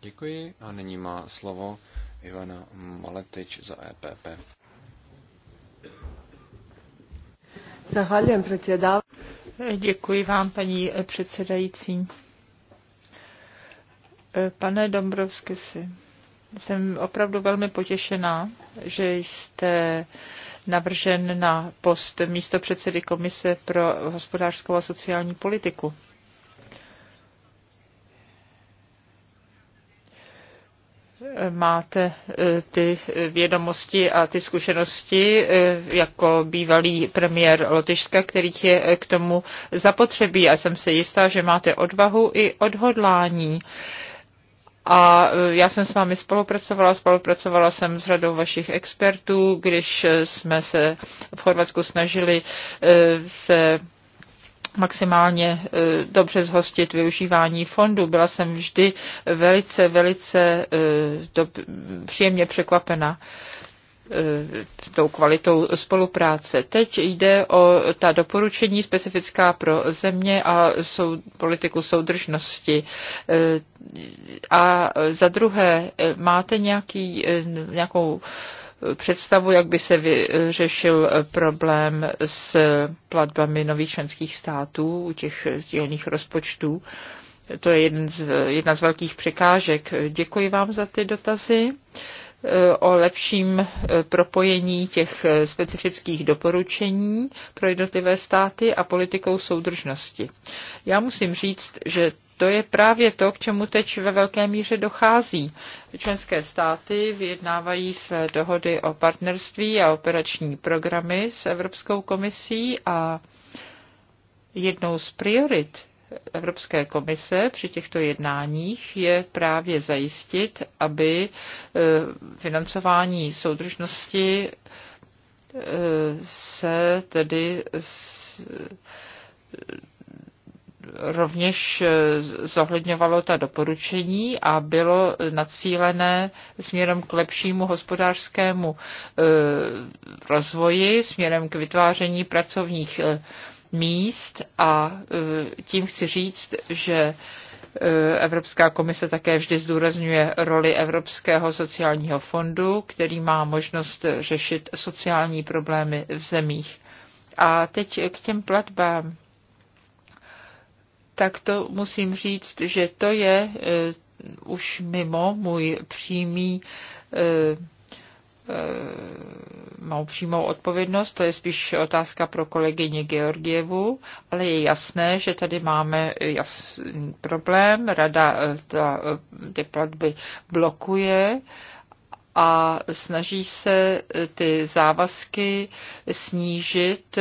Děkuji a nyní má slovo Ivana Maletič za EPP. Děkuji vám, paní předsedající. Pane Dombrovsky, jsem opravdu velmi potěšená, že jste navržen na post místo předsedy Komise pro hospodářskou a sociální politiku. máte eh, ty vědomosti a ty zkušenosti eh, jako bývalý premiér Lotyšska, kterých je eh, k tomu zapotřebí. A jsem se jistá, že máte odvahu i odhodlání. A já jsem s vámi spolupracovala, spolupracovala jsem s radou vašich expertů, když jsme se v Chorvatsku snažili se maximálně e, dobře zhostit využívání fondu. Byla jsem vždy velice, velice e, příjemně překvapena e, tou kvalitou spolupráce. Teď jde o ta doporučení specifická pro země a sou, politiku soudržnosti. A za druhé, máte nějaký, nějakou představu, jak by se vyřešil problém s platbami nových členských států u těch sdílených rozpočtů. To je jeden z, jedna z velkých překážek. Děkuji vám za ty dotazy o lepším eh, propojení těch eh, specifických doporučení pro jednotlivé státy a politikou soudržnosti. Já musím říct, že to je právě to, k čemu teď ve velké míře dochází. Členské státy vyjednávají své dohody o partnerství a operační programy s Evropskou komisí a jednou z priorit Evropské komise při těchto jednáních je právě zajistit, aby e, financování soudržnosti e, se tedy rovněž e, zohledňovalo ta doporučení a bylo nacílené směrem k lepšímu hospodářskému rozvoji, směrem k vytváření pracovních míst a e, tím chci říct, že e, Evropská komise také vždy zdůrazňuje roli Evropského sociálního fondu, který má možnost řešit sociální problémy v zemích. A teď k těm platbám. Tak to musím říct, že to je e, už mimo můj přímý Eh, mou přímou odpovědnost, to je spíš otázka pro kolegyni Georgievu, ale je jasné, že tady máme jasný problém, rada eh, ta, eh, ty platby blokuje a snaží se ty závazky snížit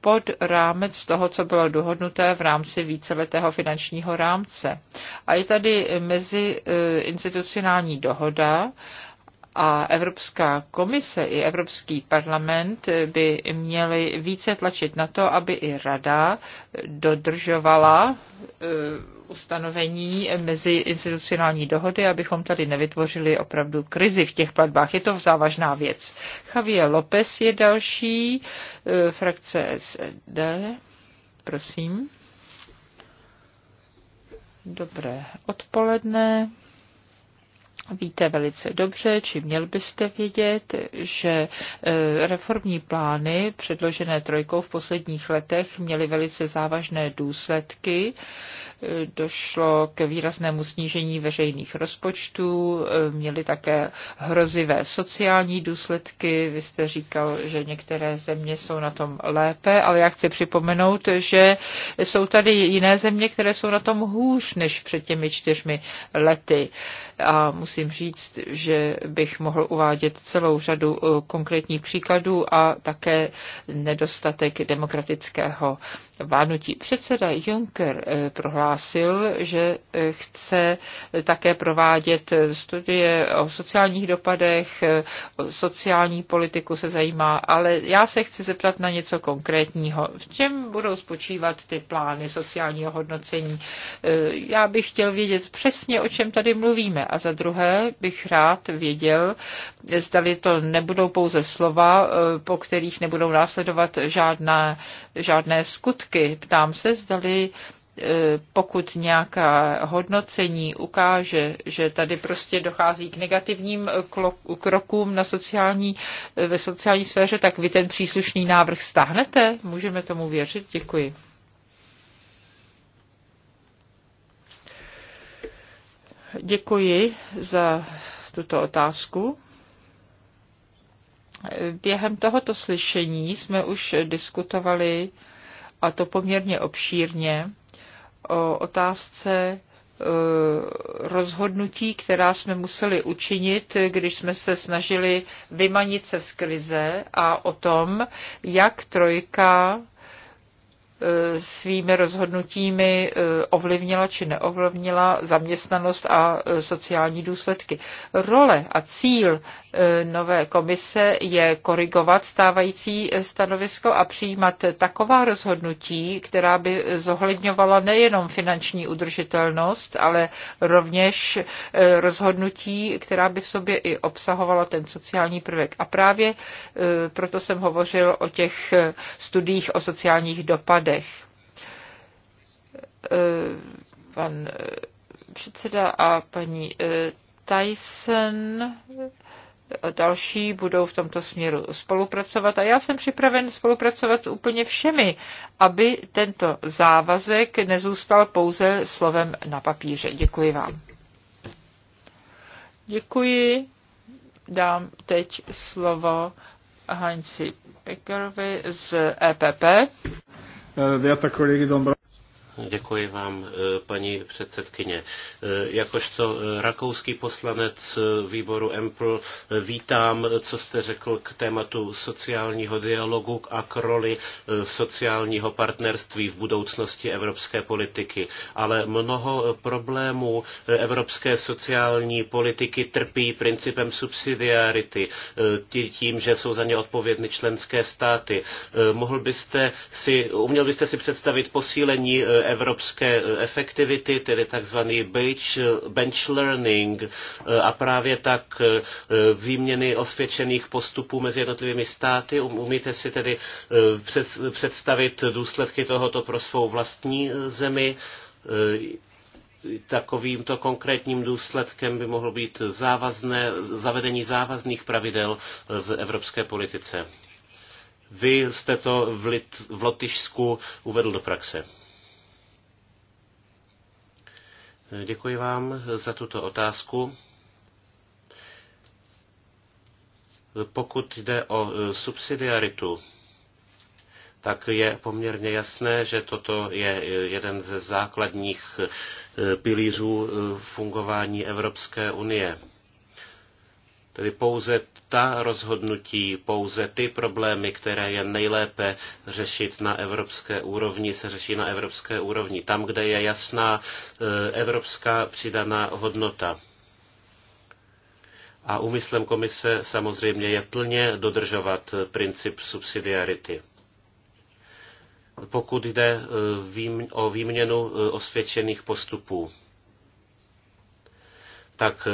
pod rámec toho, co bylo dohodnuté v rámci víceletého finančního rámce. A je tady mezi institucionální dohoda a Evropská komise i Evropský parlament by měli více tlačit na to, aby i Rada dodržovala e, ustanovení mezi institucionální dohody, abychom tady nevytvořili opravdu krizi v těch platbách. Je to závažná věc. Javier López je další, e, frakce SD. Prosím. Dobré odpoledne. Víte velice dobře, či měl byste vědět, že e, reformní plány předložené trojkou v posledních letech měly velice závažné důsledky. E, došlo k výraznému snížení veřejných rozpočtů, e, měly také hrozivé sociální důsledky. Vy jste říkal, že některé země jsou na tom lépe, ale já chci připomenout, že jsou tady jiné země, které jsou na tom hůř než před těmi čtyřmi lety. A musí musím říct, že bych mohl uvádět celou řadu eh, konkrétních příkladů a také nedostatek demokratického vládnutí. Předseda Juncker eh, prohlásil, že eh, chce také provádět studie o sociálních dopadech, o sociální politiku se zajímá, ale já se chci zeptat na něco konkrétního. V čem budou spočívat ty plány sociálního hodnocení? Já bych chtěl vědět přesně, o čem tady mluvíme. A za druhé, druhé bych rád věděl, zda to nebudou pouze slova, eh, po kterých nebudou následovat žádná, žádné skutky. Ptám se, zda eh, pokud nějaká hodnocení ukáže, že tady prostě dochází k negativním krokům na sociální, eh, ve sociální sféře, tak vy ten příslušný návrh stáhnete? Můžeme tomu věřit? Děkuji. Děkuji za tuto otázku. Během tohoto slyšení jsme už diskutovali, a to poměrně obšírně, o otázce e, rozhodnutí, která jsme museli učinit, když jsme se snažili vymanit se z krize a o tom, jak trojka E, svými rozhodnutími e, ovlivnila či neovlivnila zaměstnanost a e, sociální důsledky. Role a cíl nové komise je korigovat stávající stanovisko a přijímat taková rozhodnutí, která by zohledňovala nejenom finanční udržitelnost, ale rovněž rozhodnutí, která by v sobě i obsahovala ten sociální prvek. A právě proto jsem hovořil o těch studiích o sociálních dopadech hradech. Eh, pan eh, předseda a paní eh, Tyson další budou v tomto směru spolupracovat. A já jsem připraven spolupracovat s úplně všemi, aby tento závazek nezůstal pouze slovem na papíře. Děkuji vám. Děkuji. Dám teď slovo Hanci Pekerovi z EPP werter eh, Kollege Dombrovskis, Děkuji vám, eh, paní předsedkyně. Eh, jakožto eh, rakouský poslanec výboru EMPL vítám, co jste řekl k tématu sociálního dialogu a k roli sociálního partnerství v budoucnosti evropské politiky. Ale mnoho problémů evropské sociální politiky trpí principem subsidiarity, tím, že jsou za ně odpovědny členské státy. Mohl byste si, uměl byste si představit posílení evropské efektivity, tedy takzvaný bench learning a právě tak e, výměny osvědčených postupů mezi jednotlivými státy. Um, umíte si tedy e, představit důsledky tohoto pro svou vlastní e, zemi? takovýmto konkrétním důsledkem by mohlo být závazné, zavedení závazných pravidel v evropské politice. Vy jste to v, Lit, v Lotyšsku uvedl do praxe. Děkuji vám za tuto otázku. Pokud jde o e, subsidiaritu, tak je poměrně jasné, že toto je e, jeden ze základních e, pilířů fungování Evropské unie. Tedy pouze ta rozhodnutí, pouze ty problémy, které je nejlépe řešit na evropské úrovni, se řeší na evropské úrovni. Tam, kde je jasná e, evropská přidaná hodnota. A úmyslem komise samozřejmě je plně dodržovat princip subsidiarity. Pokud jde e, o výměnu e, osvědčených postupů, tak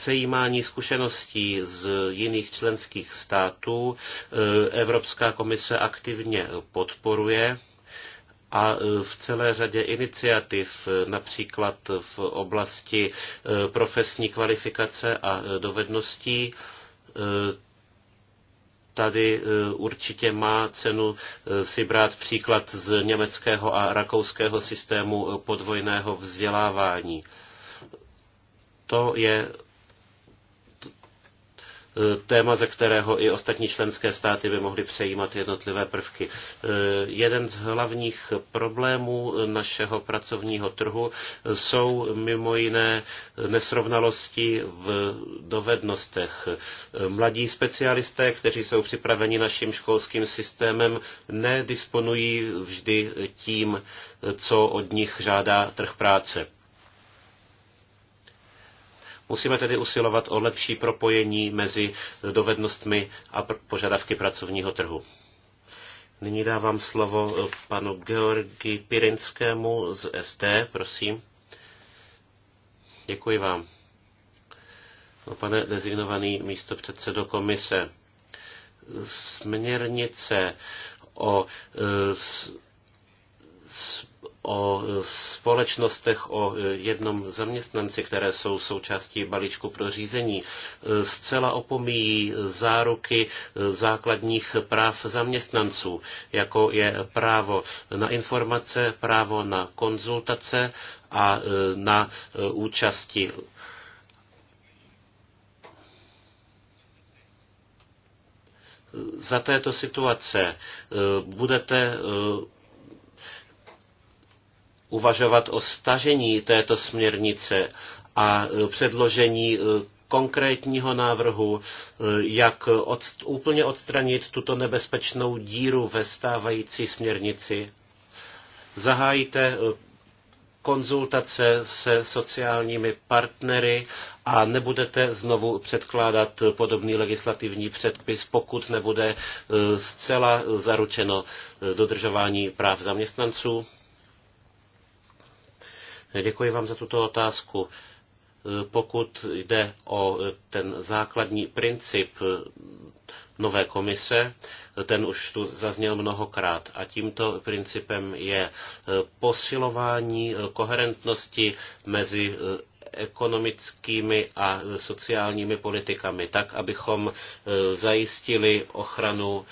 přejímání zkušeností z jiných členských států eh, Evropská komise aktivně podporuje a eh, v celé řadě iniciativ, eh, například v oblasti profesní kvalifikace a dovedností, tady určitě má cenu si brát příklad z německého a rakouského systému podvojného vzdělávání. To je Eh, téma, ze kterého i ostatní členské státy by mohly přejímat jednotlivé prvky. Eh, jeden z hlavních problémů našeho pracovního trhu jsou mimo jiné nesrovnalosti v dovednostech. Mladí specialisté, kteří jsou připraveni naším školským systémem, nedisponují vždy tím, co od nich žádá trh práce. Musíme tedy usilovat o lepší propojení mezi dovednostmi a požadavky pracovního trhu. Nyní dávám slovo eh, panu Georgi Pirinskému z SD, prosím. Děkuji vám. No, pane dezignovaný místo předsedo komise, směrnice o eh, s, s, o společnostech, o jednom zaměstnanci, které jsou součástí balíčku pro řízení, zcela opomíjí záruky základních práv zaměstnanců, jako je právo na informace, právo na konzultace a na účasti za této situace budete uvažovat o stažení této směrnice a e, předložení e, konkrétního návrhu, e, jak od, úplně odstranit tuto nebezpečnou díru ve stávající směrnici. Zahájíte konzultace se sociálními partnery a nebudete znovu předkládat podobný legislativní předpis, pokud nebude zcela zaručeno dodržování práv zaměstnanců. Děkuji vám za tuto otázku. Pokud jde o ten základní princip nové komise, ten už tu zazněl mnohokrát. A tímto principem je posilování koherentnosti mezi ekonomickými a sociálními politikami, tak abychom zajistili ochranu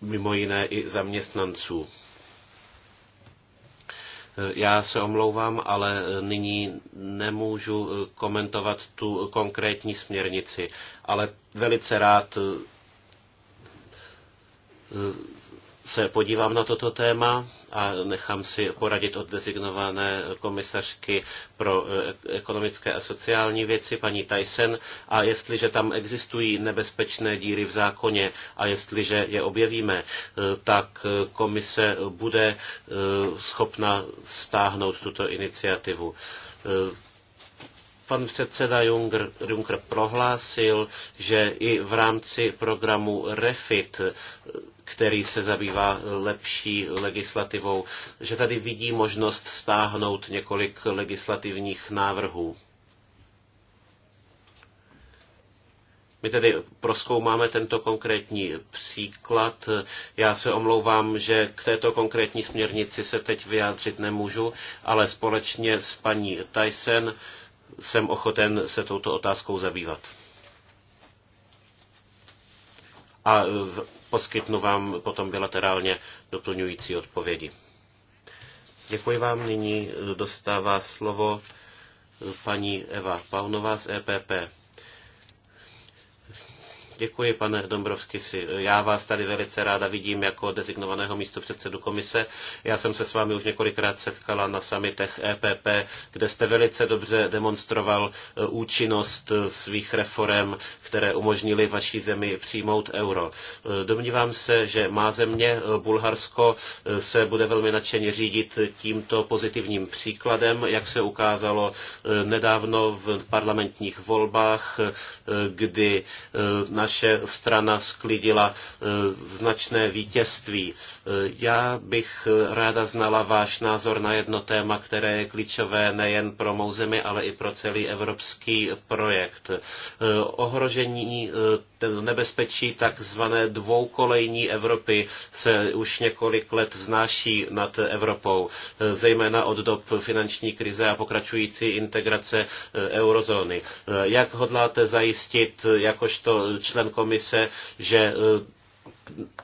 mimo jiné i zaměstnanců. Já se omlouvám, ale eh, nyní nemůžu eh, komentovat tu konkrétní směrnici, ale velice rád eh, se podívám na toto téma a nechám si poradit od designované komisařky pro eh, ekonomické a sociální věci, paní Tyson, a jestliže tam existují nebezpečné díry v zákoně a jestliže je objevíme, eh, tak eh, komise bude schopna stáhnout tuto iniciativu. Pan předseda Juncker, Juncker prohlásil, že i v rámci programu REFIT, který se zabývá lepší legislativou, že tady vidí možnost stáhnout několik legislativních návrhů. My tedy proskoumáme tento konkrétní příklad. Já se omlouvám, že k této konkrétní směrnici se teď vyjádřit nemůžu, ale společně s paní Tyson jsem ochoten se touto otázkou zabývat. A e, poskytnu vám potom bilaterálně doplňující odpovědi. Děkuji vám. Nyní dostává slovo e, paní Eva Paunová z EPP. Děkuji, pane Dombrovsky. Já vás tady velice ráda vidím jako dezignovaného místopředsedu komise. Já jsem se s vámi už několikrát setkala na samitech EPP, kde jste velice dobře demonstroval eh, účinnost eh, svých reform, které umožnily vaší zemi přijmout euro. Eh, domnívám se, že má země Bulharsko se bude velmi nadšeně řídit tímto pozitivním příkladem, jak se ukázalo nedávno v parlamentních volbách, kdy na naše strana sklidila eh, značné vítězství. Eh, já bych ráda znala váš názor na jedno téma, které je klíčové nejen pro mou zemi, ale i pro celý evropský projekt. Eh, ohrožení nebezpečí takzvané dvoukolejní Evropy se už několik let vznáší nad Evropou, zejména od dob finanční krize a pokračující integrace eh, eurozóny. Eh, jak hodláte zajistit jakožto člen komise, že eh,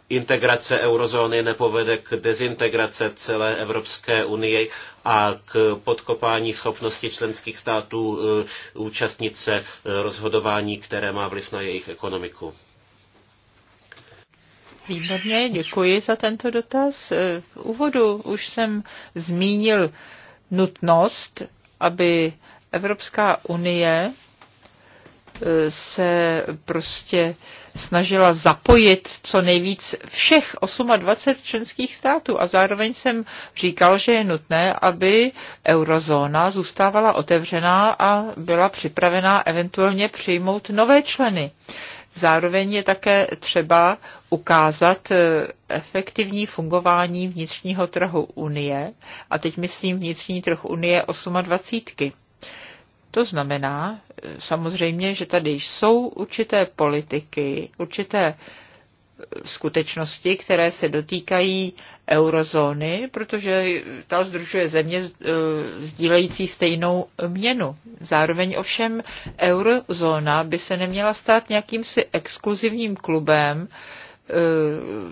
integrace eurozóny nepovede k dezintegrace celé Evropské unie a k podkopání schopnosti členských států eh, účastnit se eh, rozhodování, které má vliv na jejich ekonomiku. Výborně, děkuji za tento dotaz. Eh, v úvodu už jsem zmínil nutnost, aby Evropská unie se prostě snažila zapojit co nejvíc všech 28 členských států a zároveň jsem říkal, že je nutné, aby eurozóna zůstávala otevřená a byla připravená eventuálně přijmout nové členy. Zároveň je také třeba ukázat eh, efektivní fungování vnitřního trhu Unie, a teď myslím vnitřní trh Unie 28. To znamená eh, samozřejmě, že tady jsou určité politiky, určité eh, skutečnosti, které se dotýkají eurozóny, protože ta združuje země eh, sdílející stejnou měnu. Zároveň ovšem eurozóna by se neměla stát nějakýmsi exkluzivním klubem,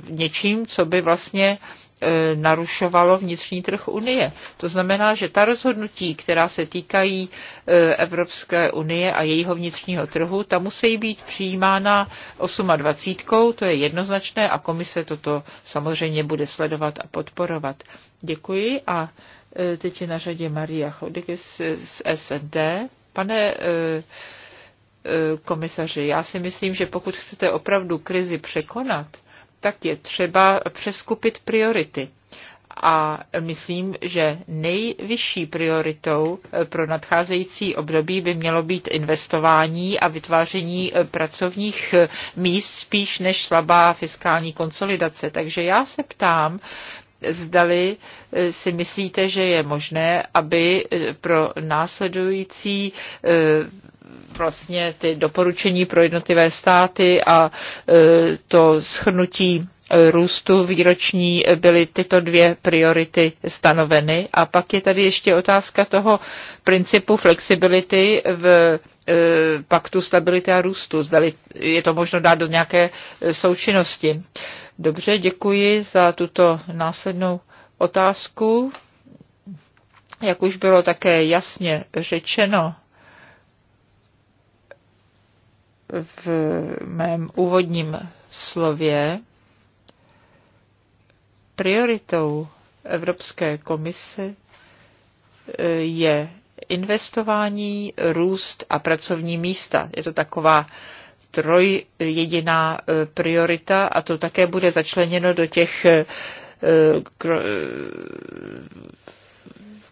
něčím, co by vlastně E, narušovalo vnitřní trh Unie. To znamená, že ta rozhodnutí, která se týkají e, Evropské unie a jejího vnitřního trhu, ta musí být přijímána 28. To je jednoznačné a komise toto samozřejmě bude sledovat a podporovat. Děkuji a e, teď je na řadě Maria Chodek z SND. Pane komisaři, já si myslím, že pokud chcete opravdu krizi překonat, tak je třeba přeskupit priority. A myslím, že nejvyšší prioritou eh, pro nadcházející období by mělo být investování a vytváření eh, pracovních eh, míst spíš než slabá fiskální konsolidace. Takže já se ptám, zdali si myslíte, že je možné, aby pro následující vlastně ty doporučení pro jednotlivé státy a e, to schrnutí e, růstu výroční byly tyto dvě priority stanoveny. A pak je tady ještě otázka toho principu flexibility v e, paktu stability a růstu. Zdali je to možno dát do nějaké součinnosti. Dobře, děkuji za tuto následnou otázku. Jak už bylo také jasně řečeno, v mém úvodním slově, prioritou Evropské komise eh, je investování, růst a pracovní místa. Je to taková trojjediná eh, priorita a to také bude začleněno do těch eh,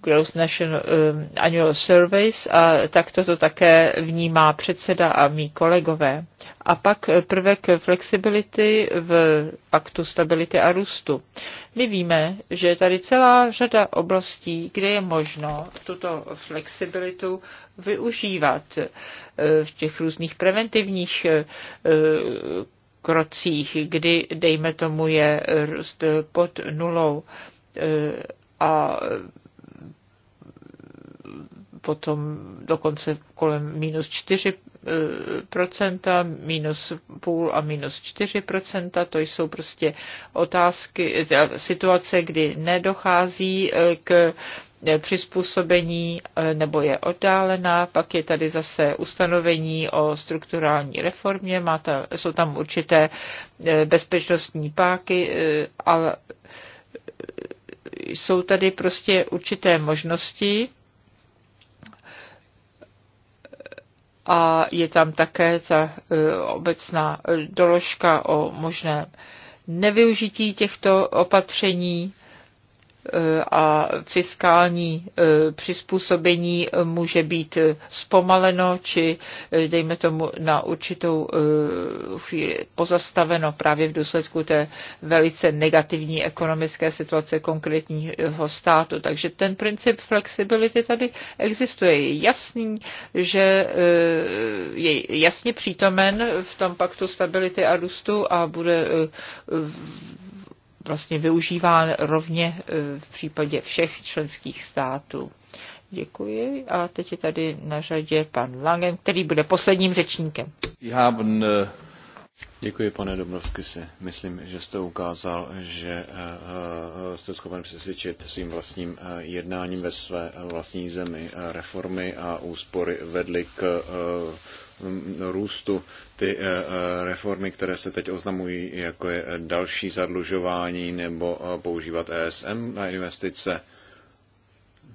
Growth National um, Annual Surveys a tak toto také vnímá předseda a mý kolegové. A pak eh, prvek flexibility v aktu stability a růstu. My víme, že je tady celá řada oblastí, kde je možno tuto flexibilitu využívat eh, v těch různých preventivních eh, krocích, kdy, dejme tomu, je růst pod nulou a potom dokonce kolem minus 4%, eh, minus půl a minus 4%. To jsou prostě otázky, eh, situace, kdy nedochází eh, k přizpůsobení nebo je oddálená. Pak je tady zase ustanovení o strukturální reformě, má ta, jsou tam určité bezpečnostní páky, ale jsou tady prostě určité možnosti, a je tam také ta e, obecná e, doložka o možném nevyužití těchto opatření a fiskální e, přizpůsobení může být zpomaleno či, e, dejme tomu, na určitou e, chvíli pozastaveno právě v důsledku té velice negativní ekonomické situace konkrétního státu. Takže ten princip flexibility tady existuje. Je jasný, že je jasně přítomen v tom paktu stability a růstu a bude vlastně využíván rovně e, v případě všech členských států. Děkuji. A teď je tady na řadě pan Langen, který bude posledním řečníkem. Děkuji, pane Dobrovsky, si. Myslím, že jste ukázal, že eh, eh, jste schopen přesvědčit svým vlastním eh, jednáním ve své vlastní zemi. Reformy a úspory vedly k růstu. Ty reformy, které se teď oznamují, jako je další zadlužování nebo používat ESM na investice,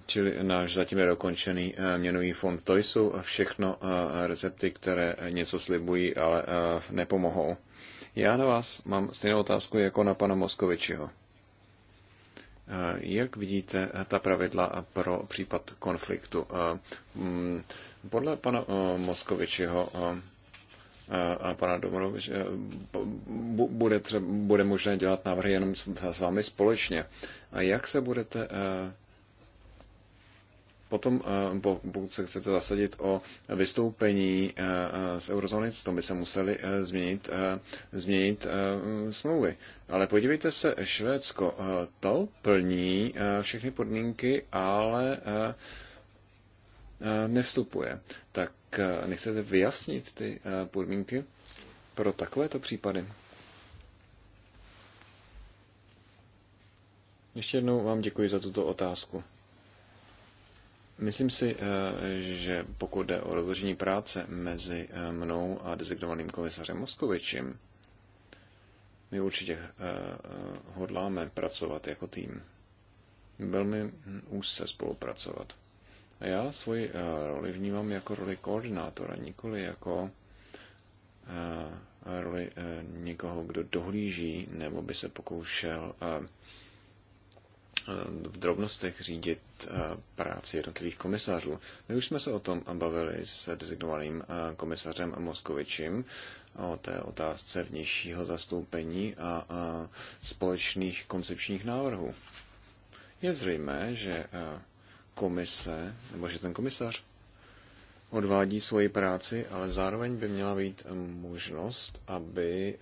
čili náš zatím je dokončený eh, měnový fond. To jsou všechno eh, recepty, které něco slibují, ale eh, nepomohou. Já na vás mám stejnou otázku jako na pana Moskovičiho. Jak vidíte ta pravidla pro případ konfliktu? Mm, podle pana Moskovičiho a pana Domorovič, bude, bude možné dělat návrhy jenom s vámi společně. A jak se budete Potom, eh, pokud se chcete zasadit o vystoupení eh, eh, z eurozóny, to by se museli změnit, změnit smlouvy. Ale podívejte se, Švédsko to plní všechny podmínky, ale nevstupuje. Tak nechcete vyjasnit ty podmínky pro takovéto případy? Ještě jednou vám děkuji za tuto otázku. Myslím si, eh, že pokud jde o rozložení práce mezi eh, mnou a dezignovaným komisařem Moskovičem, my určitě eh, hodláme pracovat jako tým. Velmi hm, úzce spolupracovat. A já svoji roli vnímám jako roli koordinátora, nikoli jako roli někoho, kdo dohlíží nebo by se pokoušel v drobnostech řídit eh, práci jednotlivých komisařů. My už jsme se o tom bavili s designovaným eh, komisařem Moskovičem o té otázce vnějšího zastoupení a společných koncepčních návrhů. Je zřejmé, že eh, komise, nebo že ten komisař odvádí svoji práci, ale zároveň by měla být možnost, aby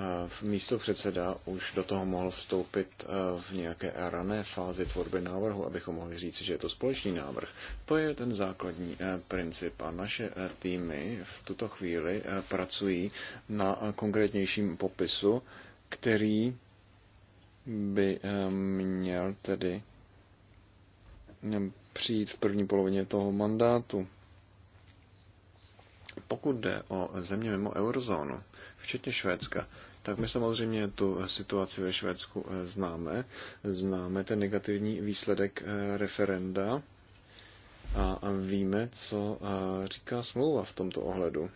Eh, místo předseda už do toho mohl vstoupit eh, v nějaké rané fázi tvorby návrhu, abychom mohli říct, že je to společný návrh. To je ten základní eh, princip a naše týmy v tuto chvíli pracují na konkrétnějším popisu, který by měl tedy přijít v první polovině toho mandátu. Pokud jde o země mimo eurozónu, včetně Švédska, tak my samozřejmě tu situaci ve Švédsku eh, známe. Známe ten negativní výsledek eh, referenda a víme, co eh, říká smlouva v tomto ohledu.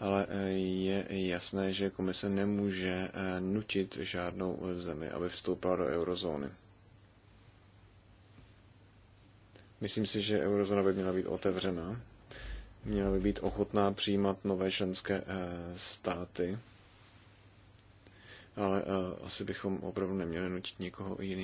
Ale je jasné, že komise nemůže nutit žádnou zemi, aby vstoupila do eurozóny. Myslím si, že eurozóna by měla být otevřená, měla by být ochotná přijímat nové členské státy ale eh, asi bychom opravdu neměli nutit někoho jiného.